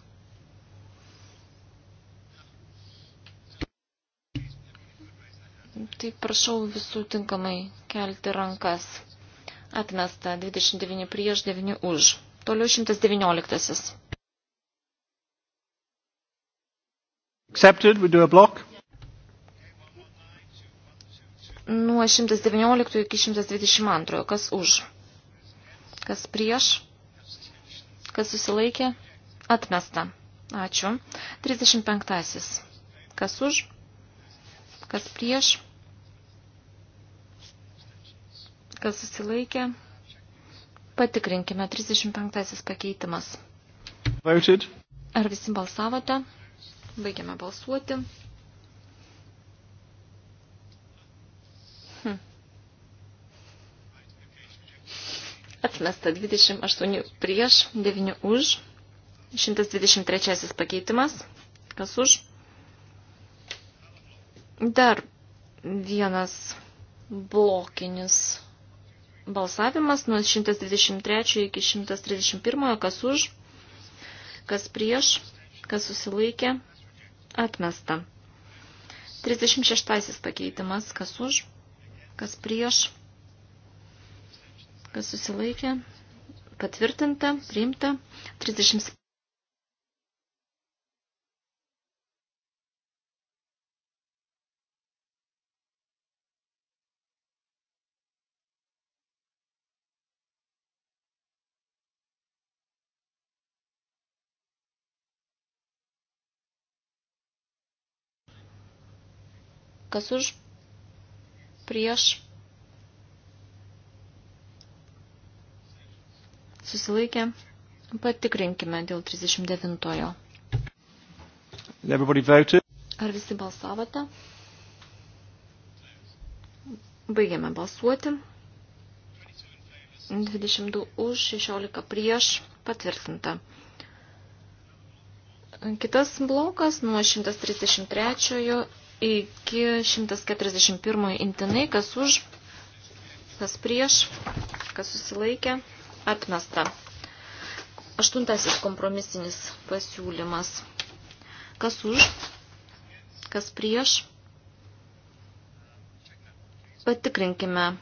Tai prašau visų tinkamai kelti rankas. Atmesta 29 prieš 9 už. Toliau 119. Accepted, we do a block. Nuo 119 iki 122. Kas už? Kas prieš? Kas susilaikė? Atmesta. Ačiū. 35. Kas už? kas prieš, kas susilaikė. Patikrinkime 35 pakeitimas. Voted. Ar visi balsavote? Baigiame balsuoti. Hm. Atmesta 28 prieš, 9 už. 123 pakeitimas. Kas už? Dar vienas blokinis balsavimas nuo 123 iki 131, kas už, kas prieš, kas susilaikė, atmesta. 36 pakeitimas, kas už, kas prieš, kas susilaikė, patvirtinta, priimta. 37 Kas už? Prieš. Susilaikė. Patikrinkime dėl 39-ojo. Ar visi balsavote? Baigiame balsuoti. 22 už, 16 prieš, patvirtinta. Kitas blokas nuo 133 iki 141 intinai, kas už, kas prieš, kas susilaikė, atmesta. Aštuntasis kompromisinis pasiūlymas. Kas už, kas prieš. Patikrinkime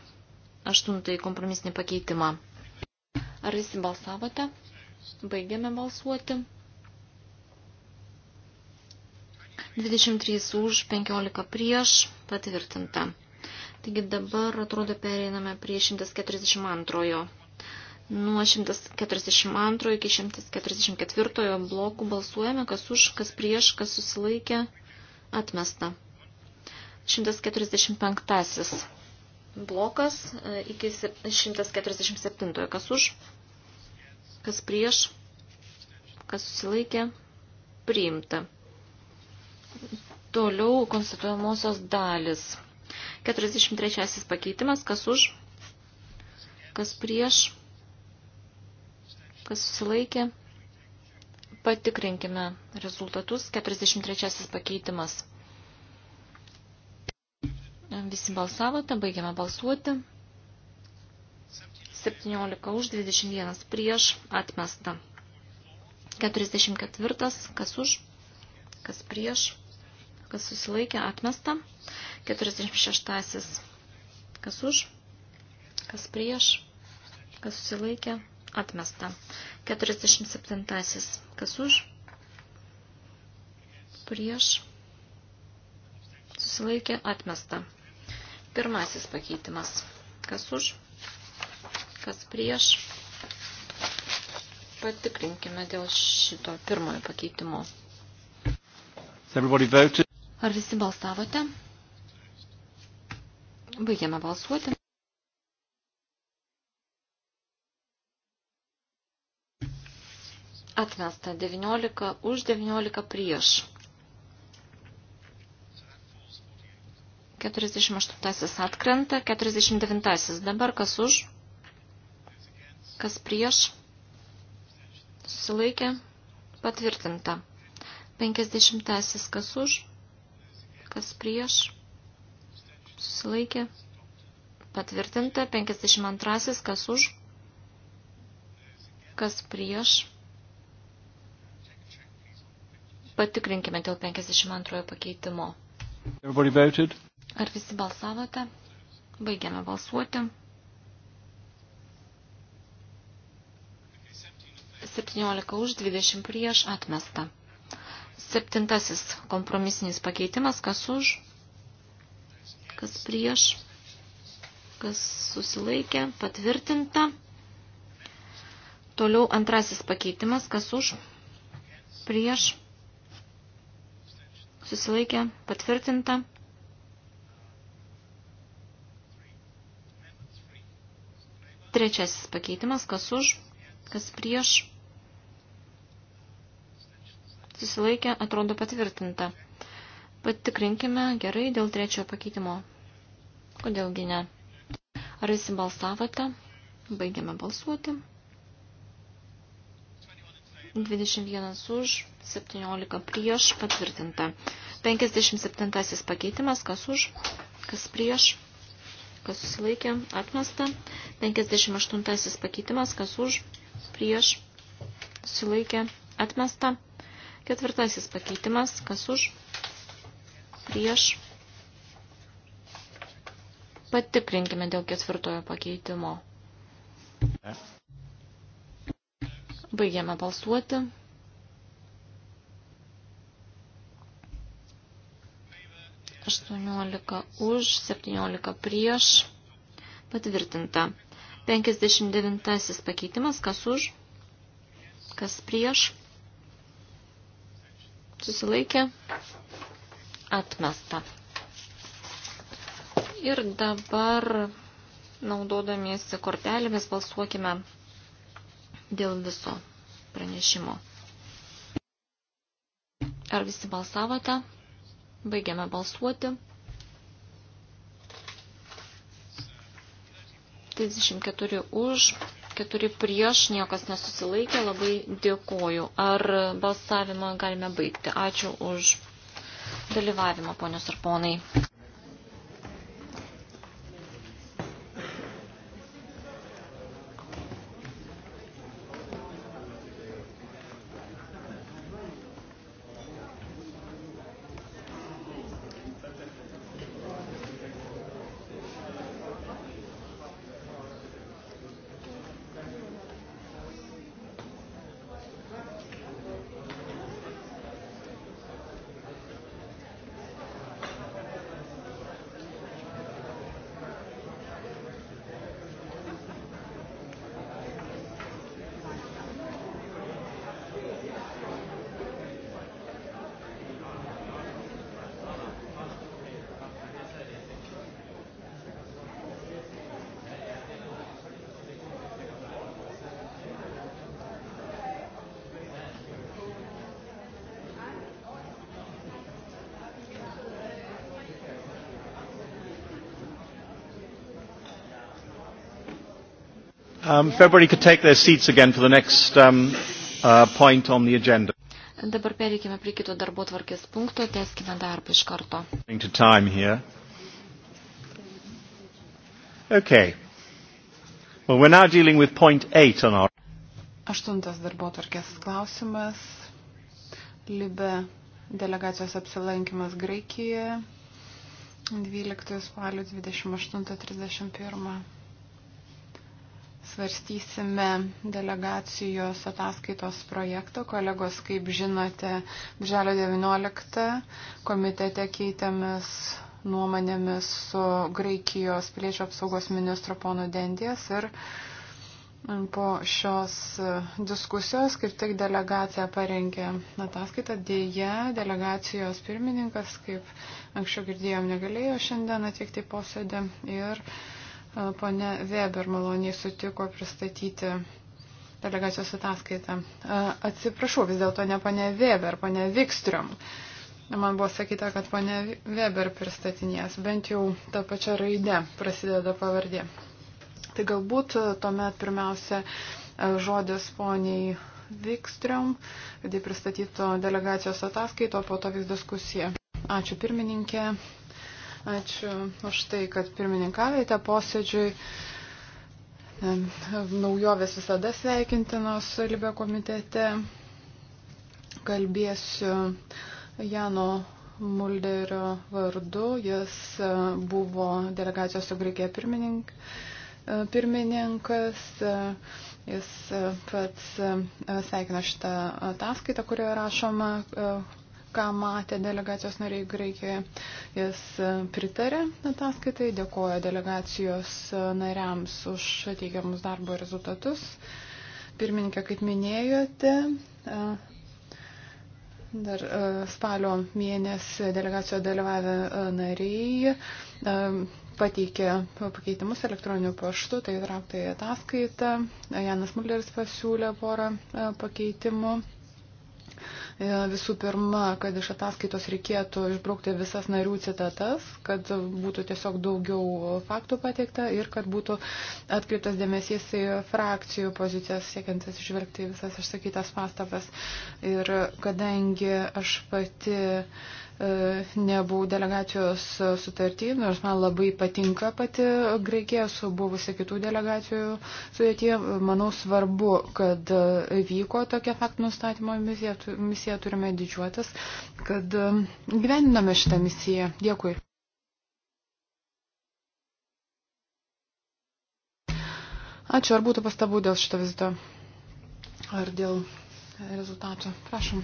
aštuntąjį kompromisinį pakeitimą. Ar visi balsavote? Baigėme balsuoti. 23 už, 15 prieš, patvirtinta. Taigi dabar, atrodo, pereiname prie 142. Nuo 142 iki 144 blokų balsuojame, kas už, kas prieš, kas susilaikė, atmesta. 145 blokas e, iki 147, kas už, kas prieš, kas susilaikė, priimta. Toliau konstatuojamosios dalis. 43 pakeitimas, kas už, kas prieš, kas susilaikė. Patikrinkime rezultatus. 43 pakeitimas. Visi balsavote, baigiame balsuoti. 17 už, 21 prieš, atmesta. 44, kas už, kas prieš, kas susilaikė, atmesta. 46. Kas už, kas prieš, kas susilaikė, atmesta. 47. Kas už, prieš, susilaikė, atmesta. Pirmasis pakeitimas. Kas už, kas prieš. Patikrinkime dėl šito pirmojo pakeitimo. Everybody voted. Ar visi balsavote? Baigiame balsuoti. Atmesta 19 už 19 prieš. 48 atkrenta, 49 dabar kas už, kas prieš, susilaikė, patvirtinta. 50 kas už, kas prieš, susilaikė, patvirtinta, 52, kas už, kas prieš, patikrinkime dėl 52 pakeitimo. Ar visi balsavote? Baigiame balsuoti. 17 už 20 prieš atmesta. Septintasis kompromisinis pakeitimas, kas už, kas prieš, kas susilaikė, patvirtinta. Toliau antrasis pakeitimas, kas už, prieš, susilaikė, patvirtinta. Trečiasis pakeitimas, kas už, kas prieš, susilaikė, atrodo patvirtinta. Patikrinkime gerai dėl trečiojo pakeitimo. Kodėlgi ne? Ar visi balsavote? Baigiame balsuoti. 21 už, 17 prieš, patvirtinta. 57 pakeitimas, kas už, kas prieš, kas susilaikė, atmesta. 58 pakeitimas, kas už, prieš, susilaikė, atmesta. Ketvirtasis pakeitimas, kas už, prieš. Patikrinkime dėl ketvirtojo pakeitimo. Baigiame balsuoti. Aštuoniolika už, septyniolika prieš. Patvirtinta. 59 pakeitimas, kas už, kas prieš susilaikė, atmesta. Ir dabar, naudodamiesi kortelėmis, balsuokime dėl viso pranešimo. Ar visi balsavote? Baigiame balsuoti. 34 už, keturi prieš, niekas nesusilaikė, labai dėkoju. Ar balsavimą galime baigti? Ačiū už dalyvavimą, ponios ir ponai. Um, if everybody could take their seats again for the next um, uh, point on the agenda. Dabar pereikime prie kito darbo tvarkės punkto, teskime darbą iš karto. To time here. Okay. Well, we're now dealing with point 8 on our... Aštuntas darbo tvarkės klausimas. Libe delegacijos apsilankimas Graikijoje 12 spalio 28-31 svarstysime delegacijos ataskaitos projektą. Kolegos, kaip žinote, Birželio 19 komitete keitėmis nuomonėmis su Graikijos piliečio apsaugos ministro pono Dendijas ir po šios diskusijos kaip tik delegacija parengė ataskaitą. Dėja, delegacijos pirmininkas, kaip anksčiau girdėjom, negalėjo šiandien atvykti į posėdį ir uh, Pone Weber maloniai sutiko pristatyti delegacijos ataskaitą. Atsiprašau, vis dėlto ne pane Weber, pane Vikstrium. Man buvo sakyta, kad pane Weber pristatinės, bent jau tą pačią raidę prasideda pavardė. Tai galbūt tuomet pirmiausia žodis poniai Vikstrium, kad jį pristatytų delegacijos ataskaito, po to vyks diskusija. Ačiū pirmininkė, Ačiū už tai, kad pirmininkavote posėdžiui. Naujovės visada sveikintinos Libė komitete. Kalbėsiu Jano Mulderio vardu. Jis e, buvo delegacijos su Graikija e, pirmininkas pirmininkas. E, jis pats sveikina šitą ataskaitą, kurioje rašoma, ką matė delegacijos nariai Graikijoje. Jis e, pritarė ataskaitai, dėkojo delegacijos e, nariams už teigiamus darbo rezultatus. Pirmininkė, kaip minėjote, e, dar spalio mėnesį delegacijoje dalyvavę nariai pateikė pakeitimus elektroniniu paštu, tai įtraukta į ataskaitą. Janas Mulleris pasiūlė porą pakeitimų. E, visų pirma, kad iš ataskaitos reikėtų išbraukti visas narių citatas, kad būtų tiesiog daugiau faktų pateikta ir kad būtų atkreiptas dėmesys į frakcijų pozicijas, siekiant išvelgti visas išsakytas pastabas. Ir kadangi aš pati E, nebuvau delegacijos sutartį, nors man labai patinka pati Graikija su buvusi kitų delegacijų sudėtyje. Manau svarbu, kad vyko tokia faktų nustatymo misija, misija turime didžiuotis, kad e, gyveniname šitą misiją. Dėkui. Ačiū, ar būtų pastabų dėl šito vizito, ar dėl rezultatų. Prašom.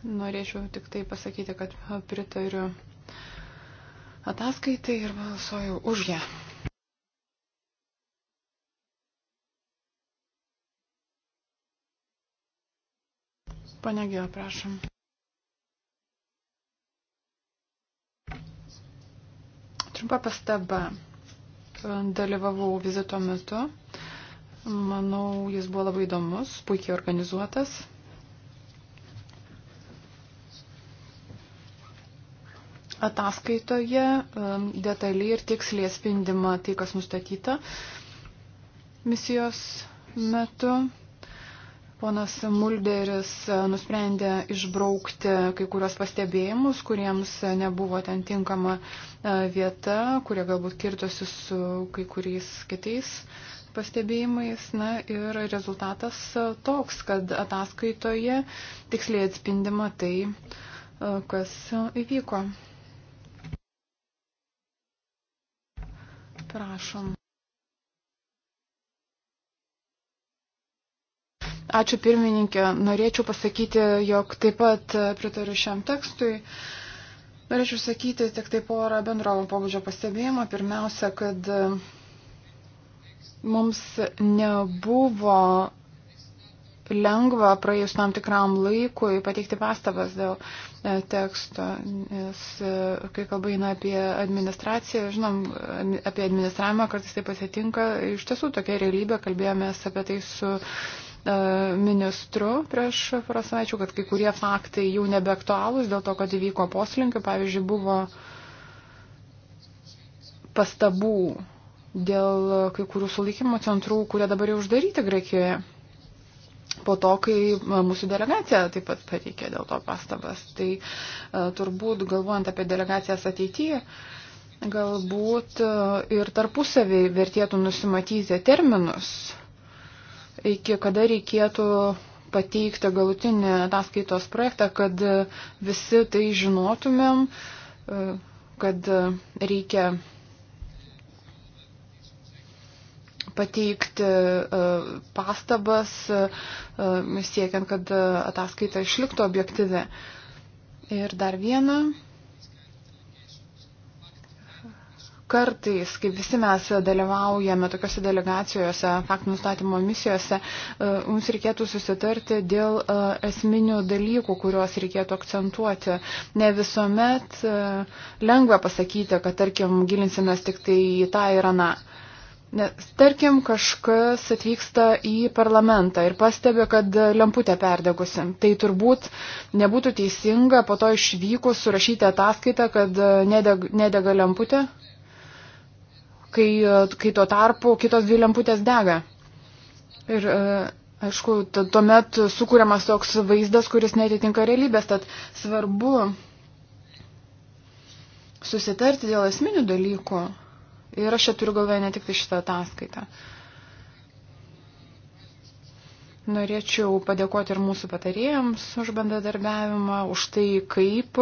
Norėčiau tik tai pasakyti, kad pritariu ataskaitai ir balsuoju už ją. Pane Gio, prašom. Trumpa pastaba. Dalyvavau vizito metu. Manau, jis buvo labai įdomus, puikiai organizuotas. ataskaitoje detaliai ir tiksliai atspindima tai, kas nustatyta misijos metu. Ponas Mulderis e, nusprendė išbraukti kai kurios pastebėjimus, kuriems nebuvo ten tinkama e, vieta, kurie galbūt kirtosi su kai kuriais kitais pastebėjimais. Na ir rezultatas e, toks, kad ataskaitoje tiksliai atspindima tai, kas įvyko. Prašom. Ačiū pirmininkė. Norėčiau pasakyti, jog taip pat pritariu šiam tekstui. Norėčiau sakyti tik tai porą bendro pobūdžio pastebėjimą. Pirmiausia, kad mums nebuvo lengva praėjus tam tikram laikui pateikti pastabas dėl e, teksto, nes e, kai kalba eina apie administraciją, žinom, apie administravimą kartais tai pasitinka, iš tiesų tokia realybė, kalbėjomės apie tai su e, ministru prieš porą savaičių, kad kai kurie faktai jau nebeaktualūs dėl to, kad įvyko poslinkių, pavyzdžiui, buvo pastabų dėl kai kurių sulaikymo centrų, kurie dabar jau uždaryti Graikijoje po to, kai e, mūsų delegacija taip pat pateikė dėl to pastabas. Tai e, turbūt galvojant apie delegacijas ateityje, galbūt e, ir tarpusaviai vertėtų nusimatyti terminus, iki kada reikėtų pateikti galutinį ataskaitos projektą, kad visi tai žinotumėm, kad reikia pateikti e, pastabas, e, e, siekiant, kad ataskaita išliktų objektive. Ir dar viena. Kartais, kai visi mes dalyvaujame tokiuose delegacijose, faktų nustatymo misijose, mums reikėtų susitarti dėl esminių dalykų, kuriuos reikėtų akcentuoti. Ne visuomet lengva pasakyti, kad, tarkim, gilinsimės tik tai į tą ir aną. Nes tarkim, kažkas atvyksta į parlamentą ir pastebė, kad lemputė perdegusi. Tai turbūt nebūtų teisinga po to išvykus surašyti ataskaitą, kad nedeg, nedega lemputė, kai, kai tuo tarpu kitos dvi lemputės dega. Ir e, aišku, tuomet sukūriamas toks vaizdas, kuris netitinka realybės, tad svarbu susitarti dėl esminių dalykų Ir aš čia turiu galvoje ne tik tai šitą ataskaitą. Norėčiau padėkoti ir mūsų patarėjams už bendradarbiavimą, už tai, kaip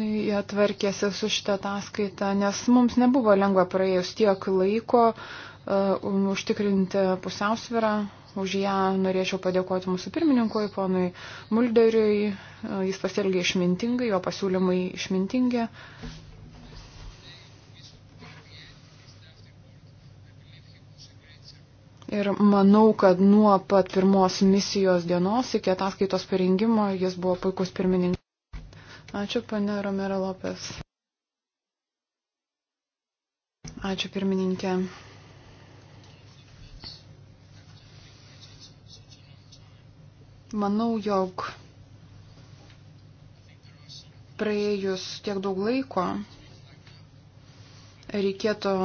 jie atvarkėsi su šitą ataskaitą, nes mums nebuvo lengva praėjus tiek laiko uh, um, užtikrinti pusiausvirą. Už ją norėčiau padėkoti mūsų pirmininkui, ponui Mulderiui. Uh, jis pasielgė išmintingai, jo pasiūlymai išmintingi. Uh, Ir manau, kad nuo pat pirmos misijos dienos iki ataskaitos parengimo jis buvo puikus pirmininkas. Ačiū, pane Romero Lopes. Ačiū, pirmininkė. Manau, jog praėjus tiek daug laiko reikėtų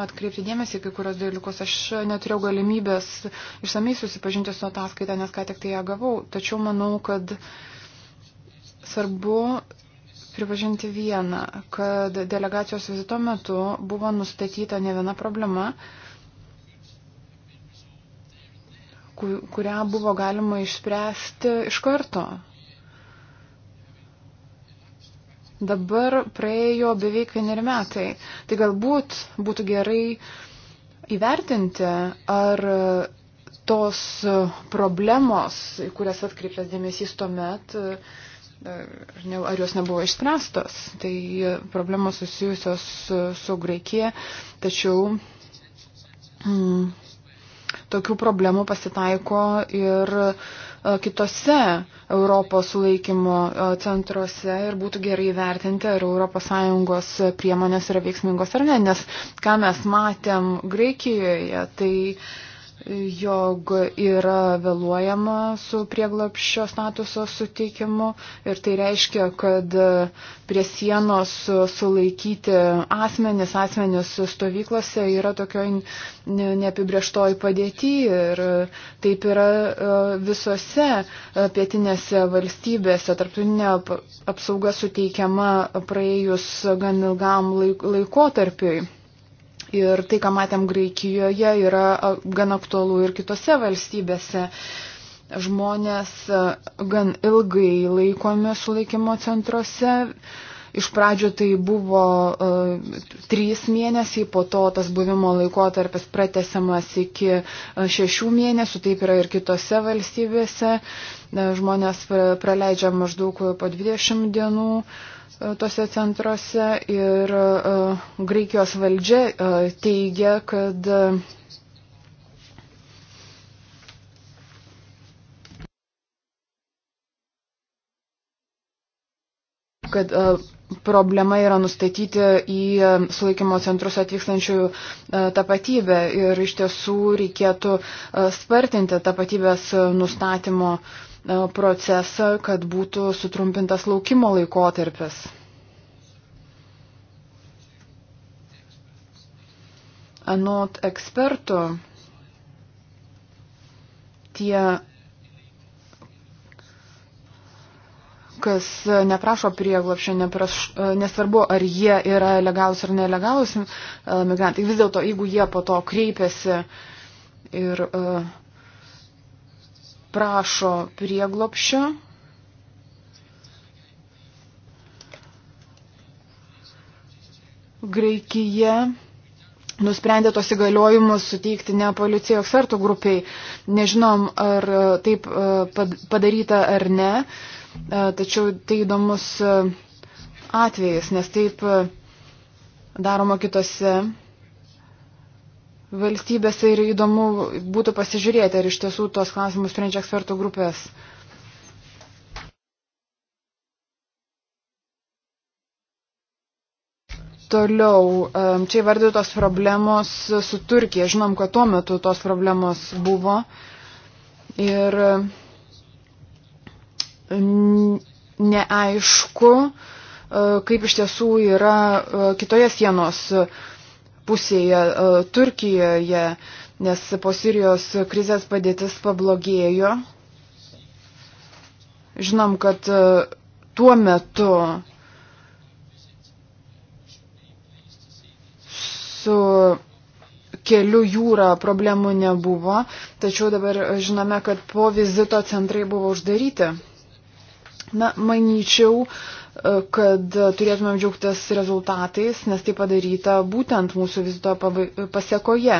atkreipti dėmesį kai kurios dalykus. Aš neturėjau galimybės išsamei susipažinti su ataskaita, nes ką tik tai ją gavau. Tačiau manau, kad svarbu pripažinti vieną, kad delegacijos vizito metu buvo nustatyta ne viena problema, kurią buvo galima išspręsti iš karto Dabar praėjo beveik vieneri metai. Tai galbūt būtų gerai įvertinti, ar tos problemos, į kurias atkreiptas dėmesys tuomet, ar jos nebuvo išspręstos. Tai problemos susijusios su, su Graikija, tačiau mm, tokių problemų pasitaiko ir E, kitose Europos sulaikymo e, centruose ir būtų gerai vertinti, ar ES priemonės yra veiksmingos ar ne, nes ką mes matėm Graikijoje, tai uh, jog yra vėluojama su prieglapščio statuso suteikimu ir tai reiškia, kad prie sienos sulaikyti asmenis, asmenis stovyklose yra tokioj neapibrieštoj padėti ir taip yra e, visose e, pietinėse valstybėse. Tarptautinė apsauga suteikiama praėjus gan ilgam laikotarpiui. Ir tai, ką matėm Graikijoje, yra gan aktualu ir kitose valstybėse. Žmonės gan ilgai laikomi sulaikimo centruose, Iš pradžio tai buvo uh, trys mėnesiai, po to tas buvimo laikotarpis pratesiamas iki e, šešių mėnesių, taip yra ir kitose valstybėse. E, žmonės praleidžia maždaug po 20 dienų tose centruose ir Graikijos valdžia teigia, kad kad e, problema yra nustatyti į e, sulaikymo centrus atvykstančių e, tapatybę ir iš tiesų reikėtų spartinti tapatybės nustatymo procesą, kad būtų sutrumpintas laukimo laikotarpis. Anot ekspertų, tie kas neprašo prieglapšio, nesvarbu, ar jie yra legalus ar nelegalus e, migrantai, vis dėlto, jeigu jie po to kreipiasi ir e, prašo prieglapšio, Graikija nusprendė tos įgaliojimus suteikti ne policijų ekspertų grupiai. Nežinom, ar taip e, padaryta ar ne. Uh, E, tačiau tai įdomus e, atvejis, nes taip e, daroma kitose valstybėse ir įdomu būtų pasižiūrėti, ar iš tiesų tos klausimus sprendžia ekspertų grupės. Toliau, čia įvardytos problemos su Turkija. Žinom, kad tuo metu tos problemos buvo. Ir neaišku, e, kaip iš tiesų yra e, kitoje sienos pusėje e, Turkijoje, nes po Sirijos krizės padėtis pablogėjo. Žinom, kad tuo metu su keliu jūra problemų nebuvo, tačiau dabar žinome, kad po vizito centrai buvo uždaryti. Na, manyčiau, e, kad turėtumėm džiaugtis rezultatais, nes tai padaryta būtent mūsų vizito pasiekoje.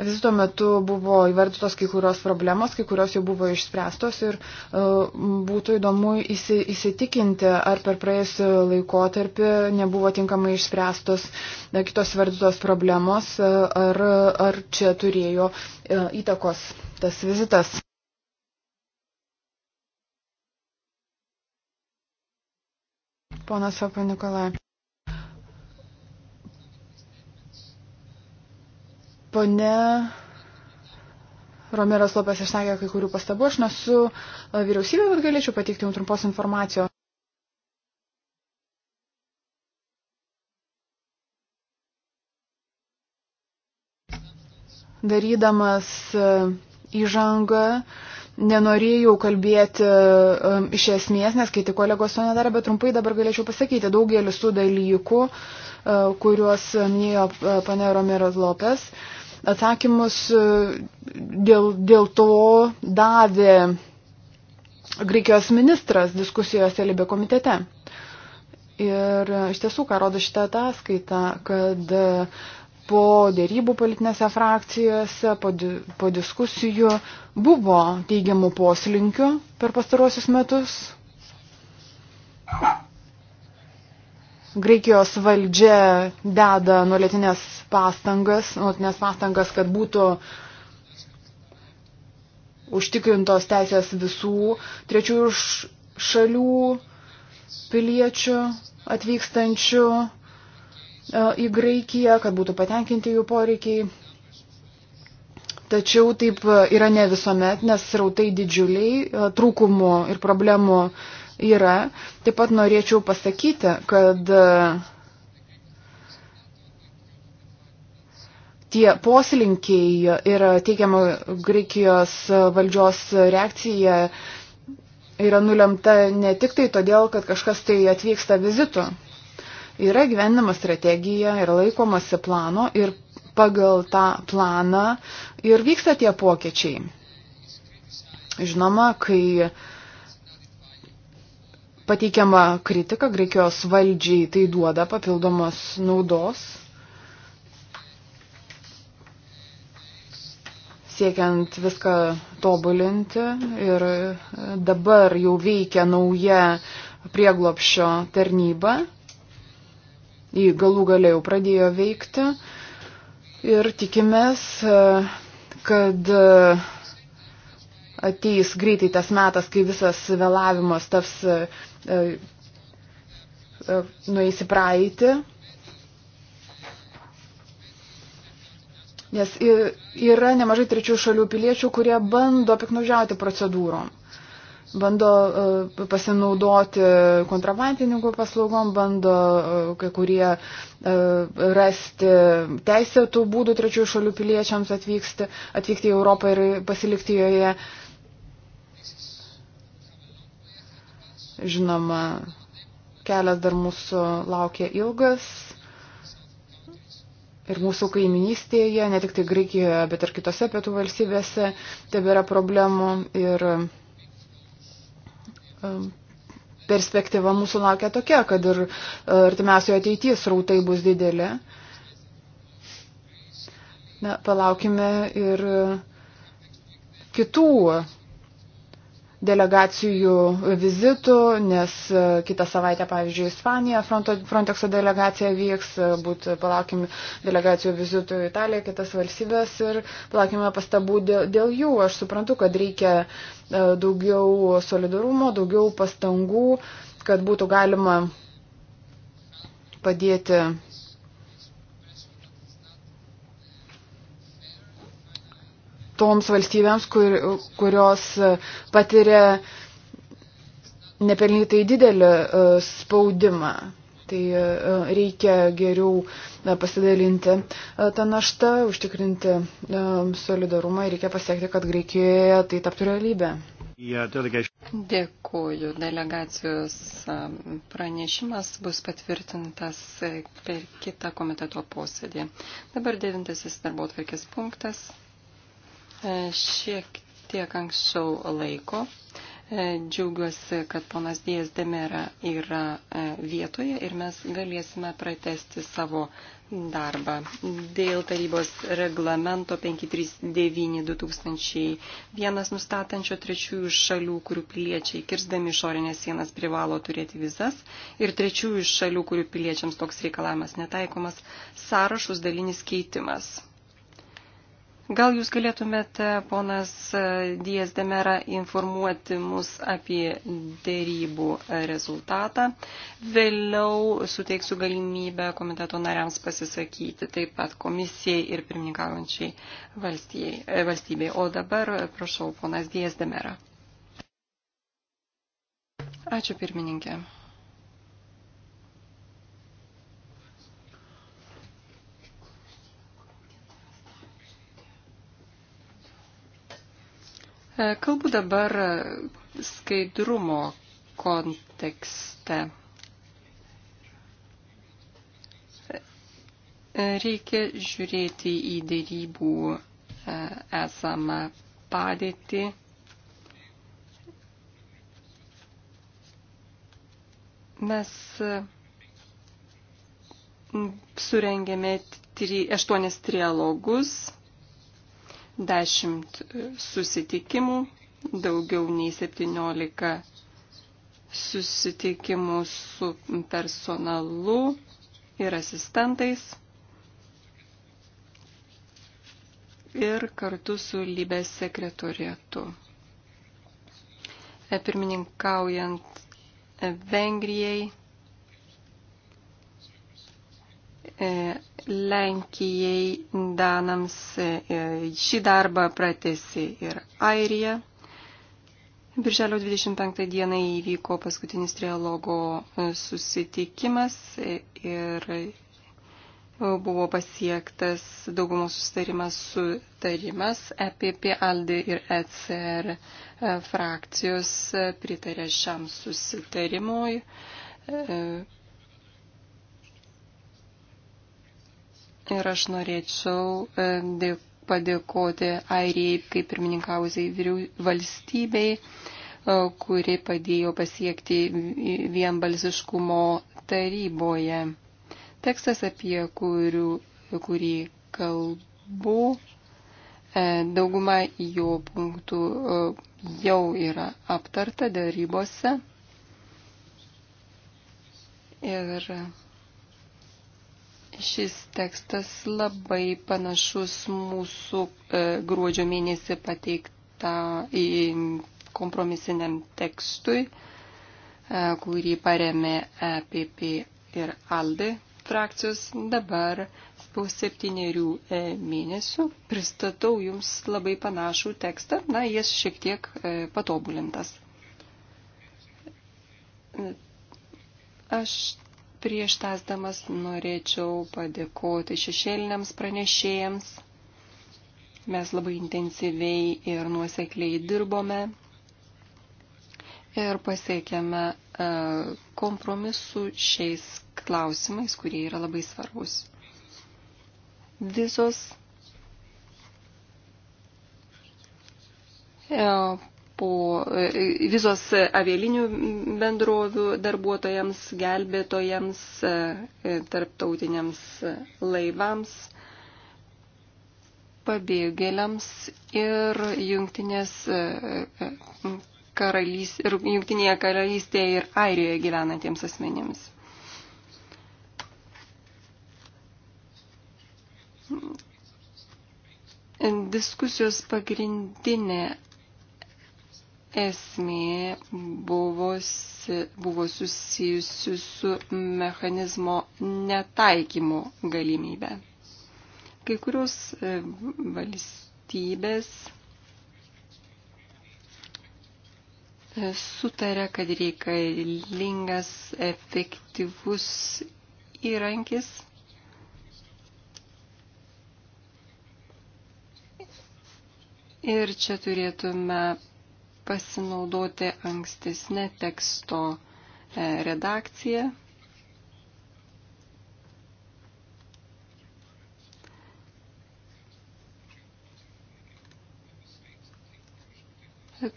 Vizito metu buvo įvardytos kai kurios problemos, kai kurios jau buvo išspręstos ir uh, būtų įdomu įsi, įsitikinti, ar per praėjusią laikotarpį nebuvo tinkamai išspręstos uh, kitos įvardytos problemos, uh, ar, ar čia turėjo uh, įtakos tas vizitas. Ponas Sapa Nikolai. Pone Romeras Lopes išsakė kai kurių pastabų, aš nesu e, vyriausybė, bet galėčiau pateikti jums trumpos informacijos. Darydamas e, įžangą nenorėjau kalbėti um, iš esmės, nes kiti kolegos to nedarė, bet trumpai dabar galėčiau pasakyti daugelis tų dalykų, uh, e, kuriuos minėjo uh, pane Romeras Lopes. Atsakymus uh, dėl, dėl to davė Graikijos ministras diskusijose Libė komitete. Ir iš tiesų, ką rodo šitą ataskaitą, kad uh, po dėrybų politinėse frakcijose, po, di, po diskusijų buvo teigiamų poslinkių per pastaruosius metus. Graikijos valdžia deda nuolatinės pastangas, nuolatinės pastangas, kad būtų užtikrintos teisės visų trečiųjų šalių piliečių atvykstančių E, į Graikiją, kad būtų patenkinti jų poreikiai. Tačiau taip yra ne visuomet, nes rautai didžiuliai, e, trūkumų ir problemų yra. Taip pat norėčiau pasakyti, kad e, tie poslinkiai ir teigiama Graikijos valdžios reakcija yra nulemta ne tik tai todėl, kad kažkas tai atvyksta vizitu Yra gyvenama strategija, yra laikomasi plano ir pagal tą planą ir vyksta tie pokyčiai. Žinoma, kai pateikiama kritika Graikijos valdžiai, tai duoda papildomos naudos. siekiant viską tobulinti ir dabar jau veikia nauja prieglopšio tarnyba. Jį galų galiai jau pradėjo veikti ir tikimės, e, kad e, ateis greitai tas metas, kai visas vėlavimas taps e, nueisi praeitį. Nes yra nemažai trečių šalių piliečių, kurie bando piknaudžiauti procedūrom bando e, pasinaudoti kontrabandininkų paslaugom, bando e, kai kurie e, rasti teisėtų būdų trečiųjų šalių piliečiams atvykti, atvykti į Europą ir pasilikti joje. Žinoma, kelias dar mūsų laukia ilgas. Ir mūsų kaiminystėje, ne tik tai Graikijoje, bet ir kitose pietų valstybėse, tebėra problemų. Ir perspektyva mūsų laukia tokia, kad ir e, artimiausioje ateityje srautai bus didelė. Na, palaukime ir kitų delegacijų vizitų, nes e, kitą savaitę, pavyzdžiui, Ispanija Frontexo delegacija vyks, e, būt palaukim delegacijų vizitų į Italiją, kitas valstybės ir palaukime pastabų dėl, dėl jų. Aš suprantu, kad reikia e, daugiau solidarumo, daugiau pastangų, kad būtų galima padėti toms valstybėms, kur, kurios e, patiria nepelnytai didelį e, spaudimą. Tai e, reikia geriau pasidalinti tą naštą, užtikrinti solidarumą ir reikia pasiekti, kad Graikijoje tai taptų realybė. Dėkuoju. Delegacijos pranešimas bus patvirtintas per kitą komiteto posėdį. Dabar devintasis darbo atvarkės punktas. E, šiek tiek anksčiau laiko. E, džiaugiuosi, kad ponas Dijas Demera yra e, vietoje ir mes galėsime pratesti savo darbą. Dėl tarybos reglamento 539-2001 nustatančio trečiųjų šalių, kurių piliečiai kirsdami išorinės sienas privalo turėti vizas ir trečiųjų šalių, kurių piliečiams toks reikalavimas netaikomas, sąrašus dalinis keitimas. Gal jūs galėtumėte, ponas Dijas Demera, informuoti mus apie dėrybų rezultatą. Vėliau suteiksiu galimybę komiteto nariams pasisakyti, taip pat komisijai ir pirmininkaujančiai e, valstybei. O dabar prašau, ponas Dijas Demera. Ačiū pirmininkė. E, kalbu dabar skaidrumo kontekste. E, reikia žiūrėti į dėrybų e, esamą padėtį. Mes surengėme aštuonis trialogus 10 susitikimų, daugiau nei 17 susitikimų su personalu ir asistentais. ir kartu su Libės sekretorietu. E, pirmininkaujant Vengrijai E, Lenkijai, Danams e, šį darbą pratesi ir Airija. Birželio 25 dieną įvyko paskutinis trialogo e, susitikimas ir buvo pasiektas daugumos sustarimas sutarimas. EPP, ALDE ir ECR frakcijos pritarė šiam susitarimui Ir aš norėčiau e, padėkoti Airijai kaip pirmininkausiai valstybei, e, kuri padėjo pasiekti vienbalsiškumo taryboje. Tekstas, apie kurių, kurį kalbu, e, dauguma jo punktų jau yra aptarta darybose. Ir Šis tekstas labai panašus mūsų e, gruodžio mėnesį pateiktą į kompromisiniam tekstui, e, kurį paremė EPP ir ALDE frakcijos. Dabar po septyniarių e, mėnesių pristatau jums labai panašų tekstą, na, jis šiek tiek patobulintas. Aš Prieš tęsdamas norėčiau padėkoti šešėliniams pranešėjams. Mes labai intensyviai ir nuosekliai dirbome ir pasiekėme e, kompromisų šiais klausimais, kurie yra labai svarbus. Visos e, po e, vizos avialinių bendrovių darbuotojams, gelbėtojams, e, e, tarptautiniams laivams, pabėgėliams ir jungtinės karalys, ir jungtinėje karalystėje ir Airijoje gyvenantiems asmenims. Diskusijos pagrindinė esmė buvo, buvo susijusi su mechanizmo netaikymo galimybė. Kai kurios e, valstybės e, sutarė, kad reikalingas efektyvus įrankis Ir čia turėtume pasinaudoti ankstesnė teksto e, redakcija.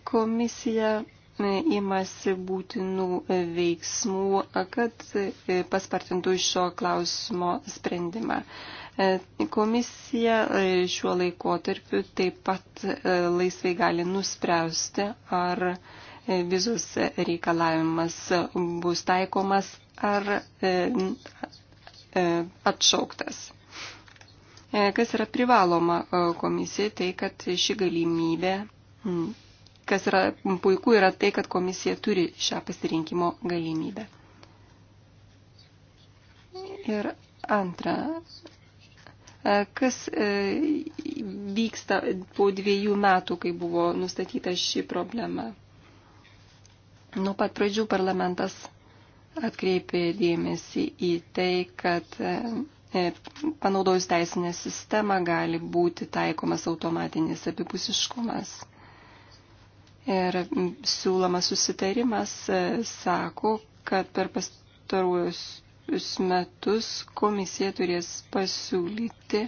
Komisija įmasi e, būtinų e, veiksmų, kad paspartintų šio klausimo sprendimą. E, komisija e, šiuo laikotarpiu taip pat e, laisvai gali nuspręsti, ar vizos reikalavimas bus taikomas ar atšauktas. Kas yra privaloma komisija, tai kad ši galimybė, kas yra puiku, yra tai, kad komisija turi šią pasirinkimo galimybę. Ir antra, kas e, vyksta po dviejų metų, kai buvo nustatyta ši problema. Nuo pat pradžių parlamentas atkreipė dėmesį į tai, kad e, panaudojus teisinę sistemą gali būti taikomas automatinis apipusiškumas. Ir siūlomas susitarimas e, sako, kad per pastaruosius metus komisija turės pasiūlyti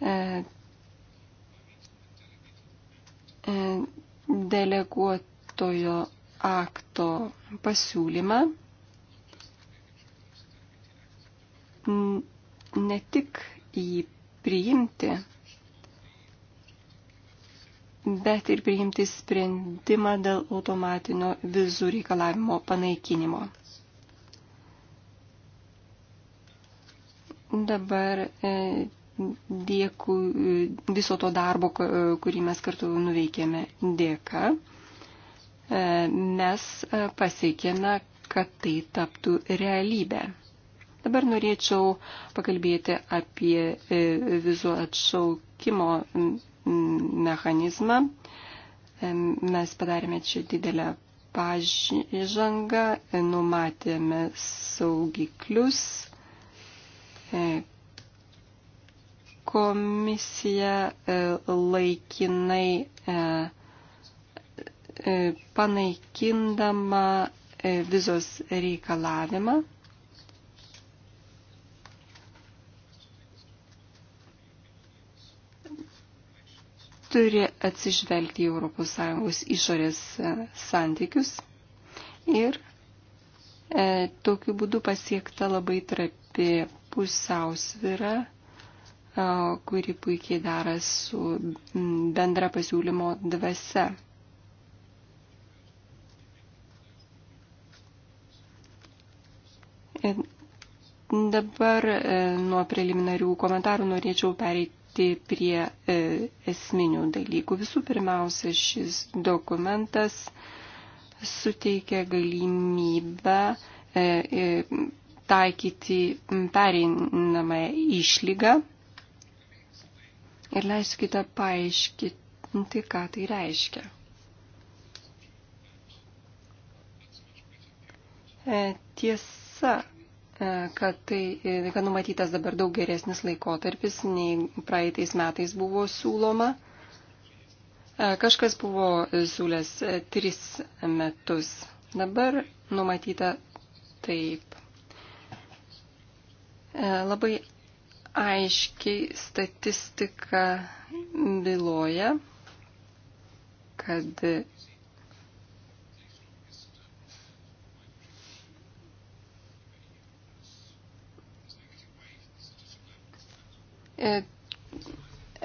e, e, deleguotojo akto pasiūlymą ne tik jį priimti, bet ir priimti sprendimą dėl automatinio vizų reikalavimo panaikinimo. Dabar e, dėkui e, viso to darbo, e, kurį mes kartu nuveikėme dėka, mes pasiekėme, kad tai taptų realybę. Dabar norėčiau pakalbėti apie vizų atšaukimo mechanizmą. Mes padarėme čia didelę pažangą, numatėme saugiklius Komisija e, laikinai e, e, panaikindama vizos reikalavimą turi atsižvelgti į ES išorės santykius ir e, tokiu būdu pasiekta labai trapi apie pusiausvirą, kuri puikiai dera su bendra pasiūlymo dvasia. Dabar e, nuo preliminarių komentarų norėčiau pereiti prie e, esminių dalykų. Visų pirmiausia, šis dokumentas suteikia galimybę e, taikyti pereinamąją išlygą ir leiskite paaiškinti, ką tai reiškia. E, tiesa, e, kad, tai, e, kad numatytas dabar daug geresnis laikotarpis, nei praeitais metais buvo siūloma. Kažkas buvo siūlęs tris metus. Dabar numatyta taip. E, labai aiškiai statistika byloja, kad e,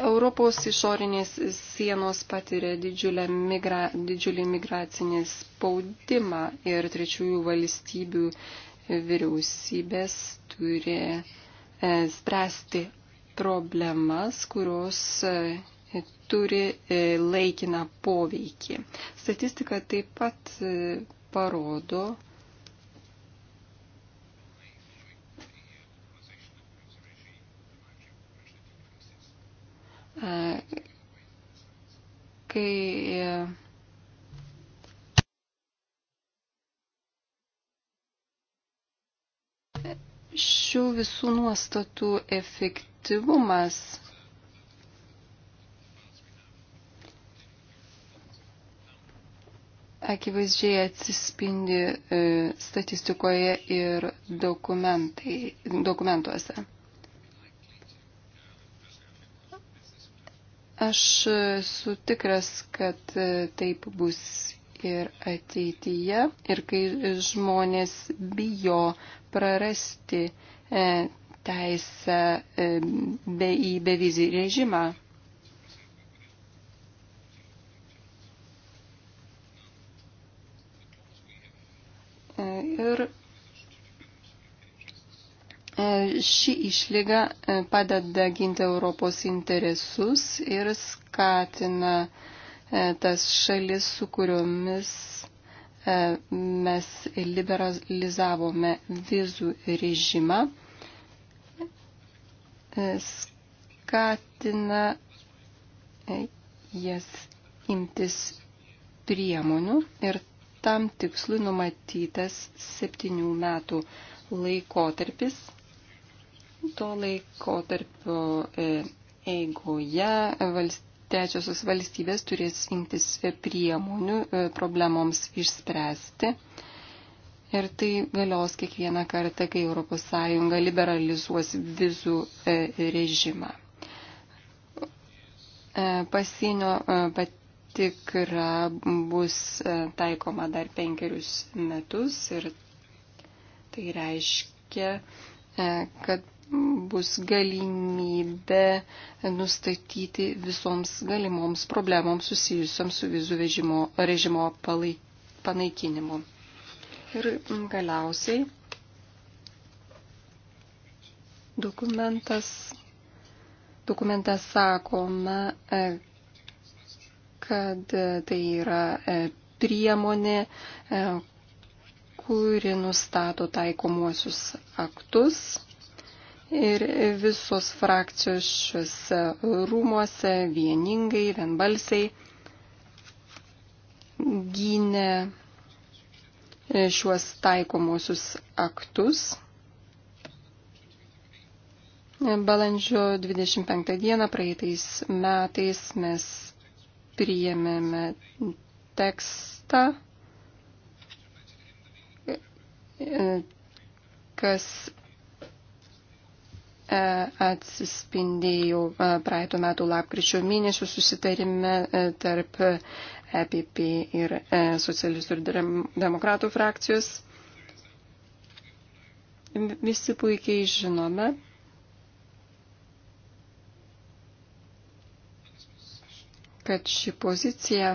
Europos išorinės sienos patiria didžiulį, migra, didžiulį migracinį spaudimą ir trečiųjų valstybių vyriausybės turi e, spręsti problemas, kurios e, turi e, laikiną poveikį. Statistika taip pat parodo, kai šių visų nuostatų efektyvumas akivaizdžiai atsispindi e, statistikoje ir dokumentuose. Aš esu tikras, kad e, taip bus ir ateityje. Ir kai žmonės bijo prarasti e, teisę e, be, į bevizį režimą. E, ir e, ši išlyga e, padeda ginti Europos interesus ir skatina uh, E, tas šalis, su kuriomis e, mes liberalizavome vizų režimą, e, skatina jas imtis priemonių ir tam tikslui numatytas septynių metų laikotarpis. To laikotarpio eigoje valstybė trečiosios valstybės turės imtis priemonių e, problemoms išspręsti. Ir tai galios kiekvieną kartą, kai ES liberalizuos vizų e, režimą. E, Pasienio patikra bus taikoma dar penkerius metus ir tai reiškia, kad bus galimybė nustatyti visoms galimoms problemoms susijusiams su vizų vežimo, režimo palaik, panaikinimu. Ir galiausiai dokumentas, dokumentas sakoma, e, kad e, tai yra e, priemonė, kuri nustato taikomuosius aktus Ir visos frakcijos šiuose rūmuose vieningai, vienbalsiai gynė šiuos taikomusius aktus. Balandžio 25 dieną praeitais metais mes priėmėme tekstą, kas E, atsispindėjo e, praeitų metų lapkričio mėnesio susitarime e, tarp EPP ir socialistų ir demokratų frakcijos. Visi puikiai žinome, kad ši pozicija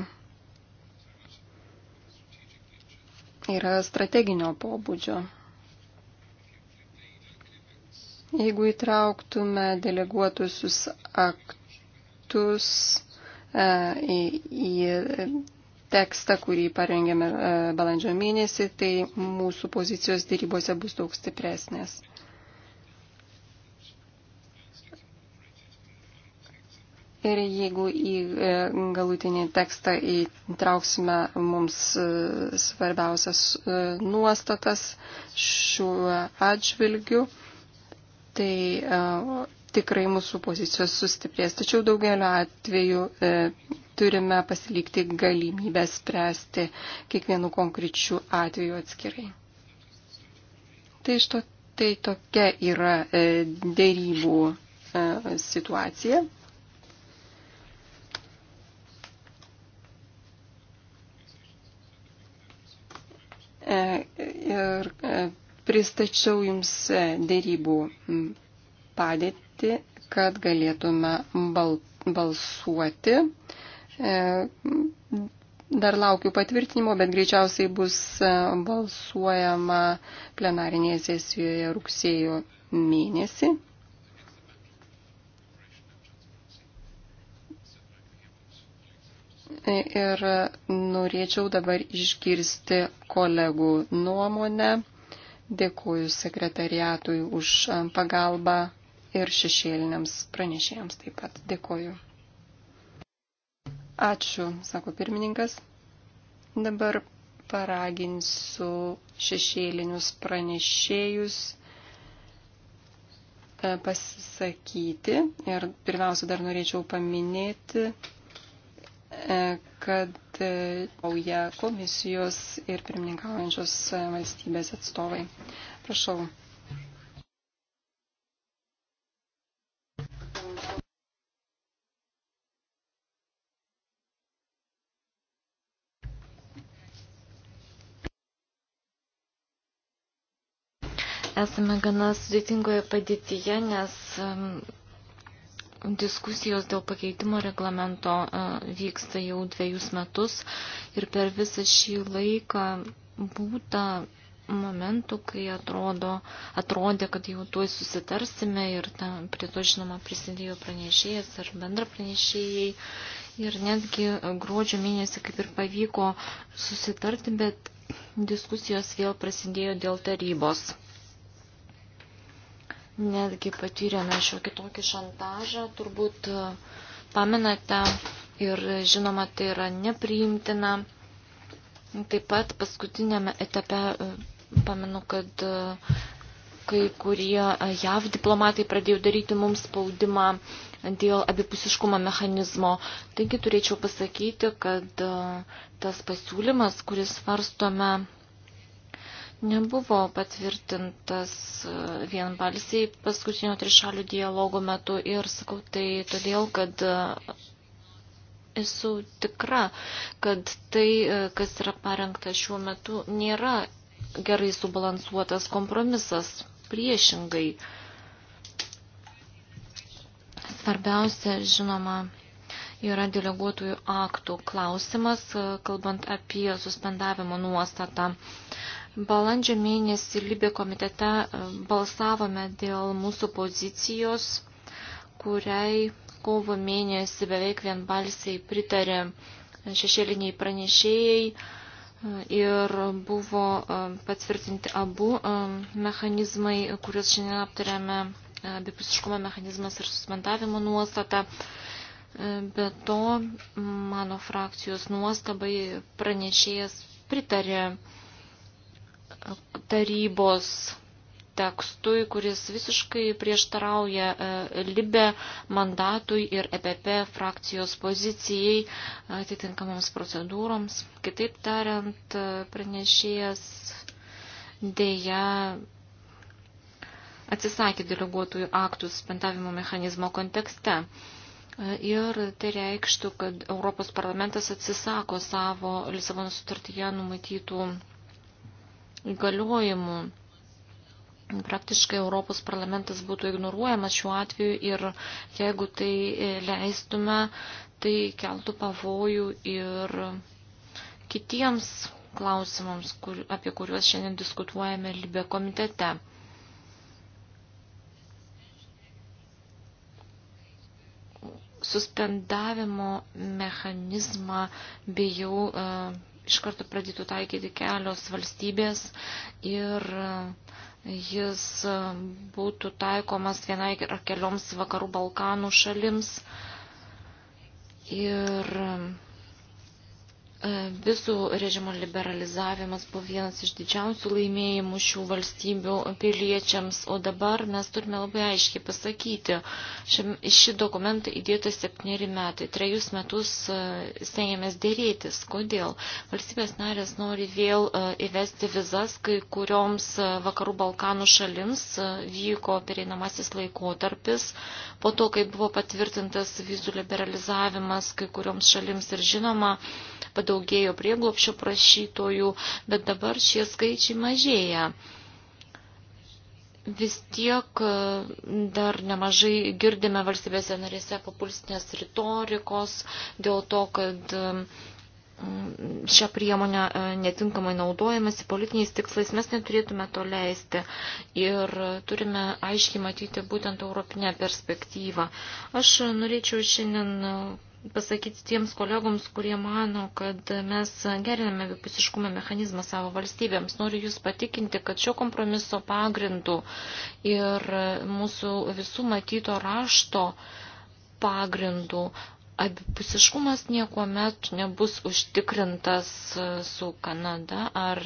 yra strateginio pobūdžio. Jeigu įtrauktume deleguotusius aktus e, į, į tekstą, kurį parengėme e, balandžio mėnesį, tai mūsų pozicijos dėrybose bus daug stipresnės. Ir jeigu į e, galutinį tekstą įtrauksime mums svarbiausias nuostatas šiuo atžvilgiu, tai e, tikrai mūsų pozicijos sustiprės. Tačiau daugeliu atveju e, turime pasilikti galimybę spręsti kiekvienų konkrečių atvejų atskirai. Tai, to, tai tokia yra e, dėrybų e, situacija. E, ir e, pristačiau jums dėrybų padėtį, kad galėtume bal, balsuoti. E, dar laukiu patvirtinimo, bet greičiausiai bus balsuojama plenarinėje sesijoje rugsėjo mėnesį. Ir norėčiau dabar išgirsti kolegų nuomonę. Dėkuoju sekretariatui už e, pagalbą ir šešėliniams pranešėjams taip pat. Dėkuoju. Ačiū, sako pirmininkas. Dabar paraginsiu šešėlinius pranešėjus e, pasisakyti. Ir pirmiausia, dar norėčiau paminėti, e, kad E, nauja komisijos ir pirmininkaujančios e, valstybės atstovai. Prašau. Esame gana sudėtingoje padėtyje, nes diskusijos dėl pakeitimo reglamento e, vyksta jau dviejus metus ir per visą šį laiką būta momentų, kai atrodo, atrodė, kad jau tuoj susitarsime ir ta, prie to žinoma prisidėjo pranešėjas ar bendra pranešėjai ir netgi gruodžio mėnesį kaip ir pavyko susitarti, bet diskusijos vėl prasidėjo dėl tarybos netgi patyrėme šiokį tokį šantažą, turbūt e, paminate ir e, žinoma tai yra nepriimtina. Taip pat paskutinėme etape e, pamenu, kad kai kurie JAV diplomatai pradėjo daryti mums spaudimą dėl abipusiškumo mechanizmo. Taigi turėčiau pasakyti, kad tas pasiūlymas, kuris svarstome nebuvo patvirtintas e, vienbalsiai paskutinio trišalių dialogo metu ir sakau tai todėl, kad e, esu tikra, kad tai, e, kas yra parengta šiuo metu, nėra gerai subalansuotas kompromisas. Priešingai. Svarbiausia, žinoma, yra deleguotųjų aktų klausimas, kalbant apie suspendavimo nuostatą. Balandžio mėnesį Libė komitete e, balsavome dėl mūsų pozicijos, kuriai kovo mėnesį beveik vienbalsiai pritarė šešėliniai pranešėjai e, ir buvo e, patvirtinti abu mechanizmai, kuriuos šiandien aptarėme, abipusiškumo mechanizmas ir suspendavimo nuostata. Be to, mano frakcijos nuostabai pranešėjas pritarė tarybos tekstui, kuris visiškai prieštarauja e, Libe mandatui ir EPP frakcijos pozicijai e, atitinkamoms procedūroms. Kitaip tariant, e, pranešėjas dėja atsisakė deleguotųjų aktų spentavimo mechanizmo kontekste. Ir tai reikštų, kad Europos parlamentas atsisako savo Lisabono sutartyje numatytų įgaliojimų. Praktiškai Europos parlamentas būtų ignoruojamas šiuo atveju ir jeigu tai leistume, tai keltų pavojų ir kitiems klausimams, kur, apie kuriuos šiandien diskutuojame Libė komitete. Suspendavimo mechanizmą bijau. Uh, iš karto pradėtų taikyti kelios valstybės ir e, jis e, būtų taikomas vienai ar kelioms vakarų Balkanų šalims. Ir E, Visų režimo liberalizavimas buvo vienas iš didžiausių laimėjimų šių valstybių piliečiams, o dabar mes turime labai aiškiai pasakyti, į šį dokumentą įdėta septyneri metai, trejus metus e, stengiamės dėrėtis. Kodėl? Valstybės narės nori vėl e, įvesti vizas, kai kurioms vakarų Balkanų šalims vyko pereinamasis laikotarpis, po to, kai buvo patvirtintas vizų liberalizavimas kai kurioms šalims ir žinoma, padaugėjo prieglopšio prašytojų, bet dabar šie skaičiai mažėja vis tiek e, dar nemažai girdime valstybėse narėse populistinės retorikos dėl to, kad e, šią priemonę e, netinkamai naudojamasi politiniais tikslais, mes neturėtume to leisti ir turime aiškiai matyti būtent europinę perspektyvą. Aš norėčiau šiandien pasakyti tiems kolegoms, kurie mano, kad mes geriname vipusiškumo mechanizmą savo valstybėms. Noriu Jūs patikinti, kad šio kompromiso pagrindu ir mūsų visų matyto rašto pagrindu abipusiškumas niekuomet nebus užtikrintas su Kanada ar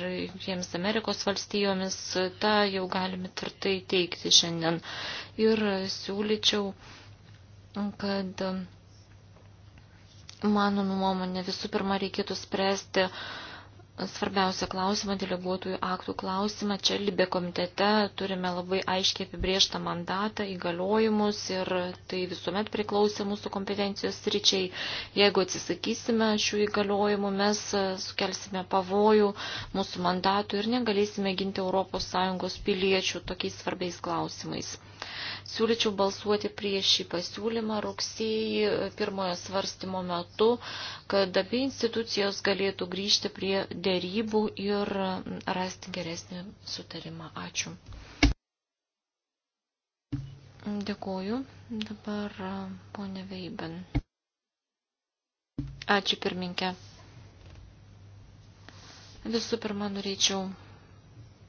jiems Amerikos valstijomis, tą jau galime tvirtai teikti šiandien. Ir siūlyčiau, kad Mano nuomonė, visų pirma, reikėtų spręsti svarbiausią klausimą, deleguotųjų aktų klausimą. Čia Libė komitete turime labai aiškiai apibriežtą mandatą, įgaliojimus ir tai visuomet priklausė mūsų kompetencijos ryčiai. Jeigu atsisakysime šių įgaliojimų, mes sukelsime pavojų mūsų mandatų ir negalėsime ginti ES piliečių tokiais svarbiais klausimais. Siūlyčiau balsuoti prieš šį pasiūlymą rugsėjį e, pirmojo svarstymo metu, kad abi institucijos galėtų grįžti prie dėrybų ir rasti geresnį sutarimą. Ačiū. Dėkuoju. Dabar e, ponė Veiben. Ačiū pirminkė. Visų pirma, norėčiau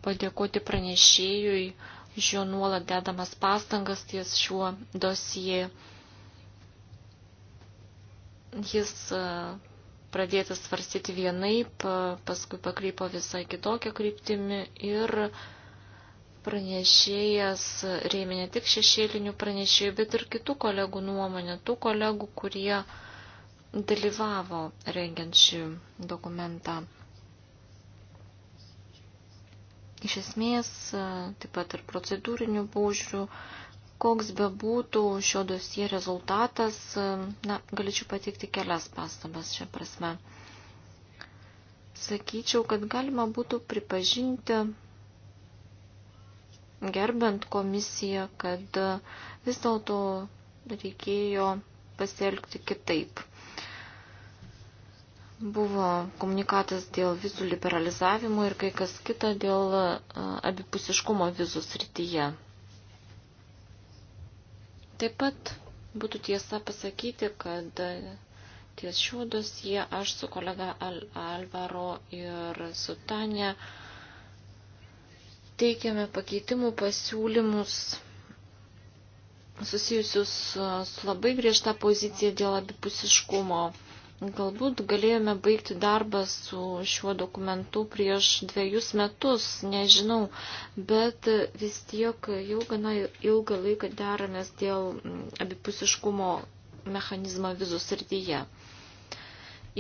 padėkoti pranešėjui iš jo nuolat dedamas pastangas ties šiuo dosijai. Jis e, pradėtas svarstyti vienaip, e, paskui pakrypo visai kitokią kryptimį ir pranešėjas rėmė ne tik šešėlinių pranešėjų, bet ir kitų kolegų nuomonę, tų kolegų, kurie dalyvavo rengiant šį dokumentą. Iš esmės, taip pat ir procedūrinių paužiūrių, koks be būtų šio dosie rezultatas, na, galėčiau pateikti kelias pastabas šią prasme. Sakyčiau, kad galima būtų pripažinti, gerbent komisiją, kad vis dėlto reikėjo pasielgti kitaip. Buvo komunikatas dėl vizų liberalizavimo ir kai kas kita dėl e, abipusiškumo vizų srityje. Taip pat būtų tiesa pasakyti, kad e, ties šiuo dosie aš su kolega Al Alvaro ir su Tanja teikiame pakeitimų pasiūlymus susijusius su labai griežta pozicija dėl abipusiškumo. Galbūt galėjome baigti darbą su šiuo dokumentu prieš dviejus metus, nežinau, bet vis tiek jau gana ilgą laiką deramės dėl mm, abipusiškumo mechanizmo vizų srityje.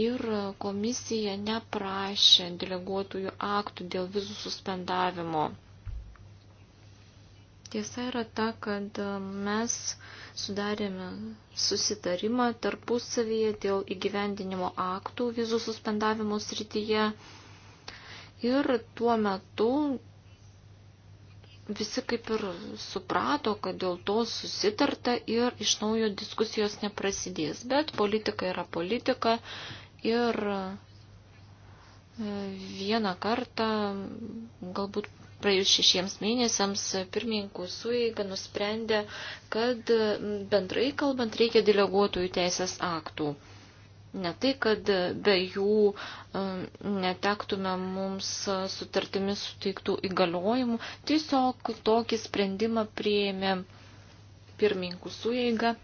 Ir komisija neprašė deleguotųjų aktų dėl vizų suspendavimo. Tiesa yra ta, kad e, mes sudarėme susitarimą tarpusavyje dėl įgyvendinimo aktų vizų suspendavimo srityje. Ir tuo metu visi kaip ir suprato, kad dėl to susitarta ir iš naujo diskusijos neprasidės. Bet politika yra politika ir e, vieną kartą galbūt praėjus šešiems mėnesiams pirmininkų suiga nusprendė, kad bendrai kalbant reikia deleguotojų teisės aktų. Ne tai, kad be jų e, netektume mums sutartimis suteiktų įgaliojimų, tiesiog tokį sprendimą prieėmė pirmininkų suiga.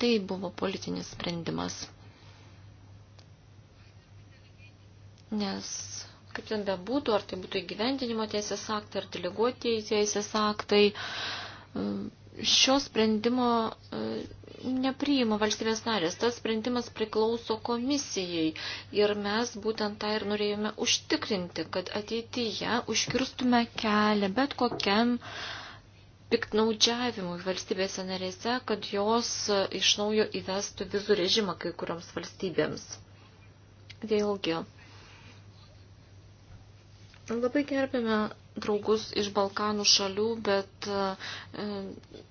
Tai buvo politinis sprendimas. Nes kaip ten bebūtų, ar tai būtų įgyvendinimo teisės aktai, ar deleguotieji teisės aktai, šio sprendimo e, nepriima valstybės narės. Tas sprendimas priklauso komisijai ir mes būtent tą ir norėjome užtikrinti, kad ateityje užkirstume kelią bet kokiam piktnaudžiavimui valstybėse narėse, kad jos e, iš naujo įvestų vizų režimą kai kurioms valstybėms. Vėlgi, Labai gerbėme draugus iš Balkanų šalių, bet e,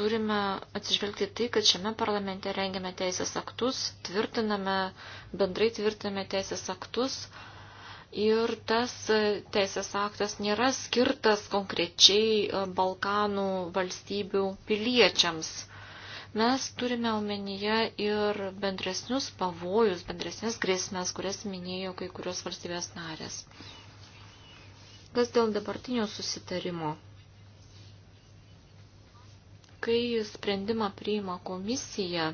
turime atsižvelgti tai, kad šiame parlamente rengiame teisės aktus, tvirtiname, bendrai tvirtiname teisės aktus ir tas e, teisės aktas nėra skirtas konkrečiai e, Balkanų valstybių piliečiams. Mes turime omenyje ir bendresnius pavojus, bendresnės grėsmės, kurias minėjo kai kurios valstybės narės. Kas dėl dabartinio susitarimo? Kai sprendimą priima komisija,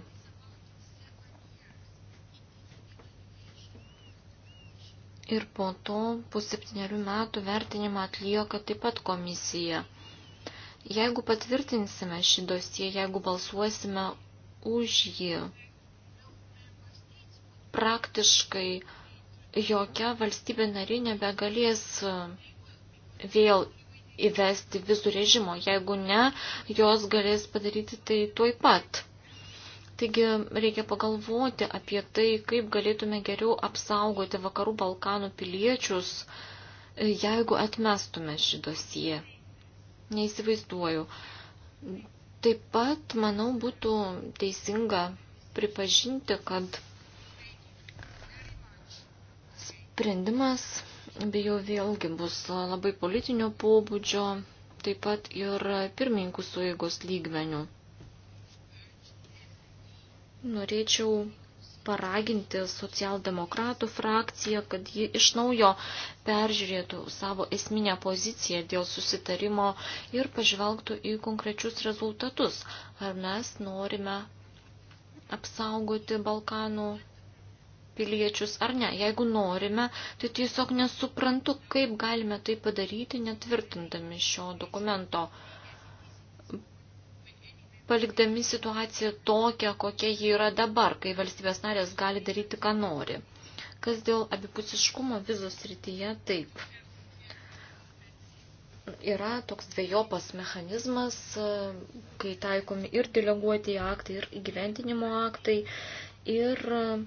Ir po to pusseptynerių metų vertinimą atlieka taip pat komisija. Jeigu patvirtinsime šį dosiją, jeigu balsuosime už jį, praktiškai jokia valstybė nari nebegalės vėl įvesti vizų režimo. Jeigu ne, jos galės padaryti tai tuoj pat. Taigi reikia pagalvoti apie tai, kaip galėtume geriau apsaugoti vakarų Balkanų piliečius, e, jeigu atmestume šį dosiją. Neįsivaizduoju. Taip pat, manau, būtų teisinga pripažinti, kad sprendimas bijau vėlgi bus labai politinio pobūdžio, taip pat ir pirmininkų suėgos lygmenių. Norėčiau paraginti socialdemokratų frakciją, kad ji iš naujo peržiūrėtų savo esminę poziciją dėl susitarimo ir pažvelgtų į konkrečius rezultatus. Ar mes norime apsaugoti Balkanų piliečius ar ne. Jeigu norime, tai tiesiog nesuprantu, kaip galime tai padaryti, netvirtindami šio dokumento, palikdami situaciją tokią, kokia ji yra dabar, kai valstybės narės gali daryti, ką nori. Kas dėl abipusiškumo vizos rytyje, taip. Yra toks dviejopas mechanizmas, kai taikomi ir deleguoti aktai, ir įgyventinimo aktai. Ir uh,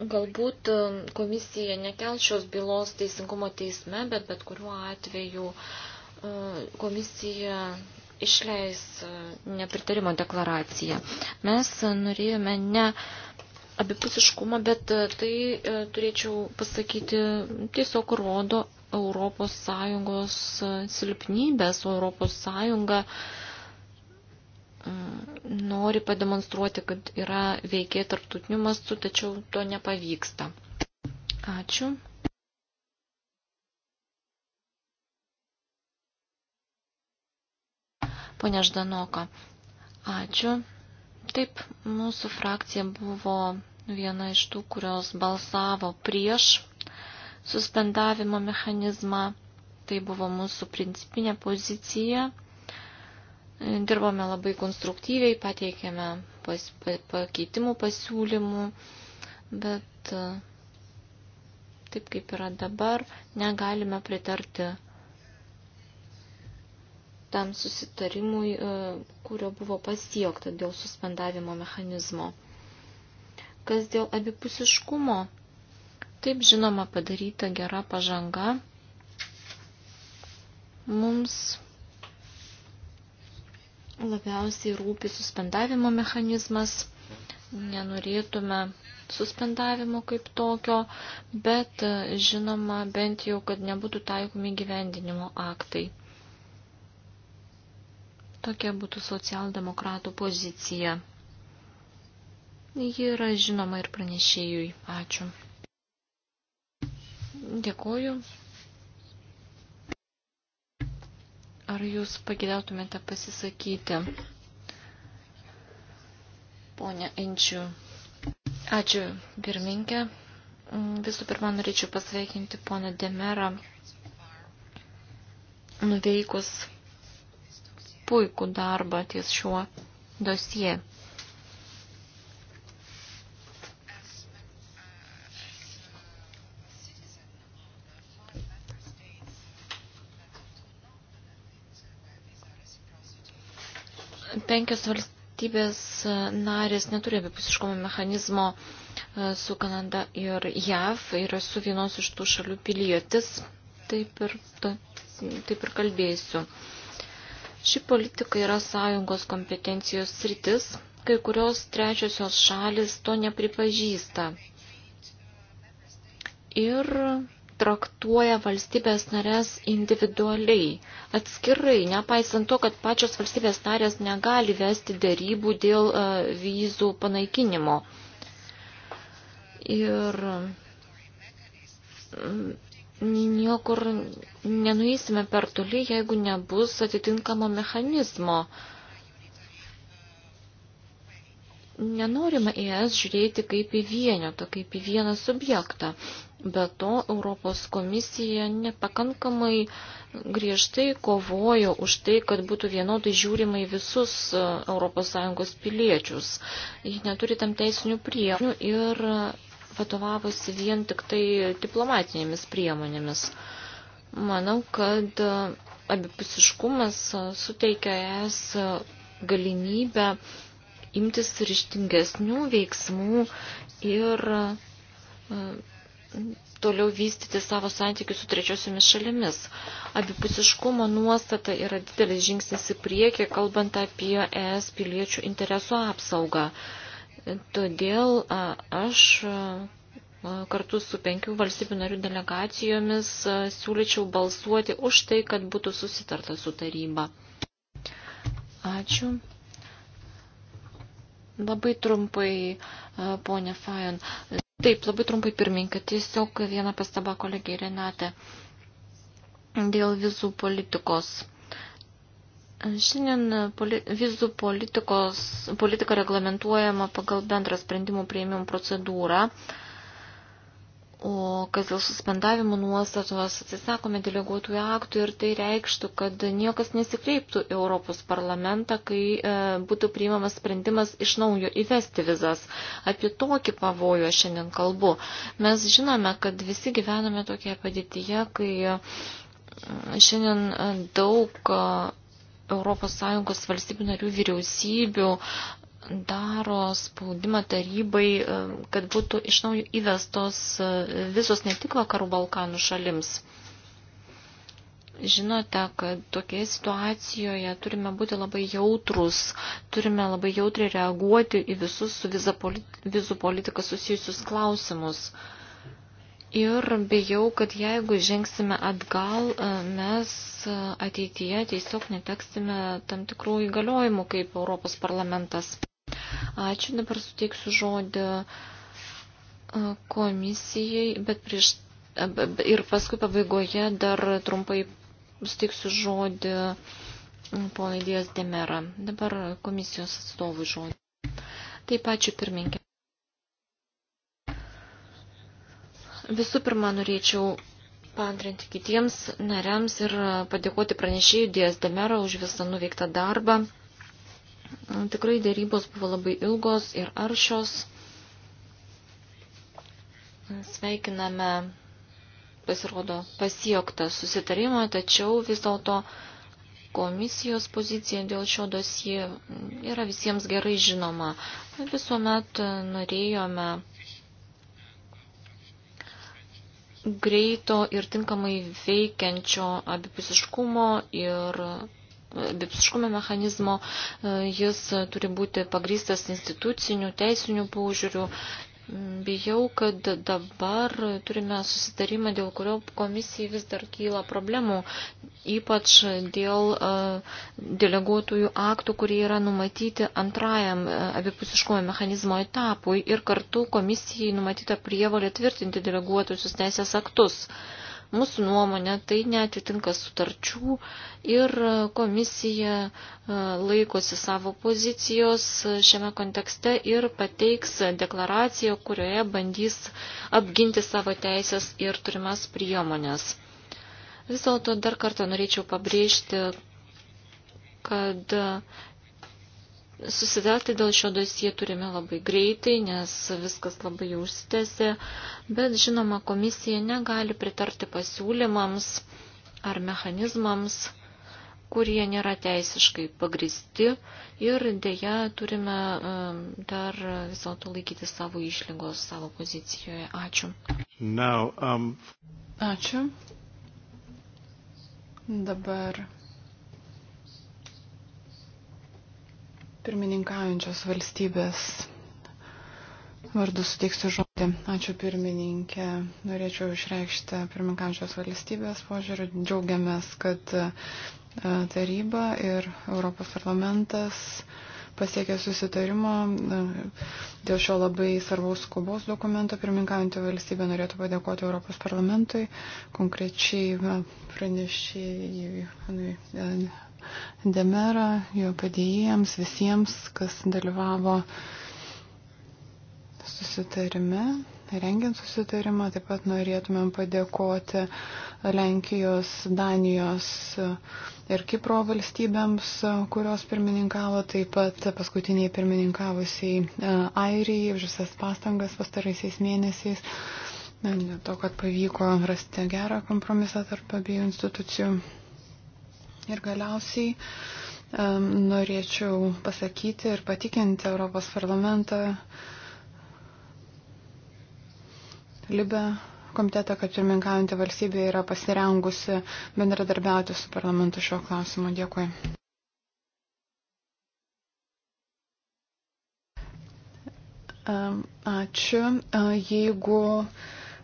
Galbūt um, komisija nekels šios bylos teisingumo teisme, bet bet kuriuo atveju uh, komisija išleis uh, nepritarimo deklaraciją. Mes norėjome ne abipusiškumą, bet uh, tai turėčiau pasakyti tiesiog rodo Europos Sąjungos silpnybės, o Europos Sąjunga uh, nori pademonstruoti, kad yra veikė tarptautiniu mastu, tačiau to nepavyksta. Ačiū. Pone Ždanoka, ačiū. Taip, mūsų frakcija buvo viena iš tų, kurios balsavo prieš suspendavimo mechanizmą. Tai buvo mūsų principinė pozicija Dirbome labai konstruktyviai, pateikėme pas, pa, pakeitimų pasiūlymų, bet e, taip kaip yra dabar, negalime pritarti tam susitarimui, e, kurio buvo pasiekta dėl suspendavimo mechanizmo. Kas dėl abipusiškumo, taip žinoma padaryta gera pažanga. Mums labiausiai rūpi suspendavimo mechanizmas. Nenorėtume suspendavimo kaip tokio, bet e, žinoma bent jau, kad nebūtų taikomi gyvendinimo aktai. Tokia būtų socialdemokratų pozicija. Ji yra žinoma ir pranešėjui. Ačiū. Dėkuoju. Ar jūs pagėdautumėte pasisakyti? Pone Inčių. Ačiū, pirminkė. Visų pirma, norėčiau pasveikinti poną Demerą, nuveikus puikų darbą ties šiuo dosie. Penkios valstybės e, narės neturi abipusiškumo mechanizmo e, su Kanada ir JAV ir esu vienos iš tų šalių pilietis, taip ir, taip ir kalbėsiu. Ši politika yra sąjungos kompetencijos sritis, kai kurios trečiosios šalis to nepripažįsta. Ir traktuoja valstybės narės individualiai, atskirai, nepaisant to, kad pačios valstybės narės negali vesti dėrybų dėl e, vizų panaikinimo. Ir mm, niekur nenuėsime per toli, jeigu nebus atitinkamo mechanizmo. Uh, Nenorima į ES žiūrėti kaip į vienetą, kaip į vieną subjektą. Be to, Europos komisija nepakankamai griežtai kovojo už tai, kad būtų vienodai žiūrima į visus ES piliečius. Ji neturi tam teisinių priemonių ir vadovavosi vien tik tai diplomatinėmis priemonėmis. Manau, kad e, abipusiškumas e, suteikia es e, galimybę imtis ryštingesnių veiksmų ir e, toliau vystyti savo santykius su trečiosiomis šalimis. Abipusiškumo nuostata yra didelis žingsnis į priekį, kalbant apie ES piliečių interesų apsaugą. Todėl aš kartu su penkių valstybių narių delegacijomis siūlyčiau balsuoti už tai, kad būtų susitarta su taryba. Ačiū. Labai trumpai, ponė Fajon. Taip, labai trumpai pirmininkai, tiesiog viena pastaba kolegė Renate dėl vizų politikos. Šiandien poli, vizų politikos, politika reglamentuojama pagal bendrą sprendimų prieimimų procedūrą. Uh, O kas dėl suspendavimo nuostatos, atsisakome deleguotųjų aktų ir tai reikštų, kad niekas nesikreiptų į Europos parlamentą, kai e, būtų priimamas sprendimas iš naujo įvesti vizas. Apie tokį pavojų aš šiandien kalbu. Mes žinome, kad visi gyvename tokioje padėtyje, kai e, šiandien e, daug e, Europos Sąjungos valstybių narių vyriausybių daro spaudimą tarybai, e, kad būtų iš naujo įvestos e, visos ne tik vakarų Balkanų šalims. Žinote, kad tokioje situacijoje turime būti labai jautrus, turime labai jautriai reaguoti į visus su vizų politika susijusius klausimus. Ir bijau, kad jeigu žengsime atgal, e, mes ateityje tiesiog neteksime tam tikrų įgaliojimų kaip Europos parlamentas. Ačiū, dabar suteiksiu žodį komisijai, bet prieš ir paskui pabaigoje dar trumpai suteiksiu žodį ponai Dijas Demera. Dabar komisijos atstovui žodį. Taip, ačiū pirmininkė. Visų pirma, norėčiau paantrinti kitiems nariams ir padėkoti pranešėjų Dijas Demera už visą nuveiktą darbą. Tikrai dėrybos buvo labai ilgos ir aršios. Sveikiname, pasirodo, pasiektą susitarimą, tačiau vis dėlto komisijos pozicija dėl šio dosie yra visiems gerai žinoma. Visuomet norėjome greito ir tinkamai veikiančio abipusiškumo ir abipusiškumo mechanizmo, e, jis turi būti pagrystas institucinių, teisinių paužiūrių. Bijau, kad dabar turime susitarimą, dėl kurio komisijai vis dar kyla problemų, ypač dėl e, deleguotųjų aktų, kurie yra numatyti antrajam e, abipusiškumo mechanizmo etapui ir kartu komisijai numatyta prievalė tvirtinti deleguotusius teisės aktus. Mūsų nuomonė tai netitinka sutarčių ir komisija e, laikosi savo pozicijos šiame kontekste ir pateiks deklaraciją, kurioje bandys apginti savo teisės ir turimas priemonės. Vis dėlto dar kartą norėčiau pabrėžti, kad Susidelti dėl šio dosie turime labai greitai, nes viskas labai užsitęsė, bet žinoma, komisija negali pritarti pasiūlymams ar mechanizmams, kurie nėra teisiškai pagristi ir dėja turime um, dar vis dėlto laikyti savo išlygos savo pozicijoje. Ačiū. Now, um... Ačiū. Dabar pirmininkaujančios valstybės vardu suteiksiu žodį. Ačiū pirmininkė. Norėčiau išreikšti pirmininkaujančios valstybės požiūrį. Džiaugiamės, kad e, taryba ir Europos parlamentas pasiekė susitarimo e, dėl šio labai svarbaus skubos dokumento. Pirmininkaujantį valstybę norėtų padėkoti Europos parlamentui, konkrečiai e, pranešėjai Demera, jo padėjėjams, visiems, kas dalyvavo susitarime, rengiant susitarimą. Taip pat norėtumėm padėkoti Lenkijos, Danijos ir Kipro valstybėms, kurios pirmininkavo, taip pat paskutiniai pirmininkavusiai e, Airijai už visas pastangas pastaraisiais mėnesiais. Dėl to, kad pavyko rasti gerą kompromisą tarp abiejų institucijų. Ir galiausiai um, norėčiau pasakyti ir patikinti Europos parlamentą, Libę komitetą, kad pirmininkaujantį valstybė yra pasirengusi bendradarbiauti su parlamentu šio klausimu. Dėkui. Ačiū. Jeigu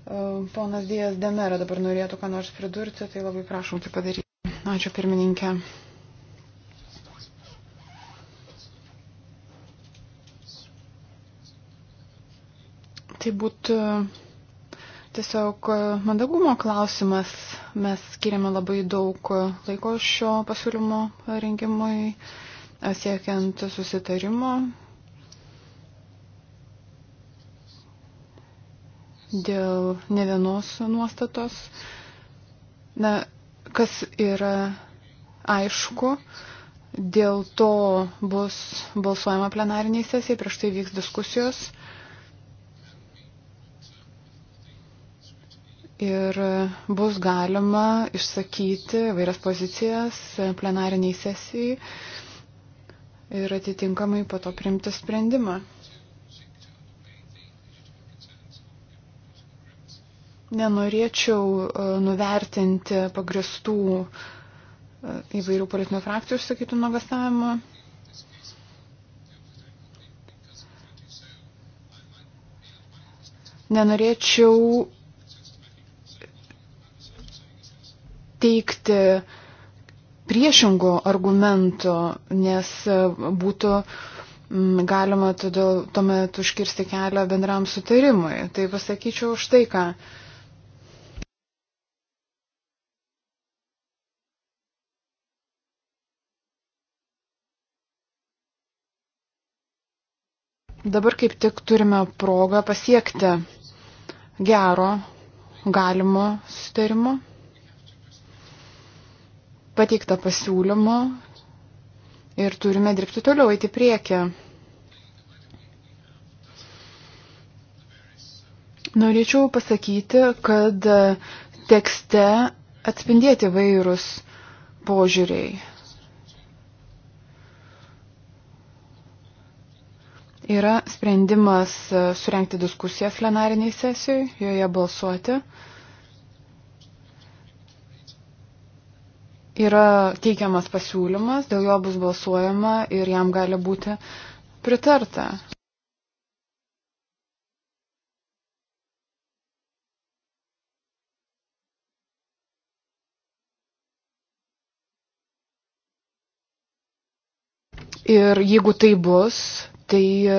ponas Dijas Demera dabar norėtų ką nors pridurti, tai labai prašom tai padaryti. Ačiū pirmininkė. Tai būtų tiesiog mandagumo klausimas. Mes skiriame labai daug laiko šio pasiūlymo rengimui, siekiant susitarimo dėl ne vienos nuostatos. Na, kas yra aišku, dėl to bus balsuojama plenariniai sesijai, prieš tai vyks diskusijos. Ir bus galima išsakyti vairias pozicijas plenariniai sesijai ir atitinkamai po to primti sprendimą. Nenorėčiau e, nuvertinti pagristų e, įvairių politinių frakcijų išsakytų nuogastavimų. Nenorėčiau teikti priešingų argumentų, nes būtų mm, galima todėl tuomet užkirsti kelią bendram sutarimui. Tai pasakyčiau štai ką. Dabar kaip tik turime progą pasiekti gero, galimo sustarimo, pateiktą pasiūlymą ir turime dirbti toliau, eiti priekį. Norėčiau pasakyti, kad tekste atspindėti vairūs požiūriai. yra sprendimas e, surenkti diskusiją plenariniai sesijai, joje balsuoti. Yra teikiamas pasiūlymas, dėl jo bus balsuojama ir jam gali būti pritarta. Ir jeigu tai bus, tai e,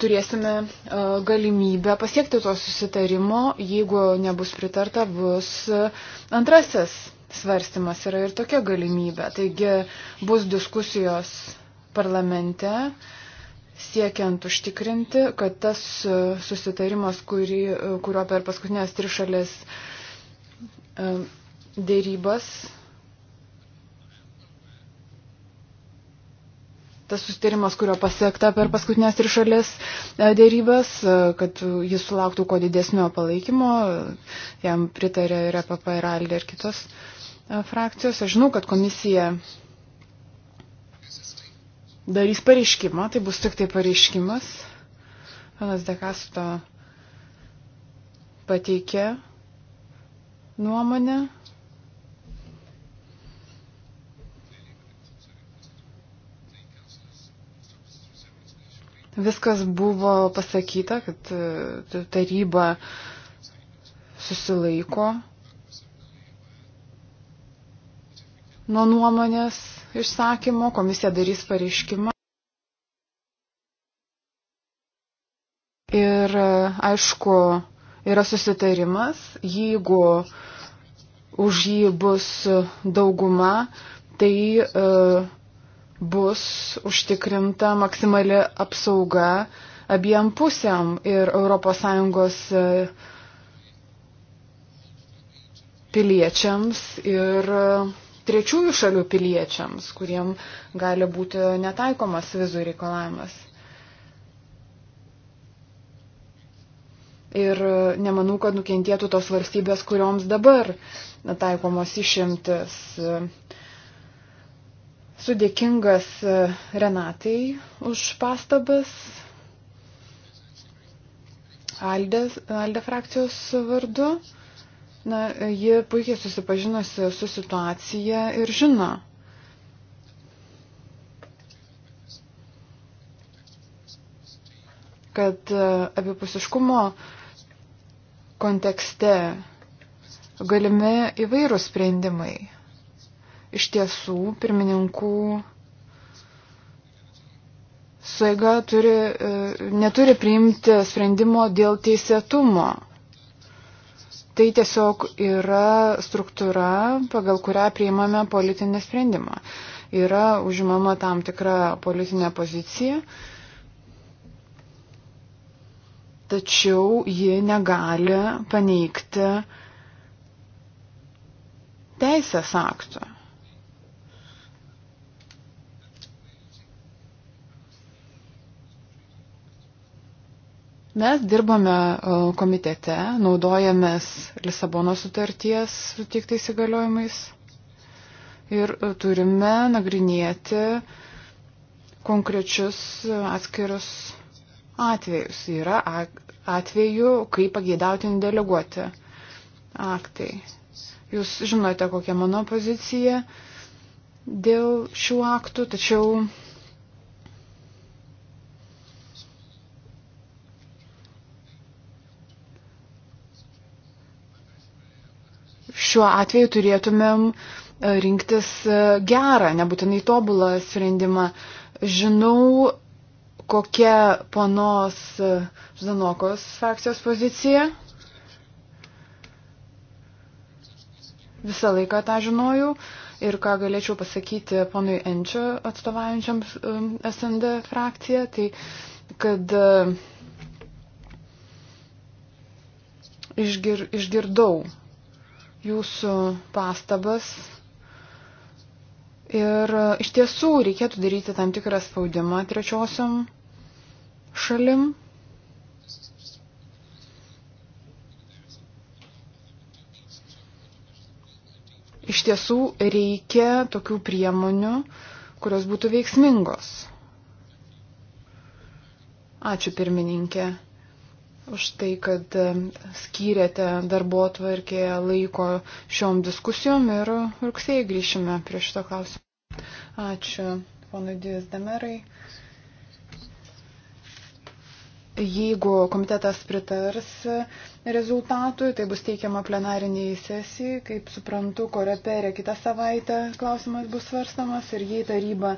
turėsime e, galimybę pasiekti to susitarimo, jeigu nebus pritarta, bus antrasis svarstymas yra ir tokia galimybė. Taigi bus diskusijos parlamente siekiant užtikrinti, kad tas susitarimas, kuri, kurio per paskutinės trišalės e, dėrybas tas sustarimas, kurio pasiekta per paskutinės trišalės e, dėrybas, e, kad jis sulauktų kuo didesnio palaikymo, jam pritarė ir EPP, ir ALDE, ir kitos e, frakcijos. Aš žinau, kad komisija darys pareiškimą, tai bus tik tai pareiškimas. Vienas dekasto pateikė nuomonę Viskas buvo pasakyta, kad e, taryba susilaiko nuo nuomonės išsakymo, komisija darys pareiškimą. Ir e, aišku, yra susitarimas, jeigu už jį bus dauguma, tai uh, bus užtikrinta maksimali apsauga abiem pusėm ir ES e, piliečiams ir e, trečiųjų šalių piliečiams, kuriem gali būti netaikomas vizų reikalavimas. Ir e, nemanau, kad nukentėtų tos valstybės, kurioms dabar taikomos išimtis sudėkingas e, Renatai už pastabas. Alde, Alde frakcijos vardu. Na, ji puikiai susipažinusi su situacija ir žino. kad e, abipusiškumo kontekste galimi įvairūs sprendimai iš tiesų pirmininkų suėga turi, e, neturi priimti sprendimo dėl teisėtumo. Tai tiesiog yra struktūra, pagal kurią priimame politinį sprendimą. Yra užimama tam tikra politinė pozicija, tačiau ji negali paneigti teisės akto. Mes dirbame e, komitete, naudojamės Lisabono sutarties sutiktais įgaliojimais ir e, turime nagrinėti konkrečius atskirus atvejus. Yra atvejų, kaip pagėdautini deleguoti aktai. Jūs žinote, kokia mano pozicija dėl šių aktų, tačiau šiuo atveju turėtumėm e, rinktis e, gerą, nebūtinai tobulą sprendimą. Žinau, kokia ponos Ždanokos e, frakcijos pozicija. Visą laiką tą žinojau ir ką galėčiau pasakyti ponui Enčio atstovaujančiam SND frakciją, tai kad išgir, išgirdau jūsų pastabas. Ir e, iš tiesų reikėtų daryti tam tikrą spaudimą trečiosiam šalim. Iš tiesų reikia tokių priemonių, kurios būtų veiksmingos. Ačiū pirmininkė už tai, kad skyrėte darbo tvarkėje laiko šiom diskusijom ir rugsėjai grįšime prie šito klausimo. Ačiū, ponui Dijas Demerai. Jeigu komitetas pritars rezultatui, tai bus teikiama plenariniai sesijai. Kaip suprantu, koreperė kitą savaitę klausimas bus svarstamas ir jei taryba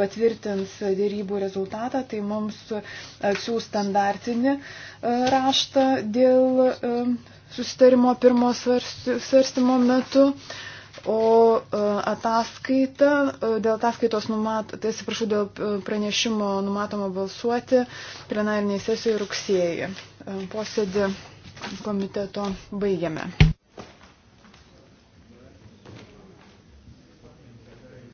patvirtins dėrybų rezultatą, tai mums atsiūs standartinį e, raštą dėl e, susitarimo pirmo svarstymo metu. O e, ataskaita, e, dėl ataskaitos numat, tai atsiprašau, dėl e, pranešimo numatoma balsuoti plenarinėje sesijoje rugsėjį. Posėdį komiteto baigiame.